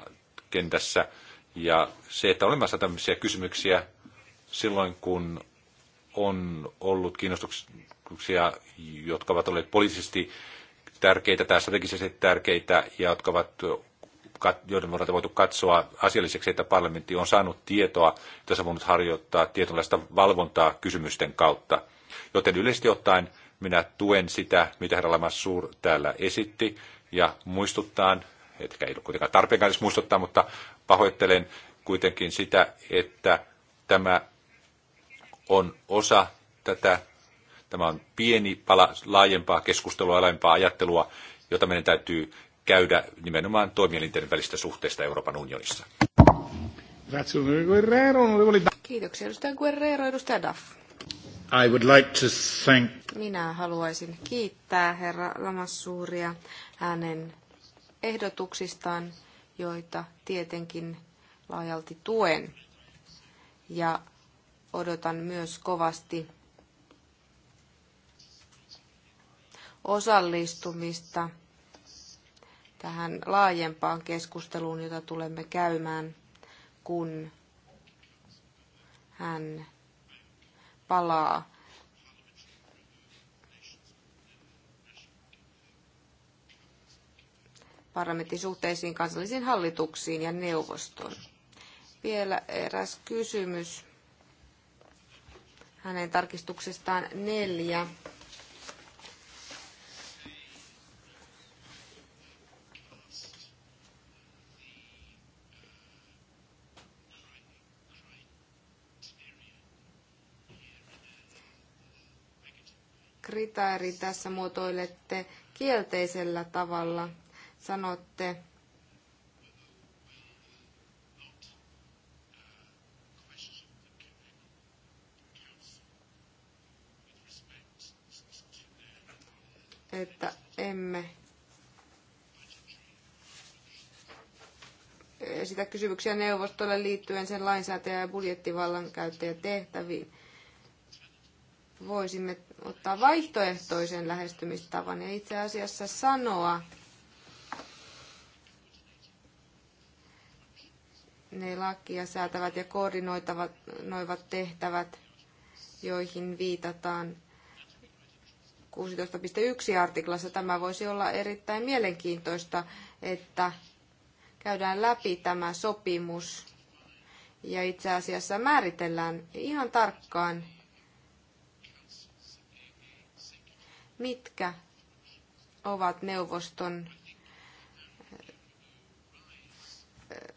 kentässä. Ja se, että olemme olemassa tämmöisiä kysymyksiä silloin, kun on ollut kiinnostuksia, jotka ovat olleet poliittisesti tärkeitä tai strategisesti tärkeitä ja jotka ovat joiden varalta voitu katsoa asialliseksi, että parlamentti on saanut tietoa, jota se on voinut harjoittaa tietynlaista valvontaa kysymysten kautta. Joten yleisesti ottaen minä tuen sitä, mitä herra Lamassur täällä esitti, ja muistuttaan, etkä ei ole kuitenkaan tarpeen muistuttaa, mutta pahoittelen kuitenkin sitä, että tämä on osa tätä, tämä on pieni pala laajempaa keskustelua, laajempaa ajattelua, jota meidän täytyy käydä nimenomaan toimielinten välistä suhteesta Euroopan unionissa. Kiitoksia edustaja Guerrero, edustaja Duff. I would like to thank... Minä haluaisin kiittää herra Lamassuuria hänen ehdotuksistaan, joita tietenkin laajalti tuen. Ja odotan myös kovasti osallistumista tähän laajempaan keskusteluun, jota tulemme käymään, kun hän palaa parlamentin suhteisiin kansallisiin hallituksiin ja neuvostoon. Vielä eräs kysymys hänen tarkistuksestaan neljä. Ritari, tässä muotoilette kielteisellä tavalla. Sanotte, että emme esitä kysymyksiä neuvostolle liittyen sen lainsäätäjä- ja budjettivallan käyttäjän tehtäviin. Voisimme ottaa vaihtoehtoisen lähestymistavan ja itse asiassa sanoa ne lakia säätävät ja koordinoitavat noivat tehtävät, joihin viitataan 16.1 artiklassa. Tämä voisi olla erittäin mielenkiintoista, että käydään läpi tämä sopimus ja itse asiassa määritellään ihan tarkkaan mitkä ovat neuvoston eh,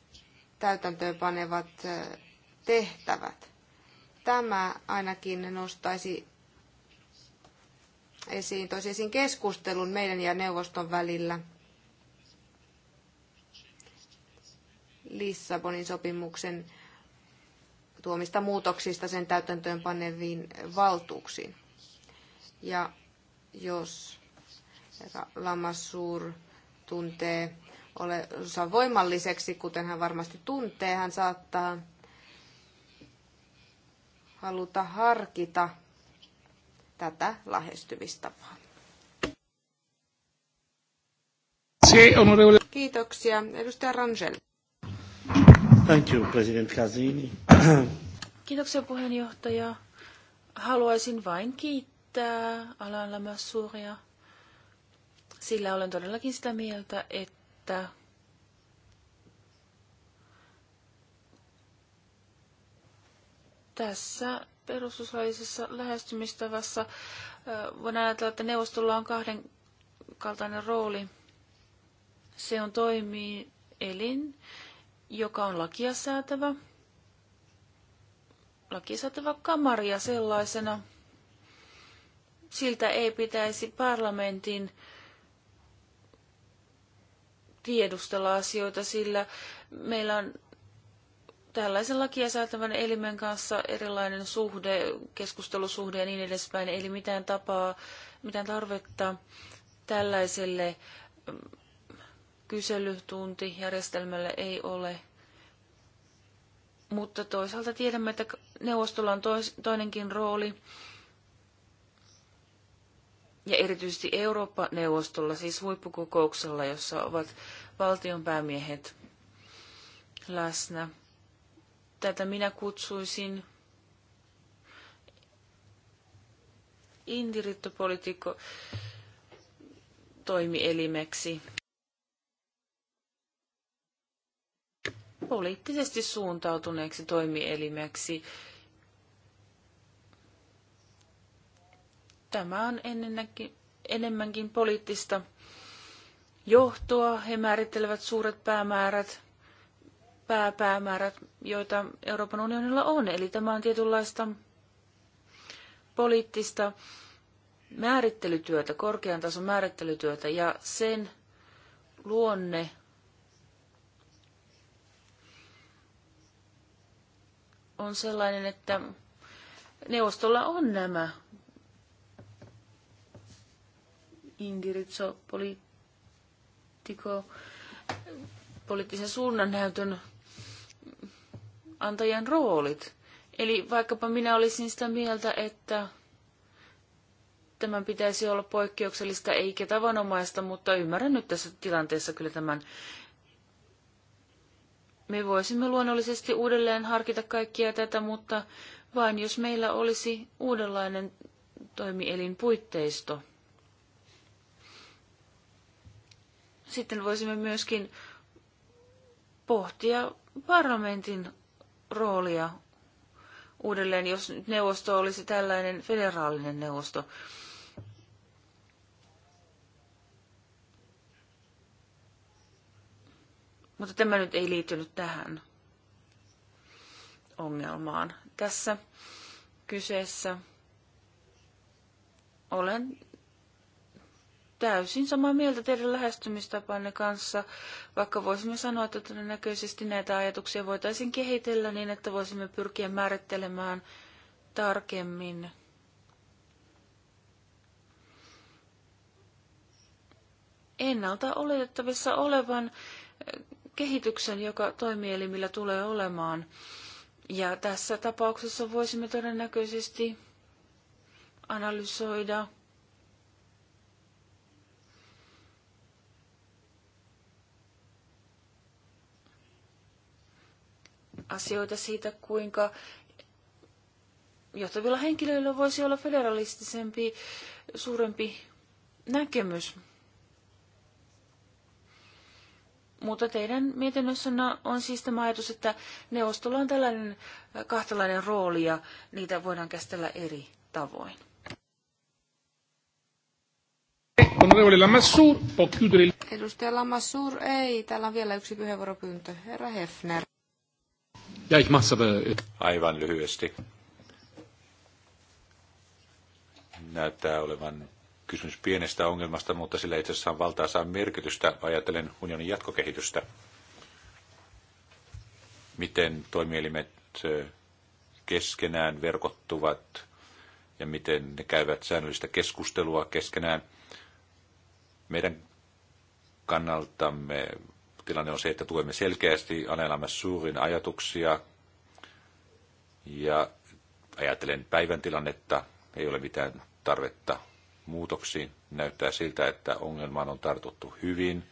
täytäntöönpanevat eh, tehtävät. Tämä ainakin nostaisi esiin, tosiaan esiin keskustelun meidän ja neuvoston välillä Lissabonin sopimuksen tuomista muutoksista sen täytäntöönpaneviin valtuuksiin. Ja jos Lamassur tuntee olensa voimalliseksi, kuten hän varmasti tuntee, hän saattaa haluta harkita tätä lähestymistapaa. Kiitoksia. Edustaja Rangel. Thank you, President Kazini. Kiitoksia puheenjohtaja. Haluaisin vain kiittää kiittää Alan suuria. sillä olen todellakin sitä mieltä, että tässä perustuslaillisessa lähestymistavassa voidaan ajatella, että neuvostolla on kahden kaltainen rooli. Se on toimii elin, joka on lakia säätävä, lakia säätävä kamaria sellaisena – siltä ei pitäisi parlamentin tiedustella asioita, sillä meillä on tällaisen lakia säätävän elimen kanssa erilainen suhde, keskustelusuhde ja niin edespäin, eli mitään tapaa, mitään tarvetta tällaiselle mm, kyselytuntijärjestelmälle ei ole. Mutta toisaalta tiedämme, että neuvostolla on toinenkin rooli ja erityisesti Eurooppa-neuvostolla, siis huippukokouksella, jossa ovat valtionpäämiehet läsnä. Tätä minä kutsuisin indirittopolitiikko toimielimeksi. Poliittisesti suuntautuneeksi toimielimeksi, Tämä on enemmänkin poliittista johtoa. He määrittelevät suuret päämäärät, pääpäämäärät, joita Euroopan unionilla on. Eli tämä on tietynlaista poliittista määrittelytyötä, korkean tason määrittelytyötä ja sen luonne on sellainen, että neuvostolla on nämä indirizzo poliittiko, poliittisen suunnannäytön antajan roolit. Eli vaikkapa minä olisin sitä mieltä, että tämän pitäisi olla poikkeuksellista eikä tavanomaista, mutta ymmärrän nyt tässä tilanteessa kyllä tämän. Me voisimme luonnollisesti uudelleen harkita kaikkia tätä, mutta vain jos meillä olisi uudenlainen toimielin puitteisto. Sitten voisimme myöskin pohtia parlamentin roolia uudelleen, jos nyt neuvosto olisi tällainen federaalinen neuvosto. Mutta tämä nyt ei liittynyt tähän ongelmaan. Tässä kyseessä olen täysin samaa mieltä teidän lähestymistapanne kanssa, vaikka voisimme sanoa, että todennäköisesti näitä ajatuksia voitaisiin kehitellä niin, että voisimme pyrkiä määrittelemään tarkemmin ennalta oletettavissa olevan eh, kehityksen, joka toimielimillä tulee olemaan. Ja tässä tapauksessa voisimme todennäköisesti analysoida asioita siitä, kuinka johtavilla henkilöillä voisi olla federalistisempi, suurempi näkemys. Mutta teidän mietinnössänne on siis tämä ajatus, että neuvostolla on tällainen äh, kahtalainen rooli ja niitä voidaan käsitellä eri tavoin. Edustaja Lamassur, ei, täällä on vielä yksi puheenvuoropyyntö. Herra Hefner. Ja, ich mach's aber... Äh, Aivan lyhyesti. Näyttää olevan kysymys pienestä ongelmasta, mutta sillä itse asiassa on saa merkitystä ajatellen unionin jatkokehitystä. Miten toimielimet keskenään verkottuvat ja miten ne käyvät säännöllistä keskustelua keskenään. Meidän kannaltamme tilanne on se, että tuemme selkeästi anelamme suurin ajatuksia. Ja ajattelen päivän tilannetta, ei ole mitään tarvetta muutoksiin. Näyttää siltä, että ongelmaan on tartuttu hyvin.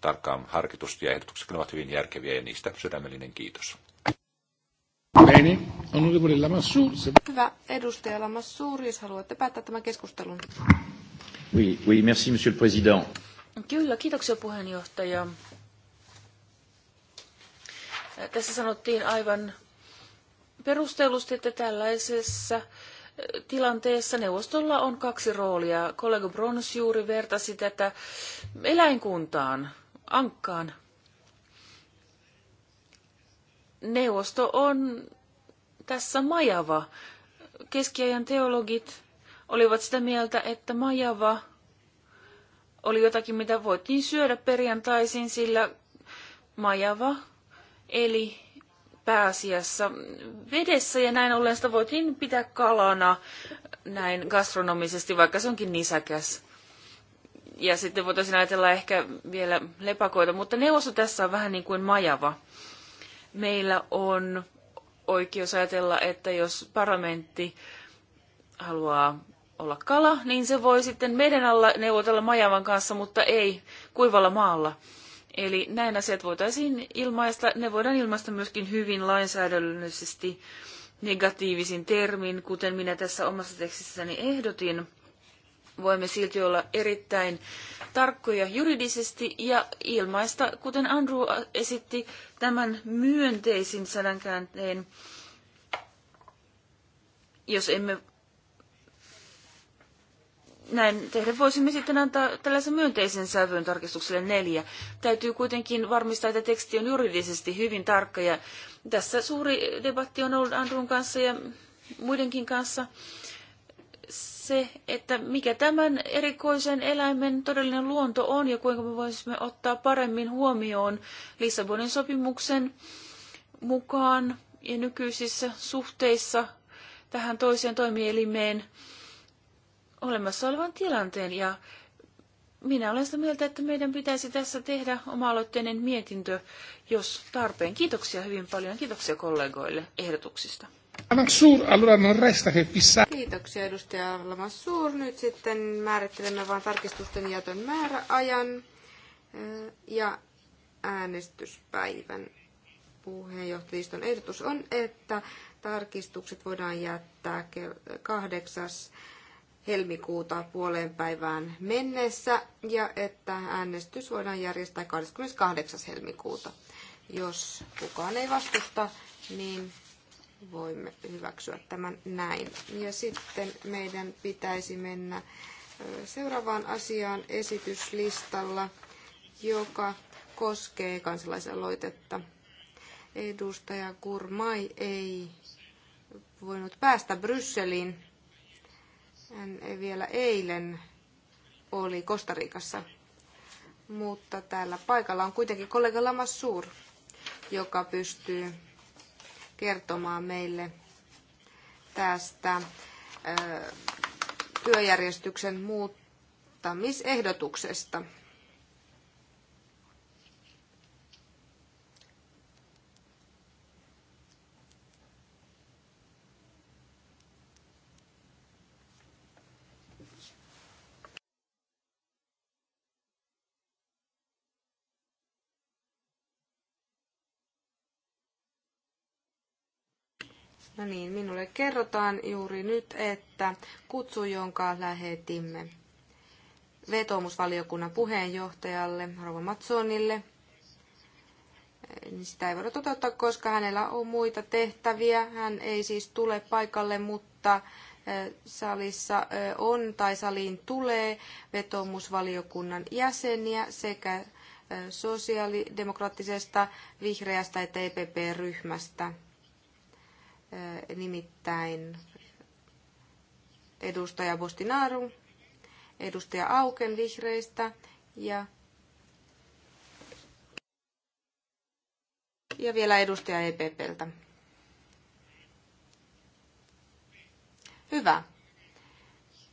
Tarkkaan harkitusti ja ehdotukset ovat hyvin järkeviä ja niistä sydämellinen kiitos. Bene, onorevole Hyvä edustaja Lamassuuri, jos haluatte päättää tämän keskustelun. Oui, oui, merci, monsieur le président. Kyllä, kiitoksia puheenjohtaja. Tässä sanottiin aivan perustellusti, että tällaisessa eh, tilanteessa neuvostolla on kaksi roolia. Kollega Brons juuri vertasi tätä eläinkuntaan, ankkaan. Neuvosto on tässä majava. Keskiajan teologit olivat sitä mieltä, että majava – oli jotakin, mitä voitiin syödä perjantaisin, sillä majava eli pääasiassa vedessä ja näin ollen sitä voitiin pitää kalana näin gastronomisesti, vaikka se onkin nisäkäs. Ja sitten voitaisiin ajatella ehkä vielä lepakoita, mutta neuvosto tässä on vähän niin kuin majava. Meillä on oikeus ajatella, että jos parlamentti haluaa olla kala, niin se voi sitten meidän alla neuvotella majavan kanssa, mutta ei kuivalla maalla. Eli näin asiat voitaisiin ilmaista, ne voidaan ilmaista myöskin hyvin lainsäädännöllisesti negatiivisin termin, kuten minä tässä omassa tekstissäni ehdotin. Voimme silti olla erittäin tarkkoja juridisesti ja ilmaista, kuten Andrew esitti, tämän myönteisin sanankäänteen, jos emme näin tehdä voisimme sitten antaa tällaisen myönteisen sävyn tarkistukselle neljä. Täytyy kuitenkin varmistaa, että teksti on juridisesti hyvin tarkka ja tässä suuri debatti on ollut Andrun kanssa ja muidenkin kanssa se, että mikä tämän erikoisen eläimen todellinen luonto on ja kuinka me voisimme ottaa paremmin huomioon Lissabonin sopimuksen mukaan ja nykyisissä suhteissa tähän toiseen toimielimeen olemassa olevan tilanteen ja minä olen sitä mieltä, että meidän pitäisi tässä tehdä oma-aloitteinen mietintö, jos tarpeen. Kiitoksia hyvin paljon. Kiitoksia kollegoille ehdotuksista. Kiitoksia edustaja Lamassur. Nyt sitten määrittelemme vain tarkistusten jätön määräajan eh, ja äänestyspäivän. Puheenjohtajiston ehdotus on, että tarkistukset voidaan jättää 8 helmikuuta puoleen päivään mennessä ja että äänestys voidaan järjestää 28. helmikuuta. Jos kukaan ei vastusta, niin voimme hyväksyä tämän näin. Ja sitten meidän pitäisi mennä seuraavaan asiaan esityslistalla, joka koskee kansalaisaloitetta. Edustaja Kurmai ei voinut päästä Brysseliin hän vielä eilen oli Kostariikassa, mutta täällä paikalla on kuitenkin kollega suur, joka pystyy kertomaan meille tästä työjärjestyksen muuttamisehdotuksesta. No niin, minulle kerrotaan juuri nyt, että kutsu, jonka lähetimme vetoomusvaliokunnan puheenjohtajalle Rova Matsonille, niin sitä ei voida toteuttaa, koska hänellä on muita tehtäviä. Hän ei siis tule paikalle, mutta salissa on tai saliin tulee vetoomusvaliokunnan jäseniä sekä sosiaalidemokraattisesta, vihreästä että EPP-ryhmästä nimittäin edustaja Bostinaru, edustaja Auken vihreistä ja, ja vielä edustaja EPPltä. Hyvä.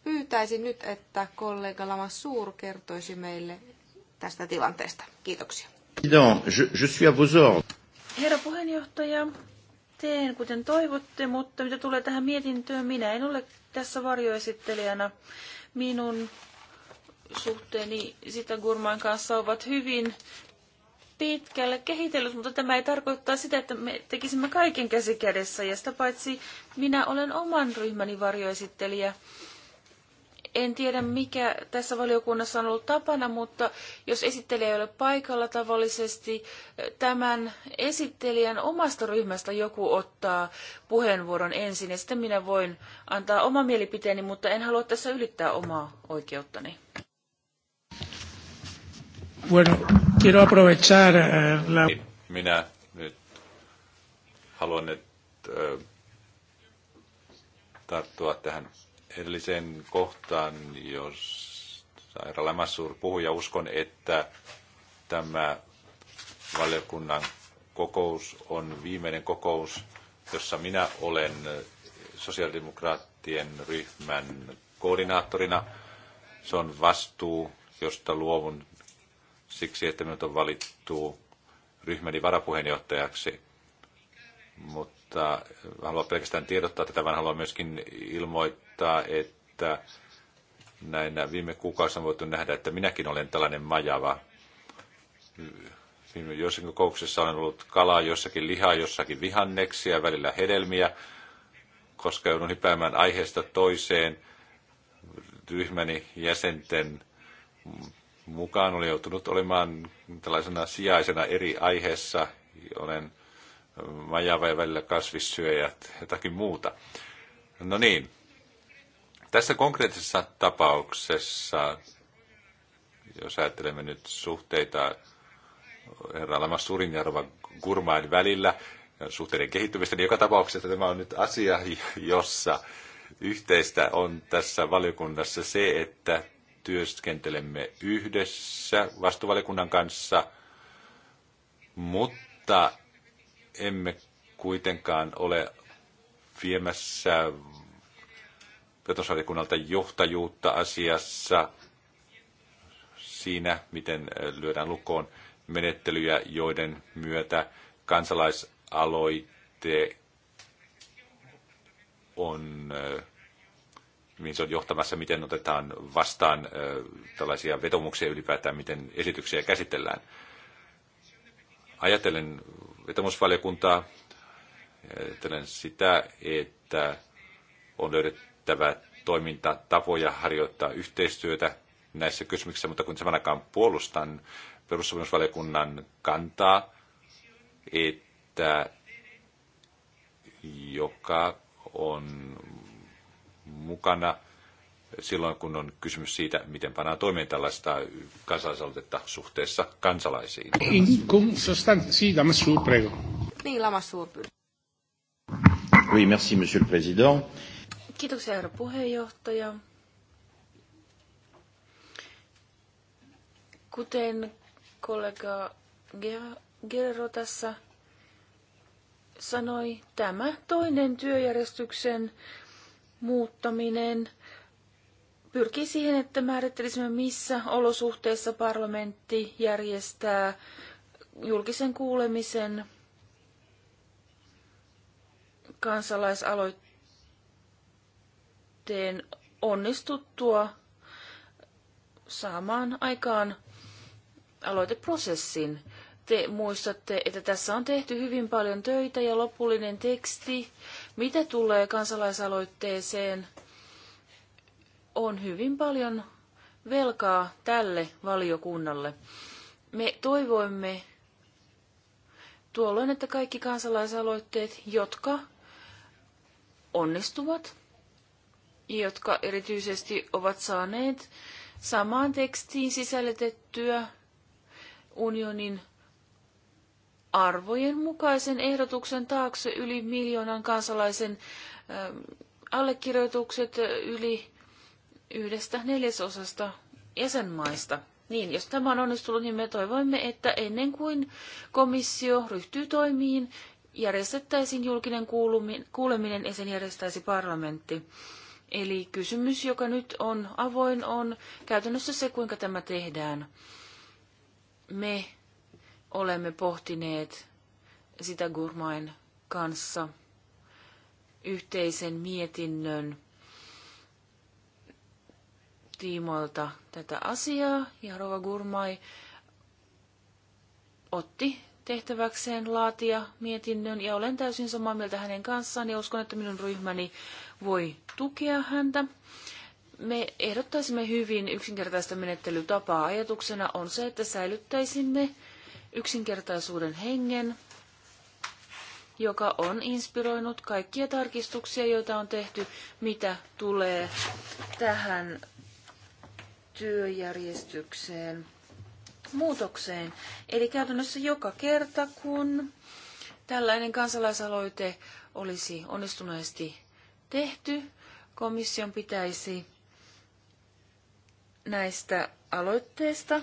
Pyytäisin nyt, että kollega Suur kertoisi meille tästä tilanteesta. Kiitoksia. Herra puheenjohtaja, teen, kuten toivotte, mutta mitä tulee tähän mietintöön, minä en ole tässä varjoesittelijänä. Minun suhteeni sitä Gurman kanssa ovat hyvin pitkälle kehitellyt, mutta tämä ei tarkoittaa sitä, että me tekisimme kaiken käsikädessä. Ja sitä paitsi minä olen oman ryhmäni varjoesittelijä. En tiedä, mikä tässä valiokunnassa on ollut tapana, mutta jos esittelijä ei ole paikalla tavallisesti, tämän esittelijän omasta ryhmästä joku ottaa puheenvuoron ensin ja sitten minä voin antaa oma mielipiteeni, mutta en halua tässä ylittää omaa oikeuttani. Bueno, quiero aprovechar eh, la... Niin, minä nyt haluan nyt tarttua tähän edelliseen kohtaan, jos Saira Lämäsuur puhui, ja uskon, että tämä valiokunnan kokous on viimeinen kokous, jossa minä olen sosiaalidemokraattien ryhmän koordinaattorina. Se on vastuu, josta luovun siksi, että minut on valittu ryhmäni varapuheenjohtajaksi. Mutta haluan pelkästään tiedottaa tätä, vaan haluan myöskin ilmoittaa, osoittaa, että näinä viime kuukausina on voitu nähdä, että minäkin olen tällainen majava. Viime jossakin kokouksessa olen ollut kalaa, jossakin lihaa, jossakin vihanneksia, välillä hedelmiä, koska joudun hypäämään aiheesta toiseen. Ryhmäni jäsenten mukaan olen joutunut olemaan tällaisena sijaisena eri aiheessa. Olen majava ja välillä kasvissyöjät, jotakin muuta. No niin, tässä konkreettisessa tapauksessa, jos ajattelemme nyt suhteita herra Lamas Surinjarva Gurmain välillä, suhteiden kehittymistä, niin joka tapauksessa tämä on nyt asia, jossa yhteistä on tässä valiokunnassa se, että työskentelemme yhdessä vastuvaliokunnan kanssa, mutta emme kuitenkaan ole viemässä petosvaliokunnalta johtajuutta asiassa siinä, miten lyödään lukoon menettelyjä, joiden myötä kansalaisaloite on, mihin se on johtamassa, miten otetaan vastaan tällaisia vetomuksia ylipäätään, miten esityksiä käsitellään. Ajattelen vetomusvaliokuntaa, ajattelen sitä, että on löydetty kestävä toimintatapoja harjoittaa yhteistyötä näissä kysymyksissä, mutta kun aikaan puolustan perussopimusvaliokunnan kantaa, että joka on mukana silloin, kun on kysymys siitä, miten pannaan toimeen tällaista kansalaisaloitetta suhteessa kansalaisiin. Niin, Lamassuur, Oui, merci, monsieur le président. Kiitoksia, herra puheenjohtaja. Kuten kollega Guerrero tässä sanoi, tämä toinen työjärjestyksen muuttaminen pyrkii siihen, että määrittelisimme, missä olosuhteissa parlamentti järjestää julkisen kuulemisen kansalaisaloitteen suhteen onnistuttua saamaan aikaan aloiteprosessin. Te muistatte, että tässä on tehty hyvin paljon töitä ja lopullinen teksti, mitä tulee kansalaisaloitteeseen, on hyvin paljon velkaa tälle valiokunnalle. Me toivoimme tuolloin, että kaikki kansalaisaloitteet, jotka onnistuvat, jotka erityisesti ovat saaneet samaan tekstiin sisällytettyä unionin arvojen mukaisen ehdotuksen taakse yli miljoonan kansalaisen ähm, allekirjoitukset yli yhdestä neljäsosasta jäsenmaista. Niin, jos tämä on onnistunut, niin me toivoimme, että ennen kuin komissio ryhtyy toimiin, järjestettäisiin julkinen kuuleminen ja sen järjestäisi parlamentti. Eli kysymys, joka nyt on avoin, on käytännössä se, kuinka tämä tehdään. Me olemme pohtineet sitä Gurmain kanssa yhteisen mietinnön tiimoilta tätä asiaa. Ja Rova Gurmai otti tehtäväkseen laatia mietinnön ja olen täysin samaa mieltä hänen kanssaan ja uskon, että minun ryhmäni voi tukea häntä. Me ehdottaisimme hyvin yksinkertaista menettelytapaa. Ajatuksena on se, että säilyttäisimme yksinkertaisuuden hengen, joka on inspiroinut kaikkia tarkistuksia, joita on tehty, mitä tulee tähän työjärjestykseen muutokseen. Eli käytännössä joka kerta, kun tällainen kansalaisaloite olisi onnistuneesti tehty. Komission pitäisi näistä aloitteista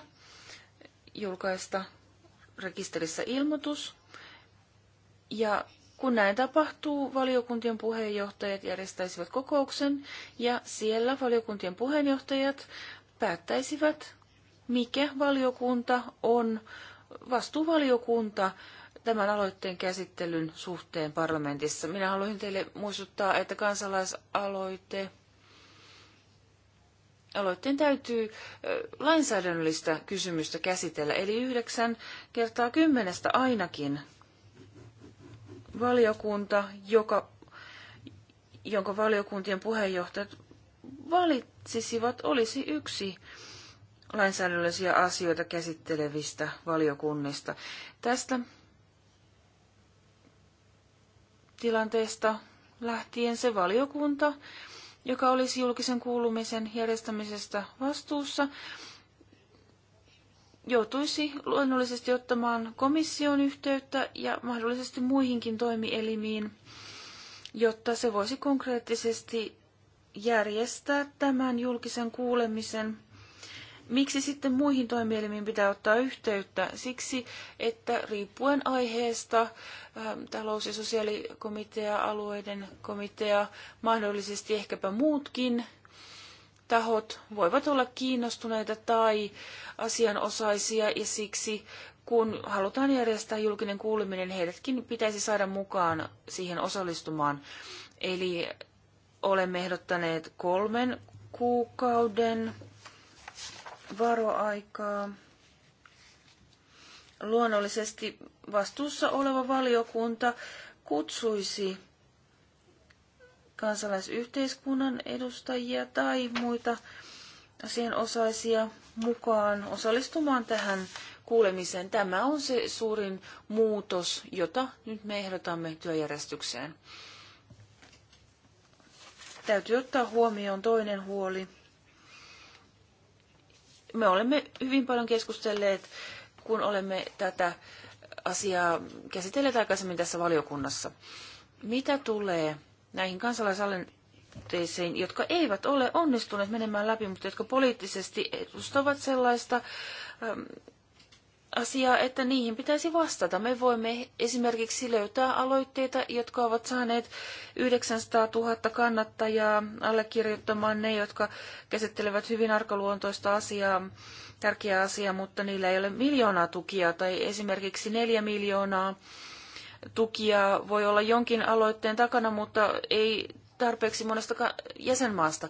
julkaista rekisterissä ilmoitus. Ja kun näin tapahtuu, valiokuntien puheenjohtajat järjestäisivät kokouksen ja siellä valiokuntien puheenjohtajat päättäisivät, mikä valiokunta on vastuuvaliokunta tämän aloitteen käsittelyn suhteen parlamentissa. Minä haluaisin teille muistuttaa, että kansalaisaloite aloitteen täytyy lainsäädännöllistä kysymystä käsitellä, eli yhdeksän kertaa kymmenestä ainakin valiokunta, joka, jonka valiokuntien puheenjohtajat valitsisivat, olisi yksi lainsäädännöllisiä asioita käsittelevistä valiokunnista. Tästä tilanteesta lähtien se valiokunta, joka olisi julkisen kuulumisen järjestämisestä vastuussa, joutuisi luonnollisesti ottamaan komission yhteyttä ja mahdollisesti muihinkin toimielimiin, jotta se voisi konkreettisesti järjestää tämän julkisen kuulemisen Miksi sitten muihin toimielimiin pitää ottaa yhteyttä? Siksi, että riippuen aiheesta ähm, talous- ja sosiaalikomitea, alueiden komitea, mahdollisesti ehkäpä muutkin tahot voivat olla kiinnostuneita tai asianosaisia ja siksi kun halutaan järjestää julkinen kuuleminen, heidätkin pitäisi saada mukaan siihen osallistumaan. Eli olemme ehdottaneet kolmen kuukauden varoaikaa. Luonnollisesti vastuussa oleva valiokunta kutsuisi kansalaisyhteiskunnan edustajia tai muita asianosaisia mukaan osallistumaan tähän kuulemiseen. Tämä on se suurin muutos, jota nyt me ehdotamme työjärjestykseen. Täytyy ottaa huomioon toinen huoli me olemme hyvin paljon keskustelleet, kun olemme tätä asiaa käsitelleet aikaisemmin tässä valiokunnassa. Mitä tulee näihin kansalaisaloitteisiin, jotka eivät ole onnistuneet menemään läpi, mutta jotka poliittisesti edustavat sellaista ähm, asiaa, että niihin pitäisi vastata. Me voimme esimerkiksi löytää aloitteita, jotka ovat saaneet 900 000 kannattajaa allekirjoittamaan ne, jotka käsittelevät hyvin arkaluontoista asiaa, tärkeää asiaa, mutta niillä ei ole miljoonaa tukia tai esimerkiksi neljä miljoonaa tukia voi olla jonkin aloitteen takana, mutta ei tarpeeksi monesta jäsenmaasta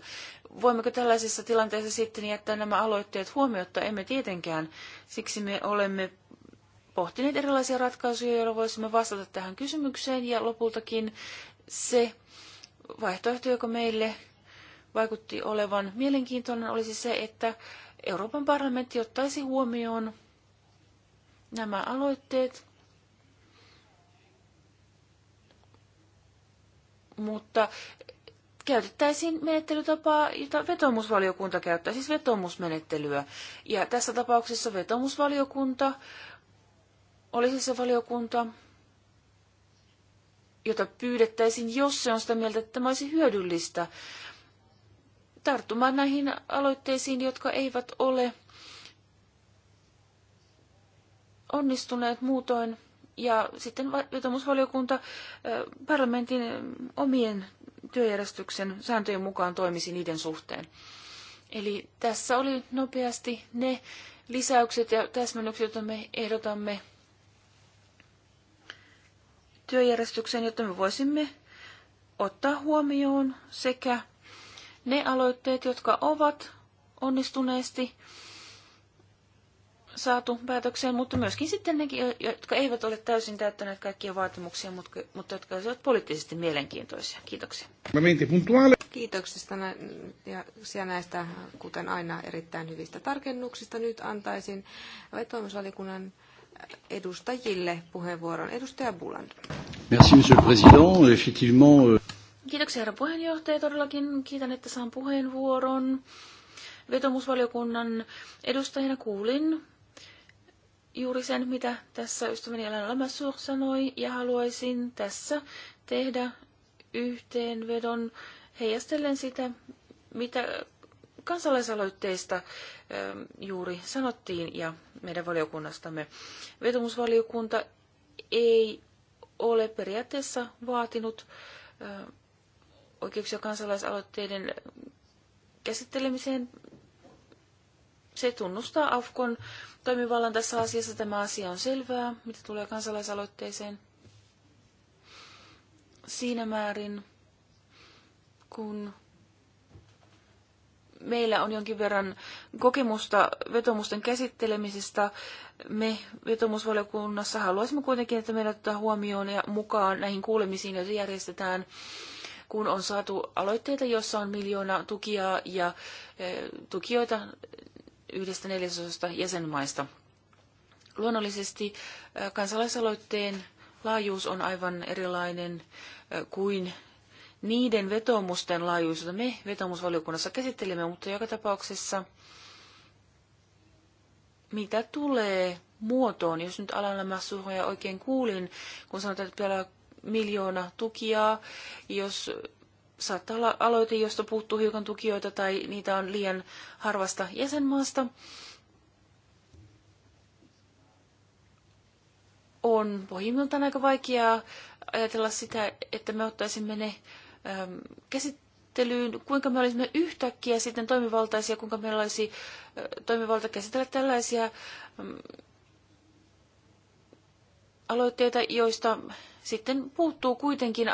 voimmeko tällaisessa tilanteessa sitten jättää nämä aloitteet huomiotta? Emme tietenkään. Siksi me olemme pohtineet erilaisia ratkaisuja, joilla voisimme vastata tähän kysymykseen ja lopultakin se vaihtoehto, joka meille vaikutti olevan mielenkiintoinen, olisi se, että Euroopan parlamentti ottaisi huomioon nämä aloitteet, mutta käytettäisiin menettelytapaa, jota vetomusvaliokunta käyttää, siis vetomusmenettelyä. Ja tässä tapauksessa vetomusvaliokunta olisi se valiokunta, jota pyydettäisiin, jos se on sitä mieltä, että tämä olisi hyödyllistä tarttumaan näihin aloitteisiin, jotka eivät ole onnistuneet muutoin. Ja sitten vetomusvaliokunta parlamentin omien työjärjestyksen sääntöjen mukaan toimisi niiden suhteen. Eli tässä oli nopeasti ne lisäykset ja täsmennykset, joita me ehdotamme työjärjestykseen, jotta me voisimme ottaa huomioon sekä ne aloitteet, jotka ovat onnistuneesti saatu päätökseen, mutta myöskin sitten ne, jotka eivät ole täysin täyttäneet kaikkia vaatimuksia, mutta, mutta jotka ovat poliittisesti mielenkiintoisia. Kiitoksia. Kiitoksista ja näistä, kuten aina, erittäin hyvistä tarkennuksista. Nyt antaisin vetoomusvalikunnan edustajille puheenvuoron. Edustaja Buland. Merci, monsieur le président. Effectivement... Euh, Kiitoksia, herra puheenjohtaja. Todellakin kiitän, että saan puheenvuoron vetomusvaliokunnan edustajana kuulin juuri sen, mitä tässä ystäväni Alan Lamassur sanoi, ja haluaisin tässä tehdä yhteenvedon heijastellen sitä, mitä kansalaisaloitteista ähm, juuri sanottiin ja meidän valiokunnastamme. Vetomusvaliokunta ei ole periaatteessa vaatinut äh, oikeuksia kansalaisaloitteiden käsittelemiseen se tunnustaa Afkon toimivallan tässä asiassa. Tämä asia on selvää, mitä tulee kansalaisaloitteeseen siinä määrin, kun meillä on jonkin verran kokemusta vetomusten käsittelemisestä. Me vetomusvaliokunnassa haluaisimme kuitenkin, että meidät ottaa huomioon ja mukaan näihin kuulemisiin, joita järjestetään, kun on saatu aloitteita, joissa on miljoona tukia ja eh, tukijoita yhdestä neljäsosasta jäsenmaista. Luonnollisesti kansalaisaloitteen laajuus on aivan erilainen kuin niiden vetomusten laajuus, joita me vetomusvaliokunnassa käsittelemme, mutta joka tapauksessa mitä tulee muotoon, jos nyt Alan suhoja oikein kuulin, kun sanotaan, että pitää miljoona tukia, jos saattaa olla aloite, josta puuttuu hiukan tukijoita tai niitä on liian harvasta jäsenmaasta. On pohjimmiltaan aika vaikeaa ajatella sitä, että me ottaisimme ne äm, käsittelyyn, kuinka me olisimme yhtäkkiä sitten toimivaltaisia, kuinka meillä olisi äh, toimivalta käsitellä tällaisia äm, aloitteita, joista sitten puuttuu kuitenkin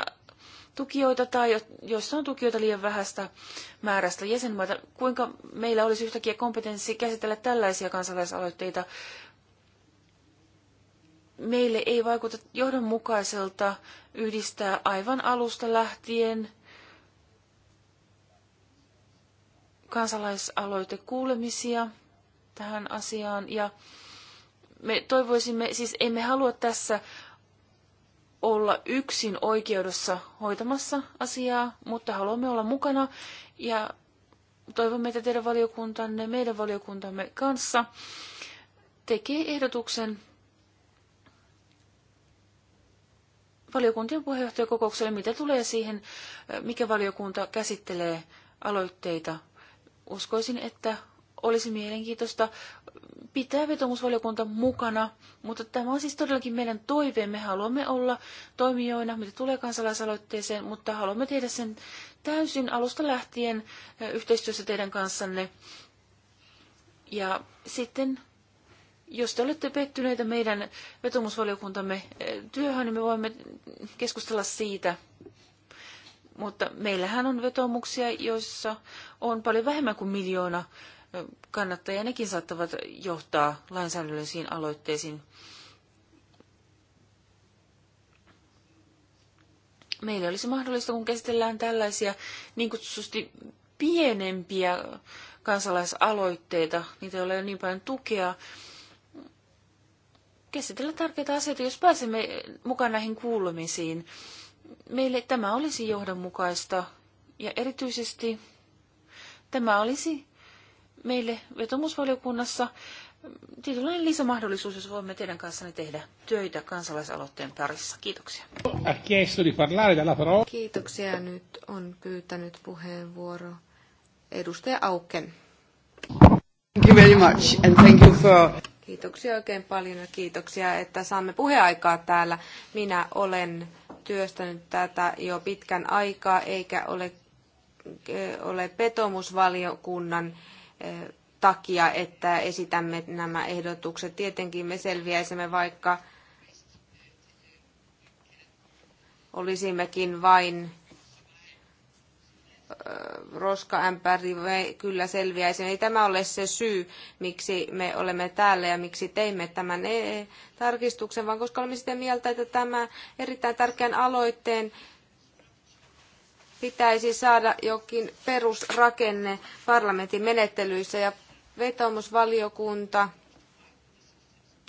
tukijoita tai joissa on tukijoita liian vähästä määrästä jäsenmaita. Kuinka meillä olisi yhtäkkiä kompetenssi käsitellä tällaisia kansalaisaloitteita? Meille ei vaikuta johdonmukaiselta yhdistää aivan alusta lähtien kansalaisaloitekuulemisia tähän asiaan ja me toivoisimme, siis emme halua tässä olla yksin oikeudessa hoitamassa asiaa, mutta haluamme olla mukana ja toivomme, että teidän valiokuntanne, meidän valiokuntamme kanssa tekee ehdotuksen valiokuntien puheenjohtajakokoukselle, mitä tulee siihen, mikä valiokunta käsittelee aloitteita. Uskoisin, että olisi mielenkiintoista pitää vetomusvaliokunta mukana, mutta tämä on siis todellakin meidän toiveemme. Haluamme olla toimijoina, mitä tulee kansalaisaloitteeseen, mutta haluamme tehdä sen täysin alusta lähtien yhteistyössä teidän kanssanne. Ja sitten, jos te olette pettyneitä meidän vetomusvaliokuntamme työhön, niin me voimme keskustella siitä. Mutta meillähän on vetomuksia, joissa on paljon vähemmän kuin miljoona kannattajia, nekin saattavat johtaa lainsäädännöllisiin aloitteisiin. Meillä olisi mahdollista, kun käsitellään tällaisia niin kutsutusti pienempiä kansalaisaloitteita, niitä ei ole niin paljon tukea, käsitellä tärkeitä asioita, jos pääsemme mukaan näihin kuulumisiin. Meille tämä olisi johdonmukaista ja erityisesti tämä olisi meille vetomusvaliokunnassa tietynlainen lisämahdollisuus, jos voimme teidän kanssanne tehdä töitä kansalaisaloitteen parissa. Kiitoksia. Kiitoksia. Nyt on pyytänyt puheenvuoro edustaja Auken. Thank you very much and thank you for... Kiitoksia oikein paljon ja kiitoksia, että saamme puheaikaa täällä. Minä olen työstänyt tätä jo pitkän aikaa eikä ole, ole petomusvaliokunnan takia, että esitämme nämä ehdotukset. Tietenkin me selviäisimme vaikka olisimmekin vain roskaämpäri, me kyllä selviäisimme. Ei tämä ole se syy, miksi me olemme täällä ja miksi teimme tämän e, tarkistuksen, vaan koska olemme sitä mieltä, että tämä erittäin tärkeän aloitteen pitäisi saada jokin perusrakenne parlamentin menettelyissä ja vetomusvaliokunta.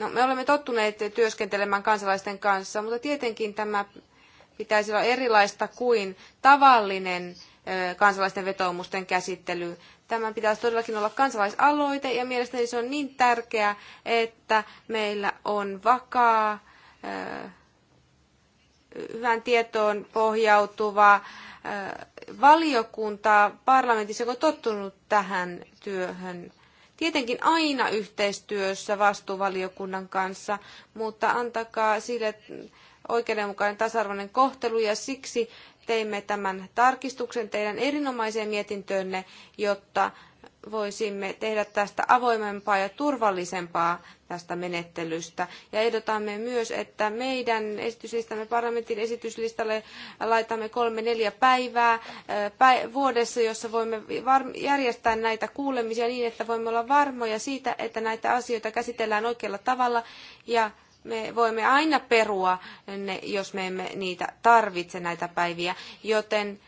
No, me olemme tottuneet työskentelemään kansalaisten kanssa, mutta tietenkin tämä pitäisi olla erilaista kuin tavallinen kansalaisten vetoomusten käsittely. Tämän pitäisi todellakin olla kansalaisaloite ja mielestäni se on niin tärkeää, että meillä on vakaa, hyvän tietoon pohjautuva valiokuntaa parlamentissa, joka on tottunut tähän työhön. Tietenkin aina yhteistyössä vastuuvaliokunnan kanssa, mutta antakaa sille oikeudenmukainen tasa-arvoinen kohtelu ja siksi teimme tämän tarkistuksen teidän erinomaiseen mietintöönne, jotta voisimme tehdä tästä avoimempaa ja turvallisempaa tästä menettelystä. Ja ehdotamme myös, että meidän esityslistamme parlamentin esityslistalle laitamme kolme neljä päivää vuodessa, jossa voimme järjestää näitä kuulemisia niin, että voimme olla varmoja siitä, että näitä asioita käsitellään oikealla tavalla ja me voimme aina perua ne, jos me emme niitä tarvitse näitä päiviä, joten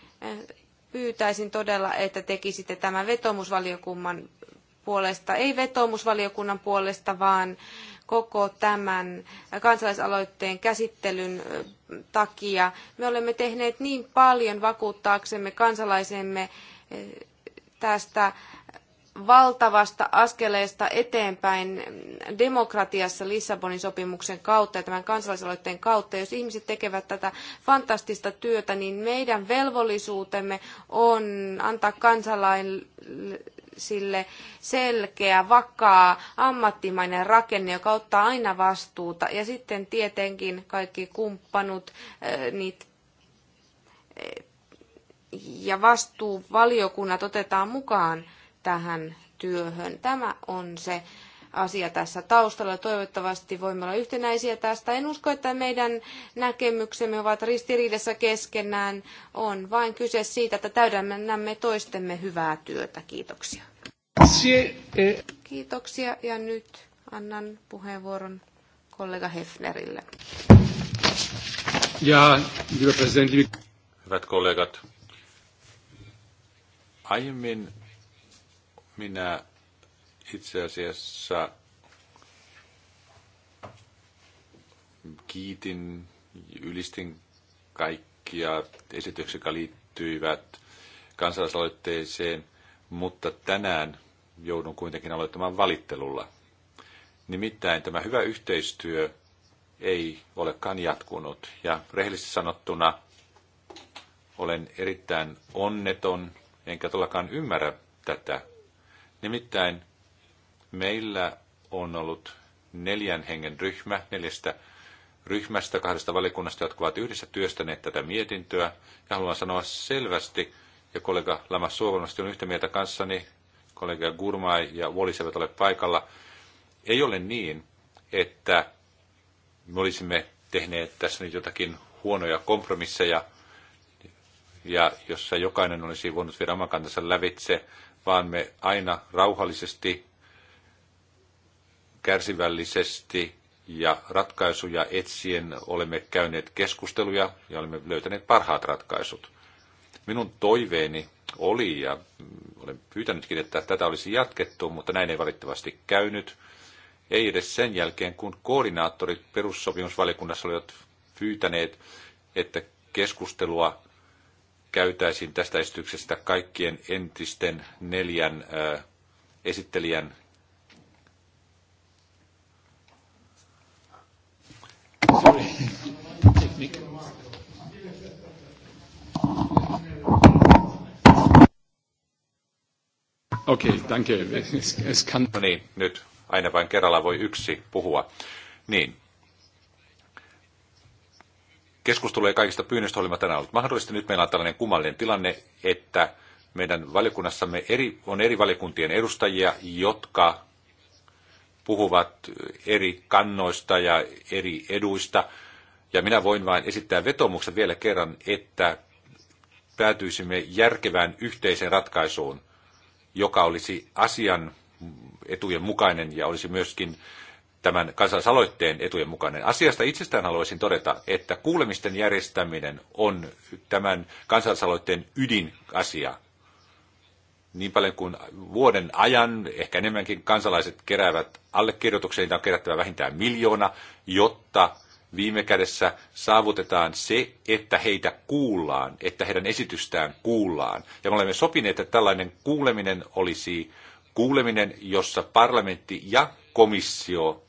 pyytäisin todella, että tekisitte tämän vetomusvaliokunnan puolesta, ei vetomusvaliokunnan puolesta, vaan koko tämän kansalaisaloitteen käsittelyn takia. Me olemme tehneet niin paljon vakuuttaaksemme kansalaisemme tästä valtavasta askeleesta eteenpäin demokratiassa Lissabonin sopimuksen kautta ja tämän kansalaisaloitteen kautta. Jos ihmiset tekevät tätä fantastista työtä, niin meidän velvollisuutemme on antaa kansalaisille selkeä, vakaa, ammattimainen rakenne, joka ottaa aina vastuuta. Ja sitten tietenkin kaikki kumppanut, eh, niitä eh, ja vastuuvaliokunnat otetaan mukaan – tähän työhön. Tämä on se asia tässä taustalla. Toivottavasti voimme olla yhtenäisiä tästä. En usko, että meidän näkemyksemme ovat ristiriidassa keskenään. On vain kyse siitä, että täydennämme toistemme hyvää työtä. Kiitoksia. Kiitoksia ja nyt annan puheenvuoron kollega Hefnerille. Ja, hyvä presidentti. Hyvät kollegat, aiemmin minä itse asiassa kiitin, ylistin kaikkia esityksiä, jotka liittyivät kansalaisaloitteeseen, mutta tänään joudun kuitenkin aloittamaan valittelulla. Nimittäin tämä hyvä yhteistyö ei olekaan jatkunut. Ja rehellisesti sanottuna olen erittäin onneton, enkä tullakaan ymmärrä tätä Nimittäin meillä on ollut neljän hengen ryhmä, neljästä ryhmästä, kahdesta valikunnasta, jotka ovat yhdessä työstäneet tätä mietintöä. Ja haluan sanoa selvästi, ja kollega Lama Suomasti on yhtä mieltä kanssani, kollega Gurmai ja Wallis eivät ole paikalla, ei ole niin, että me olisimme tehneet tässä nyt jotakin huonoja kompromisseja, ja jossa jokainen olisi voinut viedä oman kantansa lävitse, vaan me aina rauhallisesti, kärsivällisesti ja ratkaisuja etsien olemme käyneet keskusteluja ja olemme löytäneet parhaat ratkaisut. Minun toiveeni oli, ja olen pyytänytkin, että tätä olisi jatkettu, mutta näin ei valitettavasti käynyt. Ei edes sen jälkeen, kun koordinaattorit perussopimusvaliokunnassa olivat pyytäneet, että keskustelua käytäisiin tästä esityksestä kaikkien entisten neljän esittelijän Okei, okay, danke. Es, es kann... No niin, nyt aina vain kerralla voi yksi puhua. Niin, Keskustelu ei kaikista pyynnöistä huolimatta tänään ollut mahdollista. Nyt meillä on tällainen kummallinen tilanne, että meidän valiokunnassamme eri, on eri valiokuntien edustajia, jotka puhuvat eri kannoista ja eri eduista. Ja minä voin vain esittää vetomuksen vielä kerran, että päätyisimme järkevään yhteiseen ratkaisuun, joka olisi asian etujen mukainen ja olisi myöskin tämän kansalaisaloitteen etujen mukainen. Asiasta itsestään haluaisin todeta, että kuulemisten järjestäminen on tämän kansalaisaloitteen ydinasia. Niin paljon kuin vuoden ajan, ehkä enemmänkin kansalaiset keräävät allekirjoituksia, niitä on kerättävä vähintään miljoona, jotta viime kädessä saavutetaan se, että heitä kuullaan, että heidän esitystään kuullaan. Ja me olemme sopineet, että tällainen kuuleminen olisi kuuleminen, jossa parlamentti ja komissio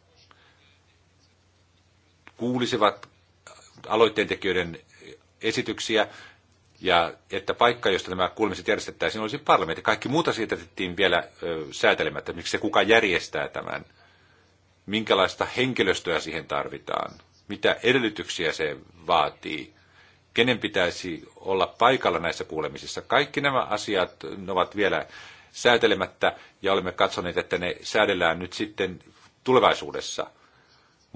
kuulisivat aloitteen tekijöiden esityksiä ja että paikka, josta nämä kuulemiset järjestettäisiin, olisi parlamentti. Kaikki muuta siitä jätettiin vielä ö, säätelemättä, miksi se kuka järjestää tämän, minkälaista henkilöstöä siihen tarvitaan, mitä edellytyksiä se vaatii, kenen pitäisi olla paikalla näissä kuulemisissa. Kaikki nämä asiat ovat vielä säätelemättä ja olemme katsoneet, että ne säädellään nyt sitten tulevaisuudessa –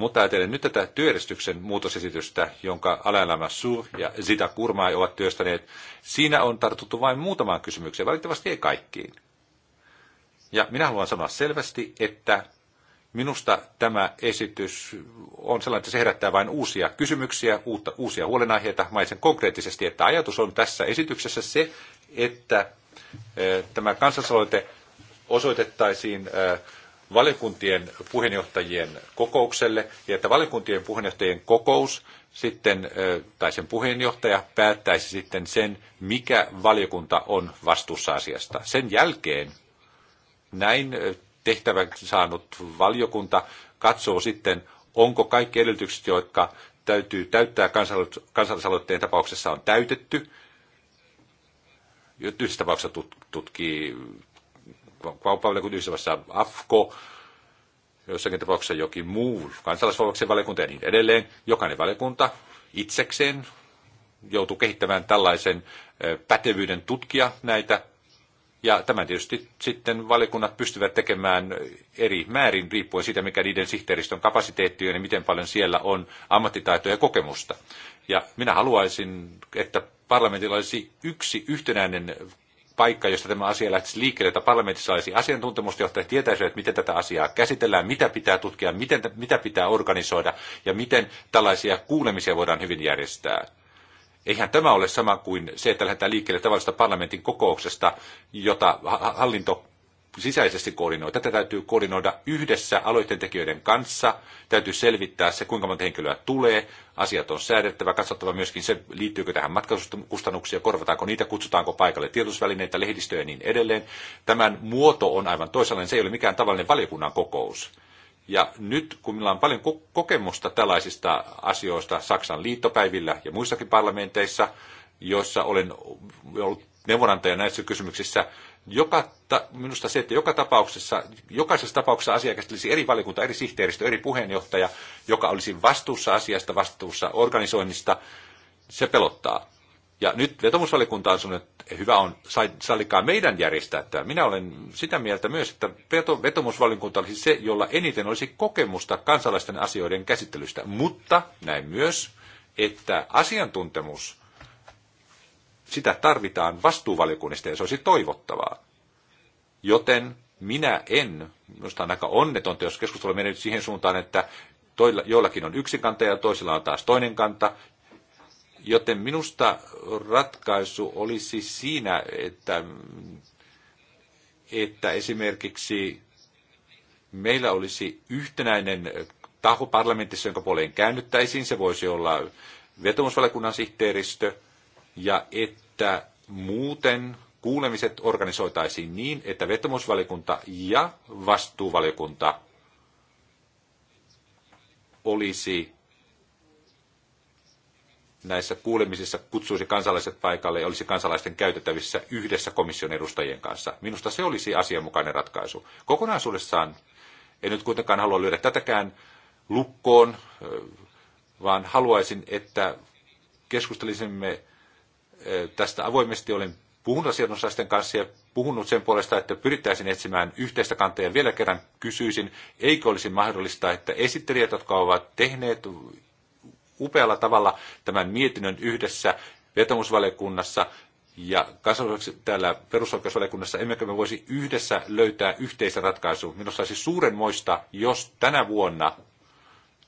mutta ajatellen nyt tätä työjärjestyksen muutosesitystä, jonka Alain Sur ja Zita Kurmai ovat työstäneet, siinä on tartuttu vain muutamaan kysymykseen, valitettavasti ei kaikkiin. Ja minä haluan sanoa selvästi, että minusta tämä esitys on sellainen, että se herättää vain uusia kysymyksiä, uutta, uusia huolenaiheita. Mainitsen konkreettisesti, että ajatus on tässä esityksessä se, että eh, tämä kansalaisaloite osoitettaisiin eh, valiokuntien puheenjohtajien kokoukselle ja että valiokuntien puheenjohtajien kokous sitten, tai sen puheenjohtaja päättäisi sitten sen, mikä valiokunta on vastuussa asiasta. Sen jälkeen näin tehtävän saanut valiokunta katsoo sitten, onko kaikki edellytykset, jotka täytyy täyttää kansallisaloitteen tapauksessa on täytetty. Yhdessä tapauksessa tutkii kauppavaliokunta yhdessä AFKO, jossakin tapauksessa jokin muu kansalaisvalvoksen valiokunta ja niin edelleen. Jokainen valiokunta itsekseen joutuu kehittämään tällaisen pätevyyden tutkia näitä. Ja tämän tietysti sitten valiokunnat pystyvät tekemään eri määrin riippuen siitä, mikä niiden sihteeristön kapasiteetti on ja miten paljon siellä on ammattitaitoja ja kokemusta. Ja minä haluaisin, että parlamentilla olisi yksi yhtenäinen paikka, josta tämä asia lähtisi liikkeelle, että parlamentissa olisi asiantuntemusta, jotta he tietäisivät, miten tätä asiaa käsitellään, mitä pitää tutkia, miten, mitä pitää organisoida ja miten tällaisia kuulemisia voidaan hyvin järjestää. Eihän tämä ole sama kuin se, että lähdetään liikkeelle tavallisesta parlamentin kokouksesta, jota hallinto sisäisesti koordinoi. Tätä täytyy koordinoida yhdessä aloitteen tekijöiden kanssa. Täytyy selvittää se, kuinka monta henkilöä tulee. Asiat on säädettävä, katsottava myöskin se, liittyykö tähän matkakustannuksia, korvataanko niitä, kutsutaanko paikalle tiedotusvälineitä, lehdistöjä ja niin edelleen. Tämän muoto on aivan toisenlainen, se ei ole mikään tavallinen valiokunnan kokous. Ja nyt, kun meillä on paljon kokemusta tällaisista asioista Saksan liittopäivillä ja muissakin parlamenteissa, joissa olen ollut neuvonantaja näissä kysymyksissä, joka ta, minusta se, että joka tapauksessa, jokaisessa tapauksessa asia käsittelisi eri valiokunta, eri sihteeristö, eri puheenjohtaja, joka olisi vastuussa asiasta, vastuussa organisoinnista, se pelottaa. Ja nyt vetomusvalikunta on sanonut, että eh, hyvä on, sallikaa meidän järjestää tämä. Minä olen sitä mieltä myös, että vetomusvalikunta olisi se, jolla eniten olisi kokemusta kansalaisten asioiden käsittelystä. Mutta näin myös, että asiantuntemus sitä tarvitaan vastuuvaliokunnista ja se olisi toivottavaa. Joten minä en, minusta on aika onnetonta, jos keskustelu menee siihen suuntaan, että toilla, joillakin on yksi kanta ja toisilla on taas toinen kanta. Joten minusta ratkaisu olisi siinä, että, että esimerkiksi meillä olisi yhtenäinen taho parlamentissa, jonka puoleen käännyttäisiin. Se voisi olla vetomusvaliokunnan sihteeristö, ja et, että muuten kuulemiset organisoitaisiin niin, että vetomusvalikunta ja vastuuvaliokunta olisi näissä kuulemisissa kutsuisi kansalaiset paikalle ja olisi kansalaisten käytettävissä yhdessä komission edustajien kanssa. Minusta se olisi asianmukainen ratkaisu. Kokonaisuudessaan en nyt kuitenkaan halua lyödä tätäkään lukkoon, vaan haluaisin, että keskustelisimme tästä avoimesti. Olen puhunut asianosaisten kanssa ja puhunut sen puolesta, että pyrittäisiin etsimään yhteistä kantaa. Ja vielä kerran kysyisin, eikö olisi mahdollista, että esittelijät, jotka ovat tehneet upealla tavalla tämän mietinnön yhdessä vetomusvaliokunnassa ja kansalliseksi täällä perusoikeusvaliokunnassa, emmekö me voisi yhdessä löytää yhteistä ratkaisua. Minusta olisi suuren moista, jos tänä vuonna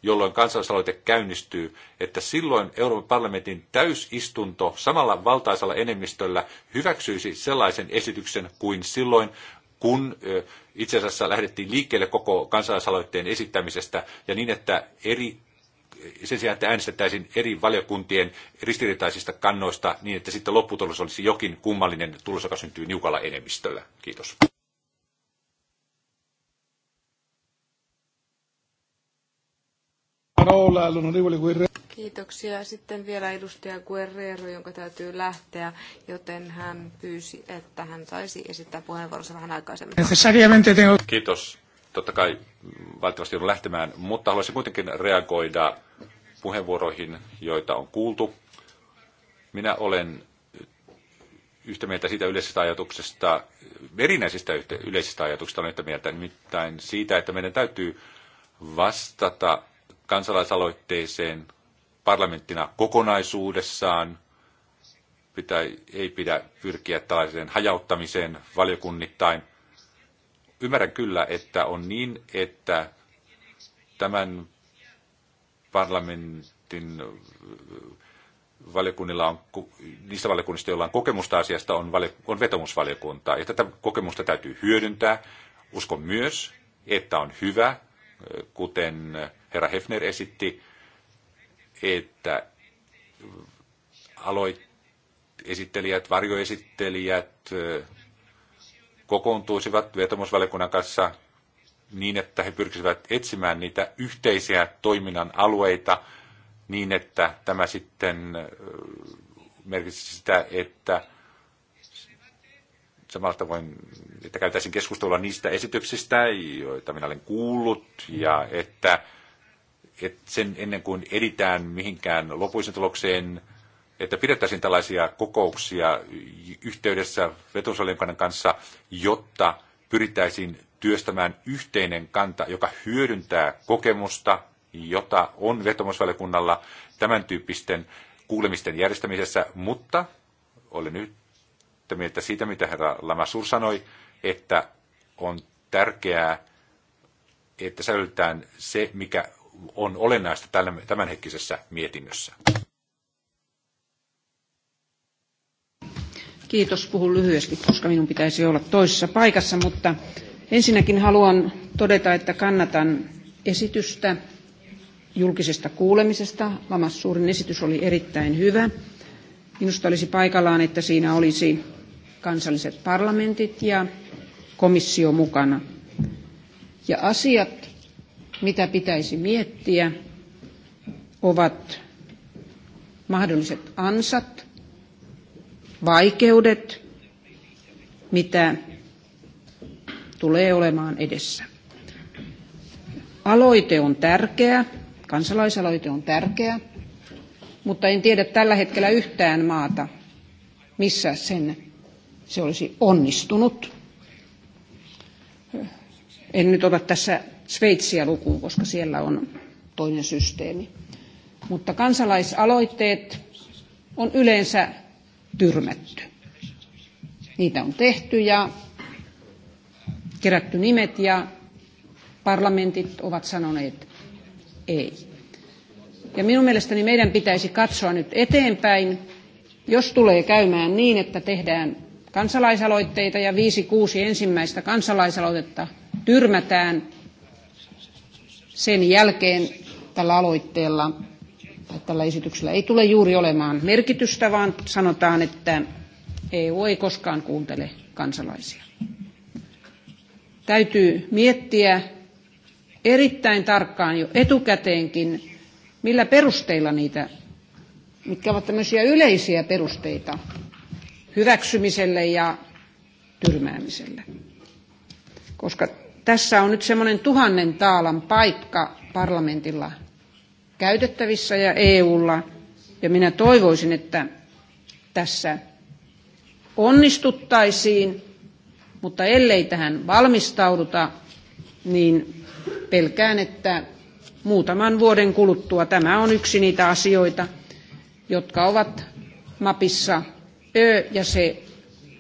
jolloin kansalaisaloite käynnistyy, että silloin Euroopan parlamentin täysistunto samalla valtaisella enemmistöllä hyväksyisi sellaisen esityksen kuin silloin, kun itse asiassa lähdettiin liikkeelle koko kansalaisaloitteen esittämisestä ja niin, että eri sen sijaan, että äänestettäisiin eri valiokuntien ristiriitaisista kannoista niin, että sitten lopputulos olisi jokin kummallinen tulos, joka syntyy niukalla enemmistöllä. Kiitos. Kiitoksia. Sitten vielä edustaja Guerrero, jonka täytyy lähteä, joten hän pyysi, että hän saisi esittää puheenvuoronsa vähän aikaisemmin. Kiitos. Totta kai valitettavasti joudun lähtemään, mutta haluaisin kuitenkin reagoida puheenvuoroihin, joita on kuultu. Minä olen yhtä mieltä siitä yleisestä ajatuksesta, erinäisistä yleisistä ajatuksista olen yhtä mieltä, nimittäin siitä, että meidän täytyy vastata kansalaisaloitteeseen parlamenttina kokonaisuudessaan. Pitä, ei pidä pyrkiä tällaiseen hajauttamiseen valiokunnittain. Ymmärrän kyllä, että on niin, että tämän parlamentin valiokunnilla on, niistä valiokunnista, joilla on kokemusta asiasta, on, valio, on vetomusvaliokunta. Ja tätä kokemusta täytyy hyödyntää. Uskon myös, että on hyvä, kuten herra Hefner esitti, että aloit, esittelijät, varjoesittelijät kokoontuisivat vetomusvaliokunnan kanssa niin, että he pyrkisivät etsimään niitä yhteisiä toiminnan alueita niin, että tämä sitten merkitsisi sitä, että samalla tavoin, että käytäisin keskustelua niistä esityksistä, joita minä olen kuullut, ja mm. että, että sen ennen kuin editään mihinkään lopuisen tulokseen, että pidettäisiin tällaisia kokouksia yhteydessä vetosalien kanssa, jotta pyrittäisiin työstämään yhteinen kanta, joka hyödyntää kokemusta, jota on vetomusvaliokunnalla tämän tyyppisten kuulemisten järjestämisessä, mutta olen nyt yhtä mieltä siitä, mitä herra Lamassur sanoi, että on tärkeää, että säilytetään se, mikä on olennaista tämänhetkisessä mietinnössä. Kiitos. Puhun lyhyesti, koska minun pitäisi olla toisessa paikassa, mutta ensinnäkin haluan todeta, että kannatan esitystä julkisesta kuulemisesta. Lamassuurin esitys oli erittäin hyvä. Minusta olisi paikallaan, että siinä olisi kansalliset parlamentit ja komissio mukana. Ja asiat, mitä pitäisi miettiä, ovat mahdolliset ansat, vaikeudet, mitä tulee olemaan edessä. Aloite on tärkeä, kansalaisaloite on tärkeä, mutta en tiedä tällä hetkellä yhtään maata, missä sen se olisi onnistunut. En nyt ota tässä Sveitsiä lukuun, koska siellä on toinen systeemi. Mutta kansalaisaloitteet on yleensä tyrmätty. Niitä on tehty ja kerätty nimet ja parlamentit ovat sanoneet ei. Ja minun mielestäni meidän pitäisi katsoa nyt eteenpäin, jos tulee käymään niin, että tehdään kansalaisaloitteita ja viisi kuusi ensimmäistä kansalaisaloitetta tyrmätään sen jälkeen tällä aloitteella tai tällä esityksellä ei tule juuri olemaan merkitystä, vaan sanotaan, että EU ei koskaan kuuntele kansalaisia. Täytyy miettiä erittäin tarkkaan jo etukäteenkin, millä perusteilla niitä, mitkä ovat tämmöisiä yleisiä perusteita hyväksymiselle ja tyrmäämiselle. Koska tässä on nyt semmoinen tuhannen taalan paikka parlamentilla käytettävissä ja EUlla. Ja minä toivoisin, että tässä onnistuttaisiin, mutta ellei tähän valmistauduta, niin pelkään, että muutaman vuoden kuluttua tämä on yksi niitä asioita, jotka ovat mapissa Ö, ja se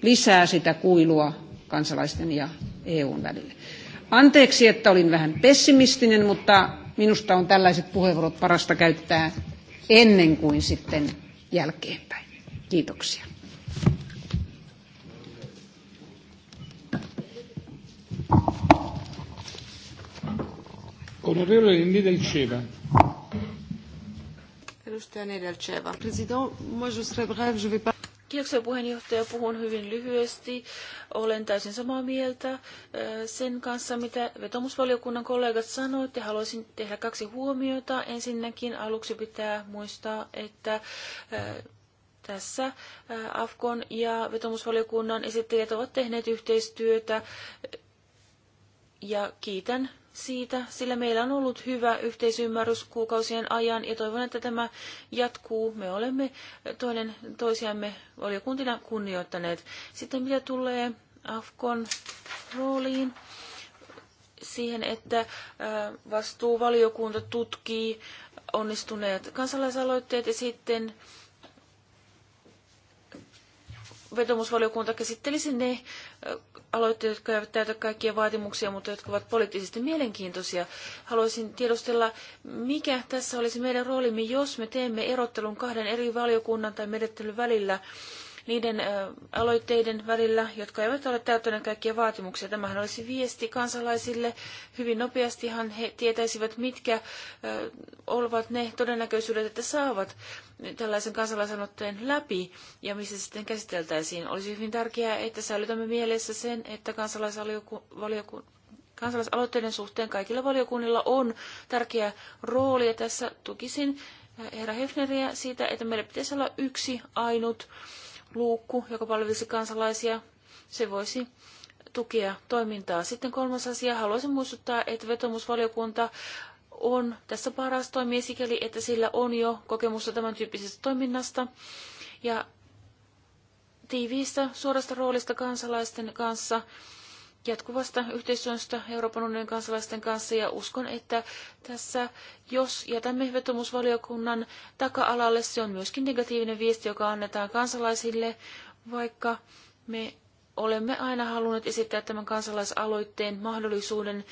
lisää sitä kuilua kansalaisten ja EUn välillä. Anteeksi, että olin vähän pessimistinen, mutta minusta on tällaiset puheenvuorot parasta käyttää ennen kuin sitten jälkeenpäin. Kiitoksia. Edustaja Nedelceva. President, moi je serais brève, je vais pas... Kiitoksia puheenjohtaja. Puhun hyvin lyhyesti. Olen täysin samaa mieltä äh, sen kanssa, mitä vetomusvaliokunnan kollegat sanoivat. Haluaisin tehdä kaksi huomiota. Ensinnäkin aluksi pitää muistaa, että äh, tässä äh, AFKon ja vetomusvaliokunnan esittelijät ovat tehneet yhteistyötä ja kiitän siitä, sillä meillä on ollut hyvä yhteisymmärrys kuukausien ajan ja toivon, että tämä jatkuu. Me olemme toinen toisiamme valiokuntina kunnioittaneet. Sitten mitä tulee Afkon rooliin, siihen, että äh, vastuuvaliokunta tutkii onnistuneet kansalaisaloitteet ja sitten vetomusvaliokunta käsittelisi ne aloitteet, jotka eivät täytä kaikkia vaatimuksia, mutta jotka ovat poliittisesti mielenkiintoisia. Haluaisin tiedustella, mikä tässä olisi meidän roolimme, jos me teemme erottelun kahden eri valiokunnan tai menettelyn välillä niiden aloitteiden välillä, jotka eivät ole täyttäneet kaikkia vaatimuksia. Tämähän olisi viesti kansalaisille. Hyvin nopeastihan he tietäisivät, mitkä ovat ne todennäköisyydet, että saavat tällaisen kansalaisaloitteen läpi ja missä sitten käsiteltäisiin. Olisi hyvin tärkeää, että säilytämme mielessä sen, että kansalaisvaliokunta kansalaisaloitteiden suhteen kaikilla valiokunnilla on tärkeä rooli. Ja tässä tukisin herra Hefneriä siitä, että meillä pitäisi olla yksi ainut luukku, joka palvelisi kansalaisia. Se voisi tukea toimintaa. Sitten kolmas asia. Haluaisin muistuttaa, että vetomusvaliokunta on tässä paras toimija sikäli, että sillä on jo kokemusta tämän tyyppisestä toiminnasta ja tiiviistä suorasta roolista kansalaisten kanssa jatkuvasta yhteistyöstä Euroopan unionin kansalaisten kanssa ja uskon, että tässä, jos jätämme vetomusvaliokunnan taka-alalle, se on myöskin negatiivinen viesti, joka annetaan kansalaisille, vaikka me olemme aina halunneet esittää tämän kansalaisaloitteen mahdollisuuden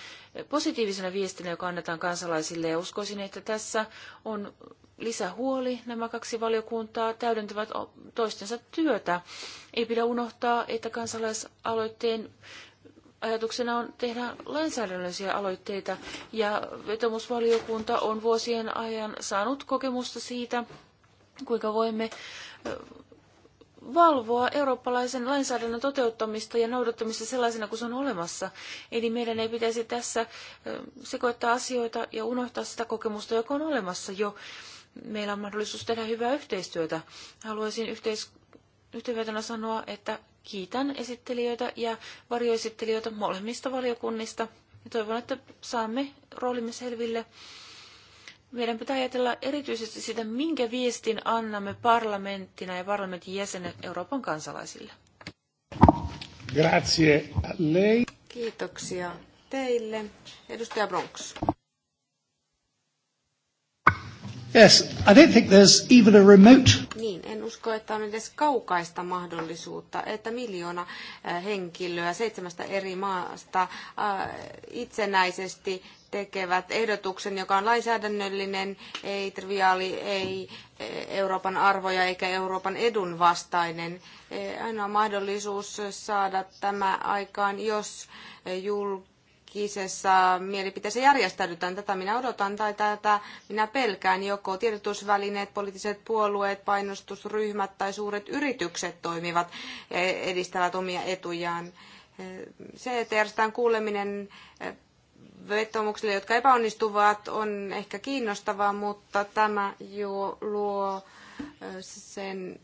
positiivisena viestinä, joka annetaan kansalaisille. Ja uskoisin, että tässä on lisähuoli. Nämä kaksi valiokuntaa täydentävät toistensa työtä. Ei pidä unohtaa, että kansalaisaloitteen ajatuksena on tehdä lainsäädännöllisiä aloitteita ja vetomusvaliokunta on vuosien ajan saanut kokemusta siitä, kuinka voimme valvoa eurooppalaisen lainsäädännön toteuttamista ja noudattamista sellaisena kuin se on olemassa. Eli meidän ei pitäisi tässä sekoittaa asioita ja unohtaa sitä kokemusta, joka on olemassa jo. Meillä on mahdollisuus tehdä hyvää yhteistyötä. Haluaisin yhteis- yhteenvetona sanoa, että Kiitän esittelijöitä ja varjoesittelijöitä molemmista valiokunnista ja toivon, että saamme roolimme selville. Meidän pitää ajatella erityisesti sitä, minkä viestin annamme parlamenttina ja parlamentin jäsenen Euroopan kansalaisille. Grazie a lei. Kiitoksia teille. Edustaja Bronx. Yes, I don't think there's even a remote... Niin, en usko, että on edes kaukaista mahdollisuutta, että miljoona äh, henkilöä seitsemästä eri maasta äh, itsenäisesti tekevät ehdotuksen, joka on lainsäädännöllinen, ei triviaali, ei äh, Euroopan arvoja eikä Euroopan edun vastainen. Ainoa mahdollisuus saada tämä aikaan, jos julk julkisessa mielipiteessä järjestäydytään. Tätä minä odotan tai tätä minä pelkään. Joko tiedotusvälineet, poliittiset puolueet, painostusryhmät tai suuret yritykset toimivat ja e, edistävät omia etujaan. E, se, että järjestetään kuuleminen e, vetomuksille, jotka epäonnistuvat, on ehkä kiinnostavaa, mutta tämä jo luo sen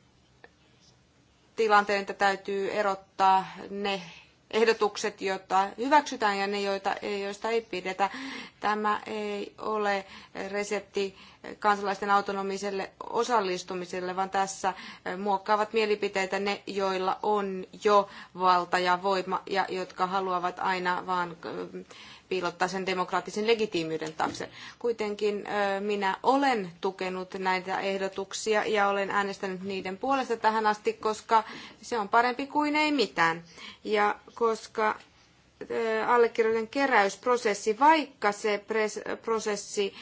tilanteen, että täytyy erottaa ne ehdotukset, joita hyväksytään ja ne, joita, joista ei pidetä. Tämä ei ole resepti kansalaisten autonomiselle osallistumiselle, vaan tässä eh, muokkaavat mielipiteitä ne, joilla on jo valta ja voima ja jotka haluavat aina vaan eh, piilottaa sen demokraattisen legitiimiyden taakse. Kuitenkin minä olen tukenut näitä ehdotuksia ja olen äänestänyt niiden puolesta tähän asti, koska se on parempi kuin ei mitään. Ja koska allekirjojen keräysprosessi, vaikka se prosessi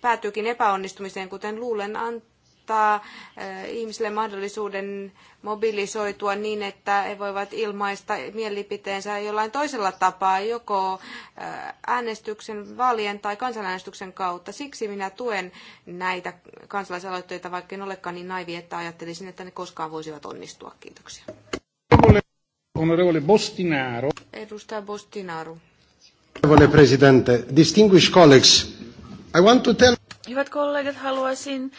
päätyykin epäonnistumiseen, kuten luulen, antaa antaa eh, ihmisille mahdollisuuden mobilisoitua niin, että he voivat ilmaista mielipiteensä jollain toisella tapaa, joko eh, äänestyksen, vaalien tai kansanäänestyksen kautta. Siksi minä tuen näitä kansalaisaloitteita, vaikka en olekaan niin naivi, että ajattelisin, että ne koskaan voisivat onnistua. Kiitoksia. Edustaja Bostinaro. Onorevole Presidente, distinguished colleagues, I want to tell... Hyvät kollegat, haluaisin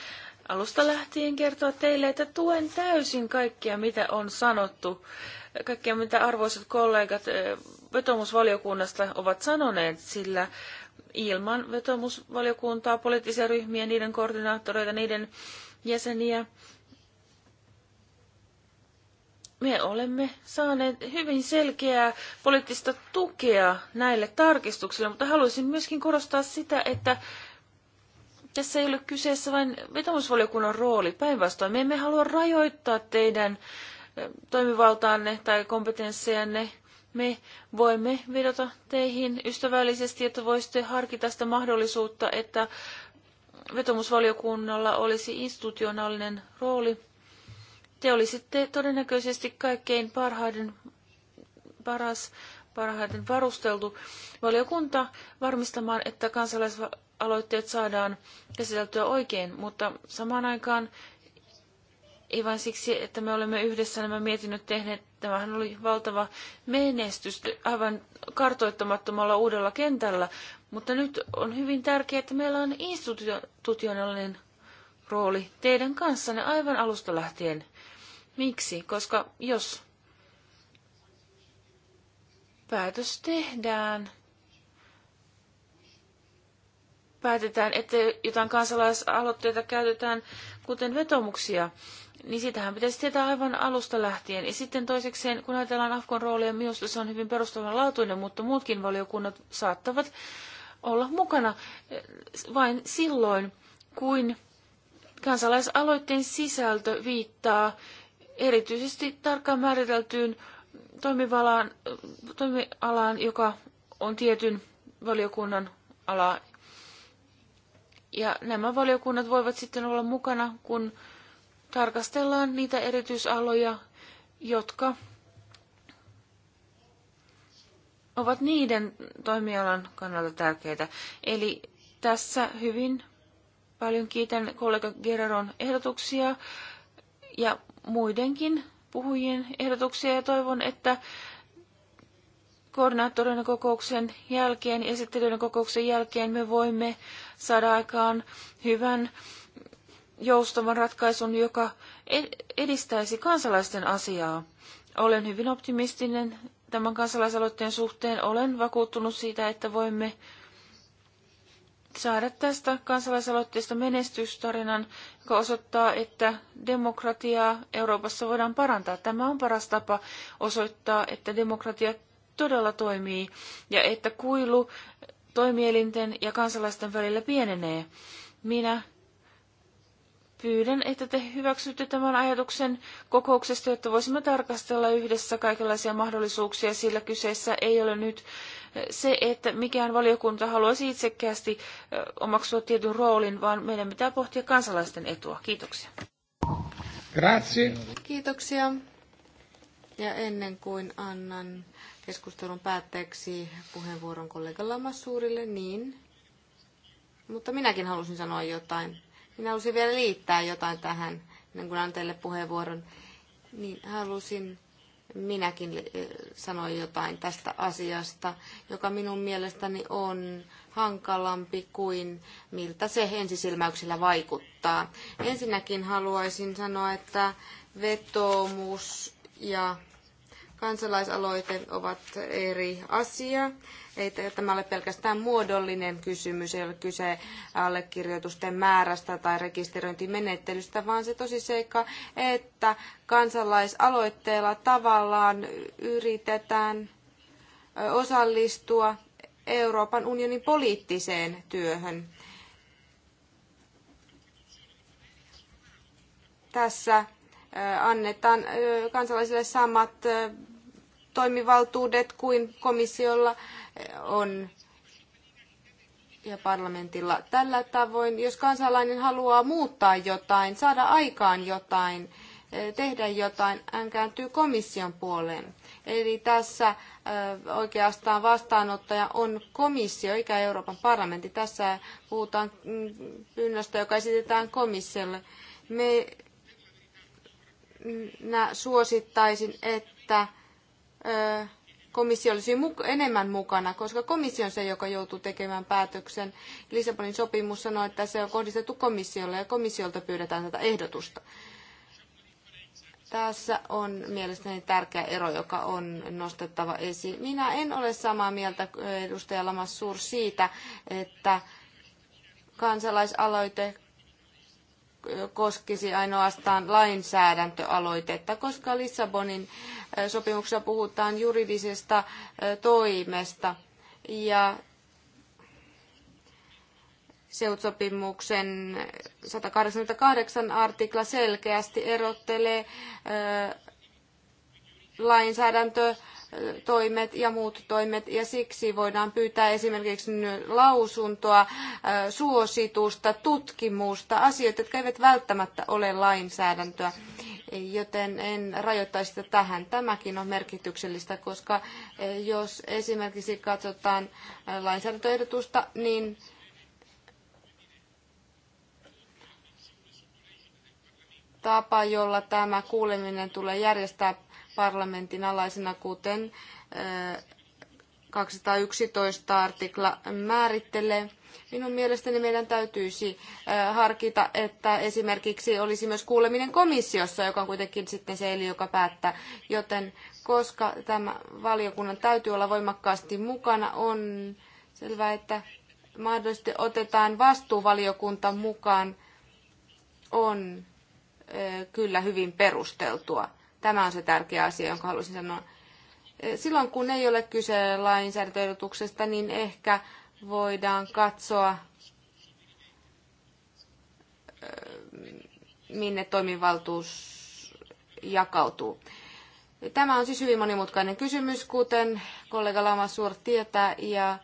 alusta lähtien kertoa teille, että tuen täysin kaikkia, mitä on sanottu, kaikkia, mitä arvoisat kollegat eh, vetomusvaliokunnasta ovat sanoneet, sillä ilman vetomusvaliokuntaa, poliittisia ryhmiä, niiden koordinaattoreita, niiden jäseniä, me olemme saaneet hyvin selkeää poliittista tukea näille tarkistuksille, mutta haluaisin myöskin korostaa sitä, että tässä ei ole kyseessä vain vetomusvaliokunnan rooli. Päinvastoin me emme halua rajoittaa teidän toimivaltaanne tai kompetenssejanne. Me voimme vedota teihin ystävällisesti, että voisitte harkita sitä mahdollisuutta, että vetomusvaliokunnalla olisi institutionaalinen rooli. Te olisitte todennäköisesti kaikkein parhaiden, paras, parhaiten varusteltu valiokunta varmistamaan, että kansalais aloitteet saadaan käsiteltyä oikein, mutta samaan aikaan ei vain siksi, että me olemme yhdessä nämä mietinnöt tehneet. Tämähän oli valtava menestys aivan kartoittamattomalla uudella kentällä, mutta nyt on hyvin tärkeää, että meillä on institutionaalinen rooli teidän kanssanne aivan alusta lähtien. Miksi? Koska jos päätös tehdään päätetään, että jotain kansalaisaloitteita käytetään kuten vetomuksia, niin sitähän pitäisi tietää aivan alusta lähtien. Ja sitten toisekseen, kun ajatellaan Afkon roolia, minusta se on hyvin perustavanlaatuinen, mutta muutkin valiokunnat saattavat olla mukana vain silloin, kuin kansalaisaloitteen sisältö viittaa erityisesti tarkkaan määriteltyyn toimivalaan, toimialaan, joka on tietyn valiokunnan ala ja nämä valiokunnat voivat sitten olla mukana, kun tarkastellaan niitä erityisaloja, jotka ovat niiden toimialan kannalta tärkeitä. Eli tässä hyvin paljon kiitän kollega Gereron ehdotuksia ja muidenkin puhujien ehdotuksia ja toivon, että koordinaattorina kokouksen jälkeen, esittelyiden kokouksen jälkeen me voimme saada aikaan hyvän joustavan ratkaisun, joka edistäisi kansalaisten asiaa. Olen hyvin optimistinen tämän kansalaisaloitteen suhteen. Olen vakuuttunut siitä, että voimme saada tästä kansalaisaloitteesta menestystarinan, joka osoittaa, että demokratiaa Euroopassa voidaan parantaa. Tämä on paras tapa osoittaa, että demokratia todella toimii ja että kuilu toimielinten ja kansalaisten välillä pienenee. Minä pyydän, että te hyväksytte tämän ajatuksen kokouksesta, jotta voisimme tarkastella yhdessä kaikenlaisia mahdollisuuksia, sillä kyseessä ei ole nyt se, että mikään valiokunta haluaisi itsekkäästi omaksua tietyn roolin, vaan meidän pitää pohtia kansalaisten etua. Kiitoksia. Grazie. Kiitoksia. Ja ennen kuin annan keskustelun päätteeksi puheenvuoron kollega Lamassuurille, niin... Mutta minäkin halusin sanoa jotain. Minä halusin vielä liittää jotain tähän, ennen kuin annan teille puheenvuoron. Niin halusin minäkin eh, sanoa jotain tästä asiasta, joka minun mielestäni on hankalampi kuin miltä se ensisilmäyksellä vaikuttaa. Ensinnäkin haluaisin sanoa, että vetoomus ja kansalaisaloite ovat eri asia. Ei tämä ole pelkästään muodollinen kysymys, ei ole kyse allekirjoitusten määrästä tai rekisteröintimenettelystä, vaan se tosiseikka, että kansalaisaloitteella tavallaan yritetään osallistua Euroopan unionin poliittiseen työhön. Tässä annetaan kansalaisille samat toimivaltuudet kuin komissiolla eh, on ja parlamentilla. Tällä tavoin, jos kansalainen haluaa muuttaa jotain, saada aikaan jotain, eh, tehdä jotain, hän kääntyy komission puoleen. Eli tässä eh, oikeastaan vastaanottaja on komissio, eikä Euroopan parlamentti. Tässä puhutaan mm, pyynnöstä, joka esitetään komissiolle. Me, minä mm, suosittaisin, että komissio olisi enemmän mukana, koska komissio on se, joka joutuu tekemään päätöksen. Lissabonin sopimus sanoo, että se on kohdistettu komissiolle ja komissiolta pyydetään tätä ehdotusta. Tässä on mielestäni tärkeä ero, joka on nostettava esiin. Minä en ole samaa mieltä edustaja Lamassur siitä, että kansalaisaloite koskisi ainoastaan lainsäädäntöaloitetta, koska Lissabonin sopimuksessa puhutaan juridisesta toimesta ja seutsopimuksen 188 artikla selkeästi erottelee lainsäädäntö toimet ja muut toimet, ja siksi voidaan pyytää esimerkiksi lausuntoa, äh, suositusta, tutkimusta, asioita, jotka eivät välttämättä ole lainsäädäntöä. Joten en rajoittaisi sitä tähän. Tämäkin on merkityksellistä, koska äh, jos esimerkiksi katsotaan äh, lainsäädäntöehdotusta, niin tapa, jolla tämä kuuleminen tulee järjestää parlamentin alaisena, kuten 211 eh, artikla määrittelee. Minun mielestäni meidän täytyisi eh, harkita, että esimerkiksi olisi myös kuuleminen komissiossa, joka on kuitenkin sitten se eli, joka päättää. Joten koska tämä valiokunnan täytyy olla voimakkaasti mukana, on selvää, että mahdollisesti otetaan vastuuvaliokunta mukaan, on eh, kyllä hyvin perusteltua. Tämä on se tärkeä asia, jonka halusin sanoa. Silloin kun ei ole kyse lainsäädäntöehdotuksesta, niin ehkä voidaan katsoa, minne toimivaltuus jakautuu. Tämä on siis hyvin monimutkainen kysymys, kuten kollega Lamassuor tietää, ja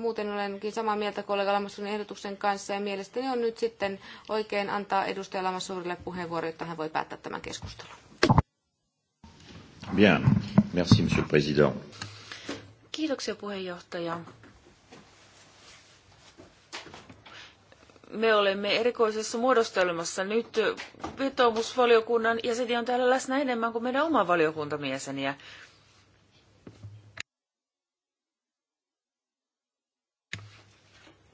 muuten olenkin samaa mieltä kollega Lamassuurin ehdotuksen kanssa, ja mielestäni on nyt sitten oikein antaa edustaja Lamassuurille puheenvuoro, jotta hän voi päättää tämän keskustelun. Bien. Merci, monsieur le président. Kiitoksia puheenjohtaja. Me olemme erikoisessa muodostelmassa nyt. Vetoomusvaliokunnan jäseniä on täällä läsnä enemmän kuin meidän oma valiokuntamme jäseniä.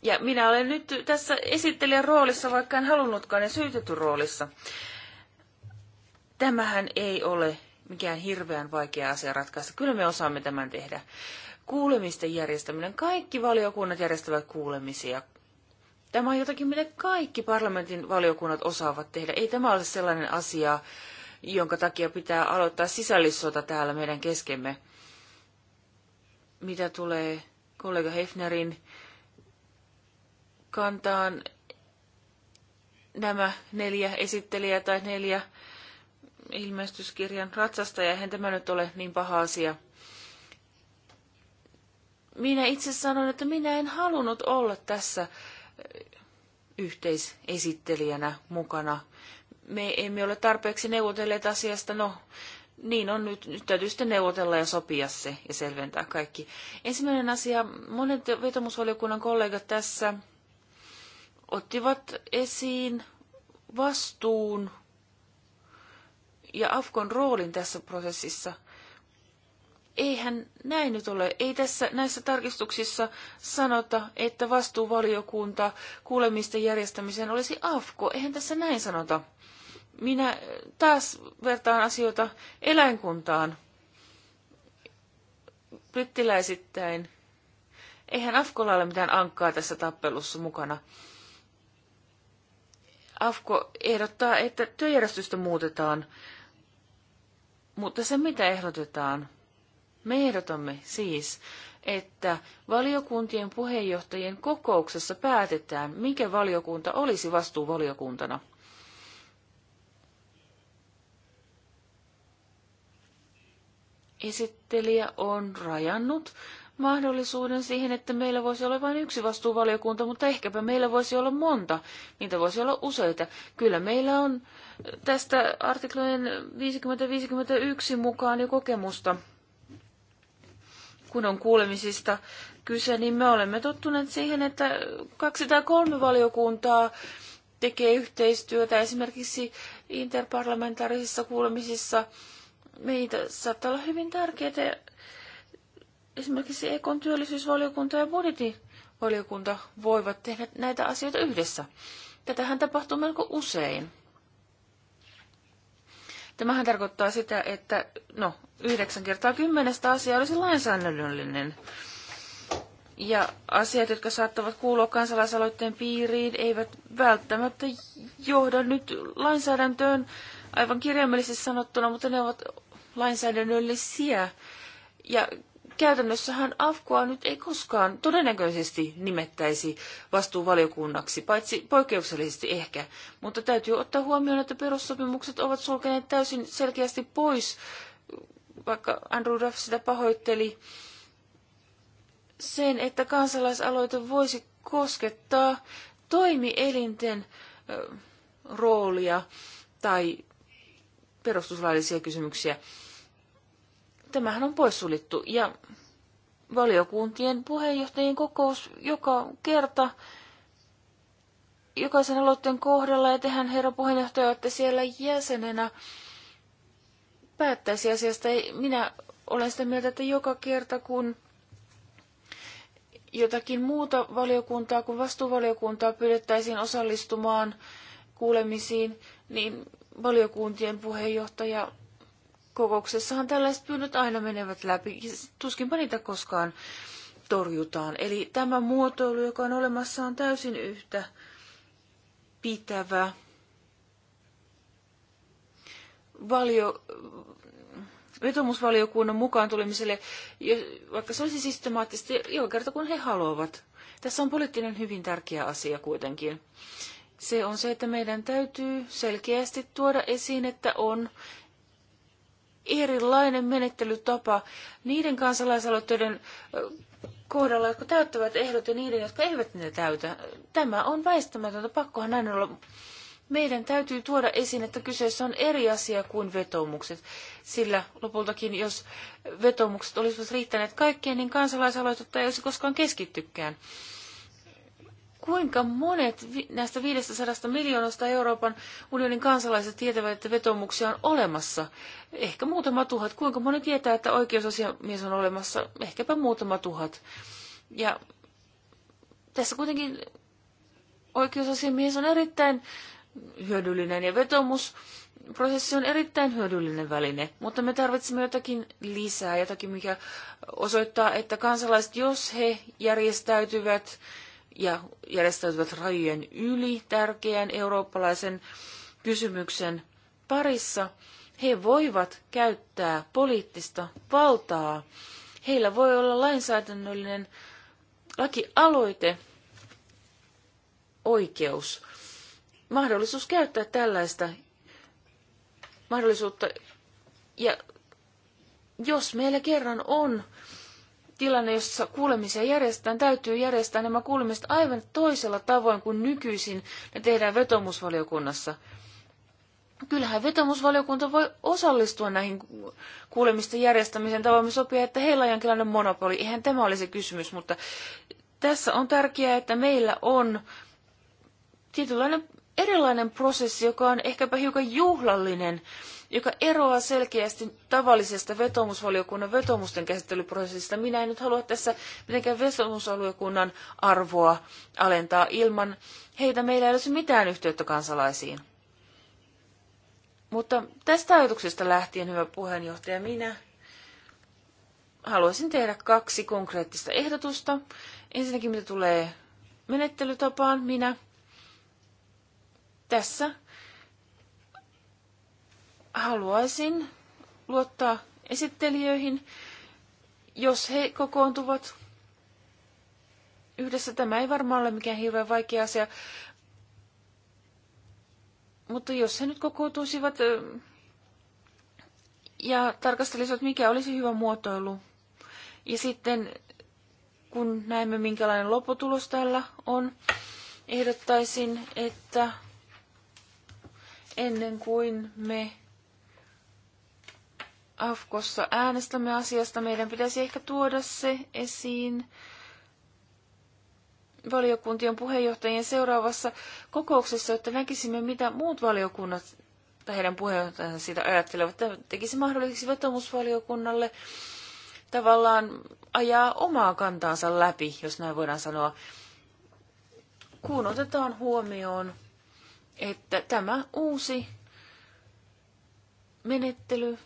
Ja minä olen nyt tässä esittelijän roolissa, vaikka en halunnutkaan, ja syytetyn roolissa. Tämähän ei ole mikään hirveän vaikea asia ratkaista. Kyllä me osaamme tämän tehdä. Kuulemisten järjestäminen. Kaikki valiokunnat järjestävät kuulemisia. Tämä on jotakin, mitä kaikki parlamentin valiokunnat osaavat tehdä. Ei tämä ole sellainen asia, jonka takia pitää aloittaa sisällissota täällä meidän keskemme. Mitä tulee kollega Hefnerin kantaan, nämä neljä esittelijää tai neljä ilmestyskirjan ratsastaja, eihän tämä nyt ole niin paha asia. Minä itse sanon, että minä en halunnut olla tässä eh, yhteisesittelijänä mukana. Me emme ole tarpeeksi neuvotelleet asiasta, no niin on nyt, nyt täytyy sitten neuvotella ja sopia se ja selventää kaikki. Ensimmäinen asia, monet vetomusvaliokunnan kollegat tässä ottivat esiin vastuun ja Afkon roolin tässä prosessissa. Eihän näin nyt ole. Ei tässä näissä tarkistuksissa sanota, että vastuuvaliokunta kuulemisten järjestämiseen olisi Afko. Eihän tässä näin sanota. Minä taas vertaan asioita eläinkuntaan brittiläisittäin. Eihän Afkolla ole mitään ankkaa tässä tappelussa mukana. Afko ehdottaa, että työjärjestystä muutetaan mutta se, mitä ehdotetaan, me ehdotamme siis, että valiokuntien puheenjohtajien kokouksessa päätetään, mikä valiokunta olisi vastuuvaliokuntana. Esittelijä on rajannut mahdollisuuden siihen, että meillä voisi olla vain yksi vastuuvaliokunta, mutta ehkäpä meillä voisi olla monta. Niitä voisi olla useita. Kyllä meillä on tästä artiklojen 50-51 mukaan jo kokemusta. Kun on kuulemisista kyse, niin me olemme tottuneet siihen, että kaksi tai kolme valiokuntaa tekee yhteistyötä esimerkiksi interparlamentaarisissa kuulemisissa. Meitä saattaa olla hyvin tärkeää esimerkiksi EKon työllisyysvaliokunta ja budjettivaliokunta voivat tehdä näitä asioita yhdessä. Tätähän tapahtuu melko usein. Tämähän tarkoittaa sitä, että no, 9 kertaa kymmenestä asia olisi lainsäädännöllinen. Ja asiat, jotka saattavat kuulua kansalaisaloitteen piiriin, eivät välttämättä johda nyt lainsäädäntöön aivan kirjaimellisesti sanottuna, mutta ne ovat lainsäädännöllisiä. Ja Käytännössähän Afkoa nyt ei koskaan todennäköisesti nimettäisi vastuuvaliokunnaksi, paitsi poikkeuksellisesti ehkä, mutta täytyy ottaa huomioon, että perussopimukset ovat sulkeneet täysin selkeästi pois, vaikka Andrew Duff sitä pahoitteli, sen, että kansalaisaloite voisi koskettaa toimielinten roolia tai perustuslaillisia kysymyksiä. Tämähän on poissulittu ja valiokuntien puheenjohtajien kokous joka kerta jokaisen aloitteen kohdalla ja tehän herra puheenjohtaja olette siellä jäsenenä päättäisi asiasta. Minä olen sitä mieltä, että joka kerta kun jotakin muuta valiokuntaa kuin vastuuvaliokuntaa pyydettäisiin osallistumaan kuulemisiin, niin valiokuntien puheenjohtaja kokouksessahan tällaiset pyynnöt aina menevät läpi. Tuskinpa niitä koskaan torjutaan. Eli tämä muotoilu, joka on olemassa, on täysin yhtä pitävä. Valio, vetomusvaliokunnan mukaan tulemiselle, vaikka se olisi systemaattisesti joka kerta kun he haluavat. Tässä on poliittinen hyvin tärkeä asia kuitenkin. Se on se, että meidän täytyy selkeästi tuoda esiin, että on erilainen menettelytapa niiden kansalaisaloitteiden kohdalla, jotka täyttävät ehdot ja niiden, jotka eivät niitä täytä. Tämä on väistämätöntä, pakkohan näin olla. Meidän täytyy tuoda esiin, että kyseessä on eri asia kuin vetomukset, sillä lopultakin, jos vetomukset olisivat riittäneet kaikkeen, niin kansalaisaloitetta ei olisi koskaan keskittykään kuinka monet näistä 500 miljoonasta Euroopan unionin kansalaiset tietävät, että vetomuksia on olemassa? Ehkä muutama tuhat. Kuinka moni tietää, että oikeusasiamies on olemassa? Ehkäpä muutama tuhat. Ja tässä kuitenkin oikeusasiamies on erittäin hyödyllinen ja vetomus prosessi on erittäin hyödyllinen väline, mutta me tarvitsemme jotakin lisää, jotakin mikä osoittaa, että kansalaiset, jos he järjestäytyvät ja järjestäytyvät rajojen yli tärkeän eurooppalaisen kysymyksen parissa, he voivat käyttää poliittista valtaa. Heillä voi olla lainsäädännöllinen lakialoite oikeus, mahdollisuus käyttää tällaista mahdollisuutta. Ja jos meillä kerran on tilanne, jossa kuulemisia järjestetään, täytyy järjestää nämä kuulemiset aivan toisella tavoin kuin nykyisin ne tehdään vetomusvaliokunnassa. Kyllähän vetomusvaliokunta voi osallistua näihin kuulemisten järjestämiseen. Tavoimme sopia, että heillä on jonkinlainen monopoli. Eihän tämä olisi kysymys, mutta tässä on tärkeää, että meillä on tietynlainen erilainen prosessi, joka on ehkäpä hiukan juhlallinen joka eroaa selkeästi tavallisesta vetomusvaliokunnan vetomusten käsittelyprosessista. Minä en nyt halua tässä mitenkään vetomusvaliokunnan arvoa alentaa ilman heitä. Meillä ei olisi mitään yhteyttä kansalaisiin. Mutta tästä ajatuksesta lähtien, hyvä puheenjohtaja, minä haluaisin tehdä kaksi konkreettista ehdotusta. Ensinnäkin mitä tulee menettelytapaan, minä tässä haluaisin luottaa esittelijöihin, jos he kokoontuvat yhdessä. Tämä ei varmaan ole mikään hirveän vaikea asia, mutta jos he nyt kokoontuisivat ja tarkastelisivat, mikä olisi hyvä muotoilu. Ja sitten kun näemme, minkälainen lopputulos tällä on, ehdottaisin, että ennen kuin me Afkossa äänestämme asiasta, meidän pitäisi ehkä tuoda se esiin valiokuntien puheenjohtajien seuraavassa kokouksessa, että näkisimme, mitä muut valiokunnat tai heidän puheenjohtajansa siitä ajattelevat. Tämä tekisi mahdolliseksi vetomusvaliokunnalle tavallaan ajaa omaa kantaansa läpi, jos näin voidaan sanoa, kun otetaan huomioon, että tämä uusi menettely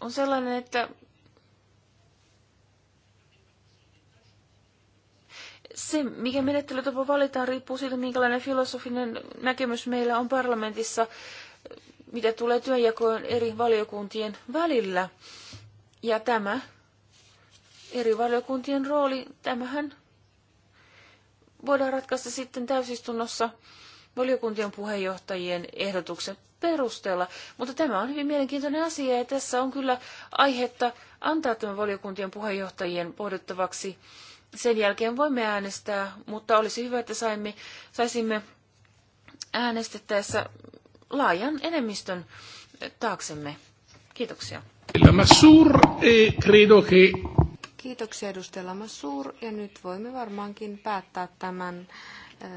on sellainen, että se, mikä menettelytapa valitaan, riippuu siitä, minkälainen filosofinen näkemys meillä on parlamentissa, mitä tulee työnjakoon eri valiokuntien välillä. Ja tämä eri valiokuntien rooli, tämähän voidaan ratkaista sitten täysistunnossa valiokuntien puheenjohtajien ehdotuksen perusteella. Mutta tämä on hyvin mielenkiintoinen asia ja tässä on kyllä aihetta antaa tämän valiokuntien puheenjohtajien pohdittavaksi. Sen jälkeen voimme äänestää, mutta olisi hyvä, että saimme, saisimme äänestettäessä laajan enemmistön taaksemme. Kiitoksia. Lamassur, e credo che... Kiitoksia edustaja Lamassur ja nyt voimme varmaankin päättää tämän äh,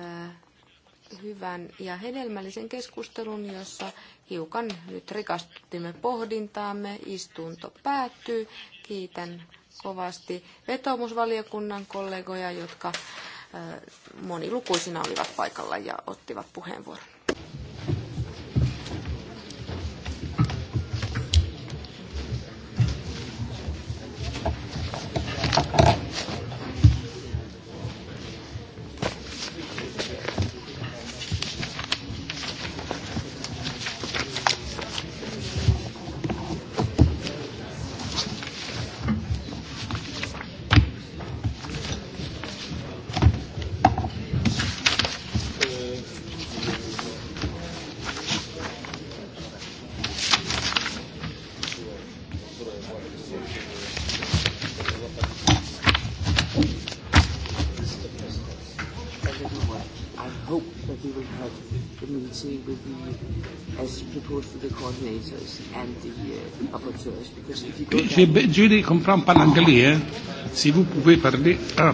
hyvän ja hedelmällisen keskustelun, jossa hiukan nyt rikastuttimme pohdintaamme. Istunto päättyy. Kiitän kovasti vetomusvaliokunnan kollegoja, jotka monilukuisina olivat paikalla ja ottivat puheenvuoron. Et Julie comprend pas l'anglais, hein. Si vous pouvez parler. Ah.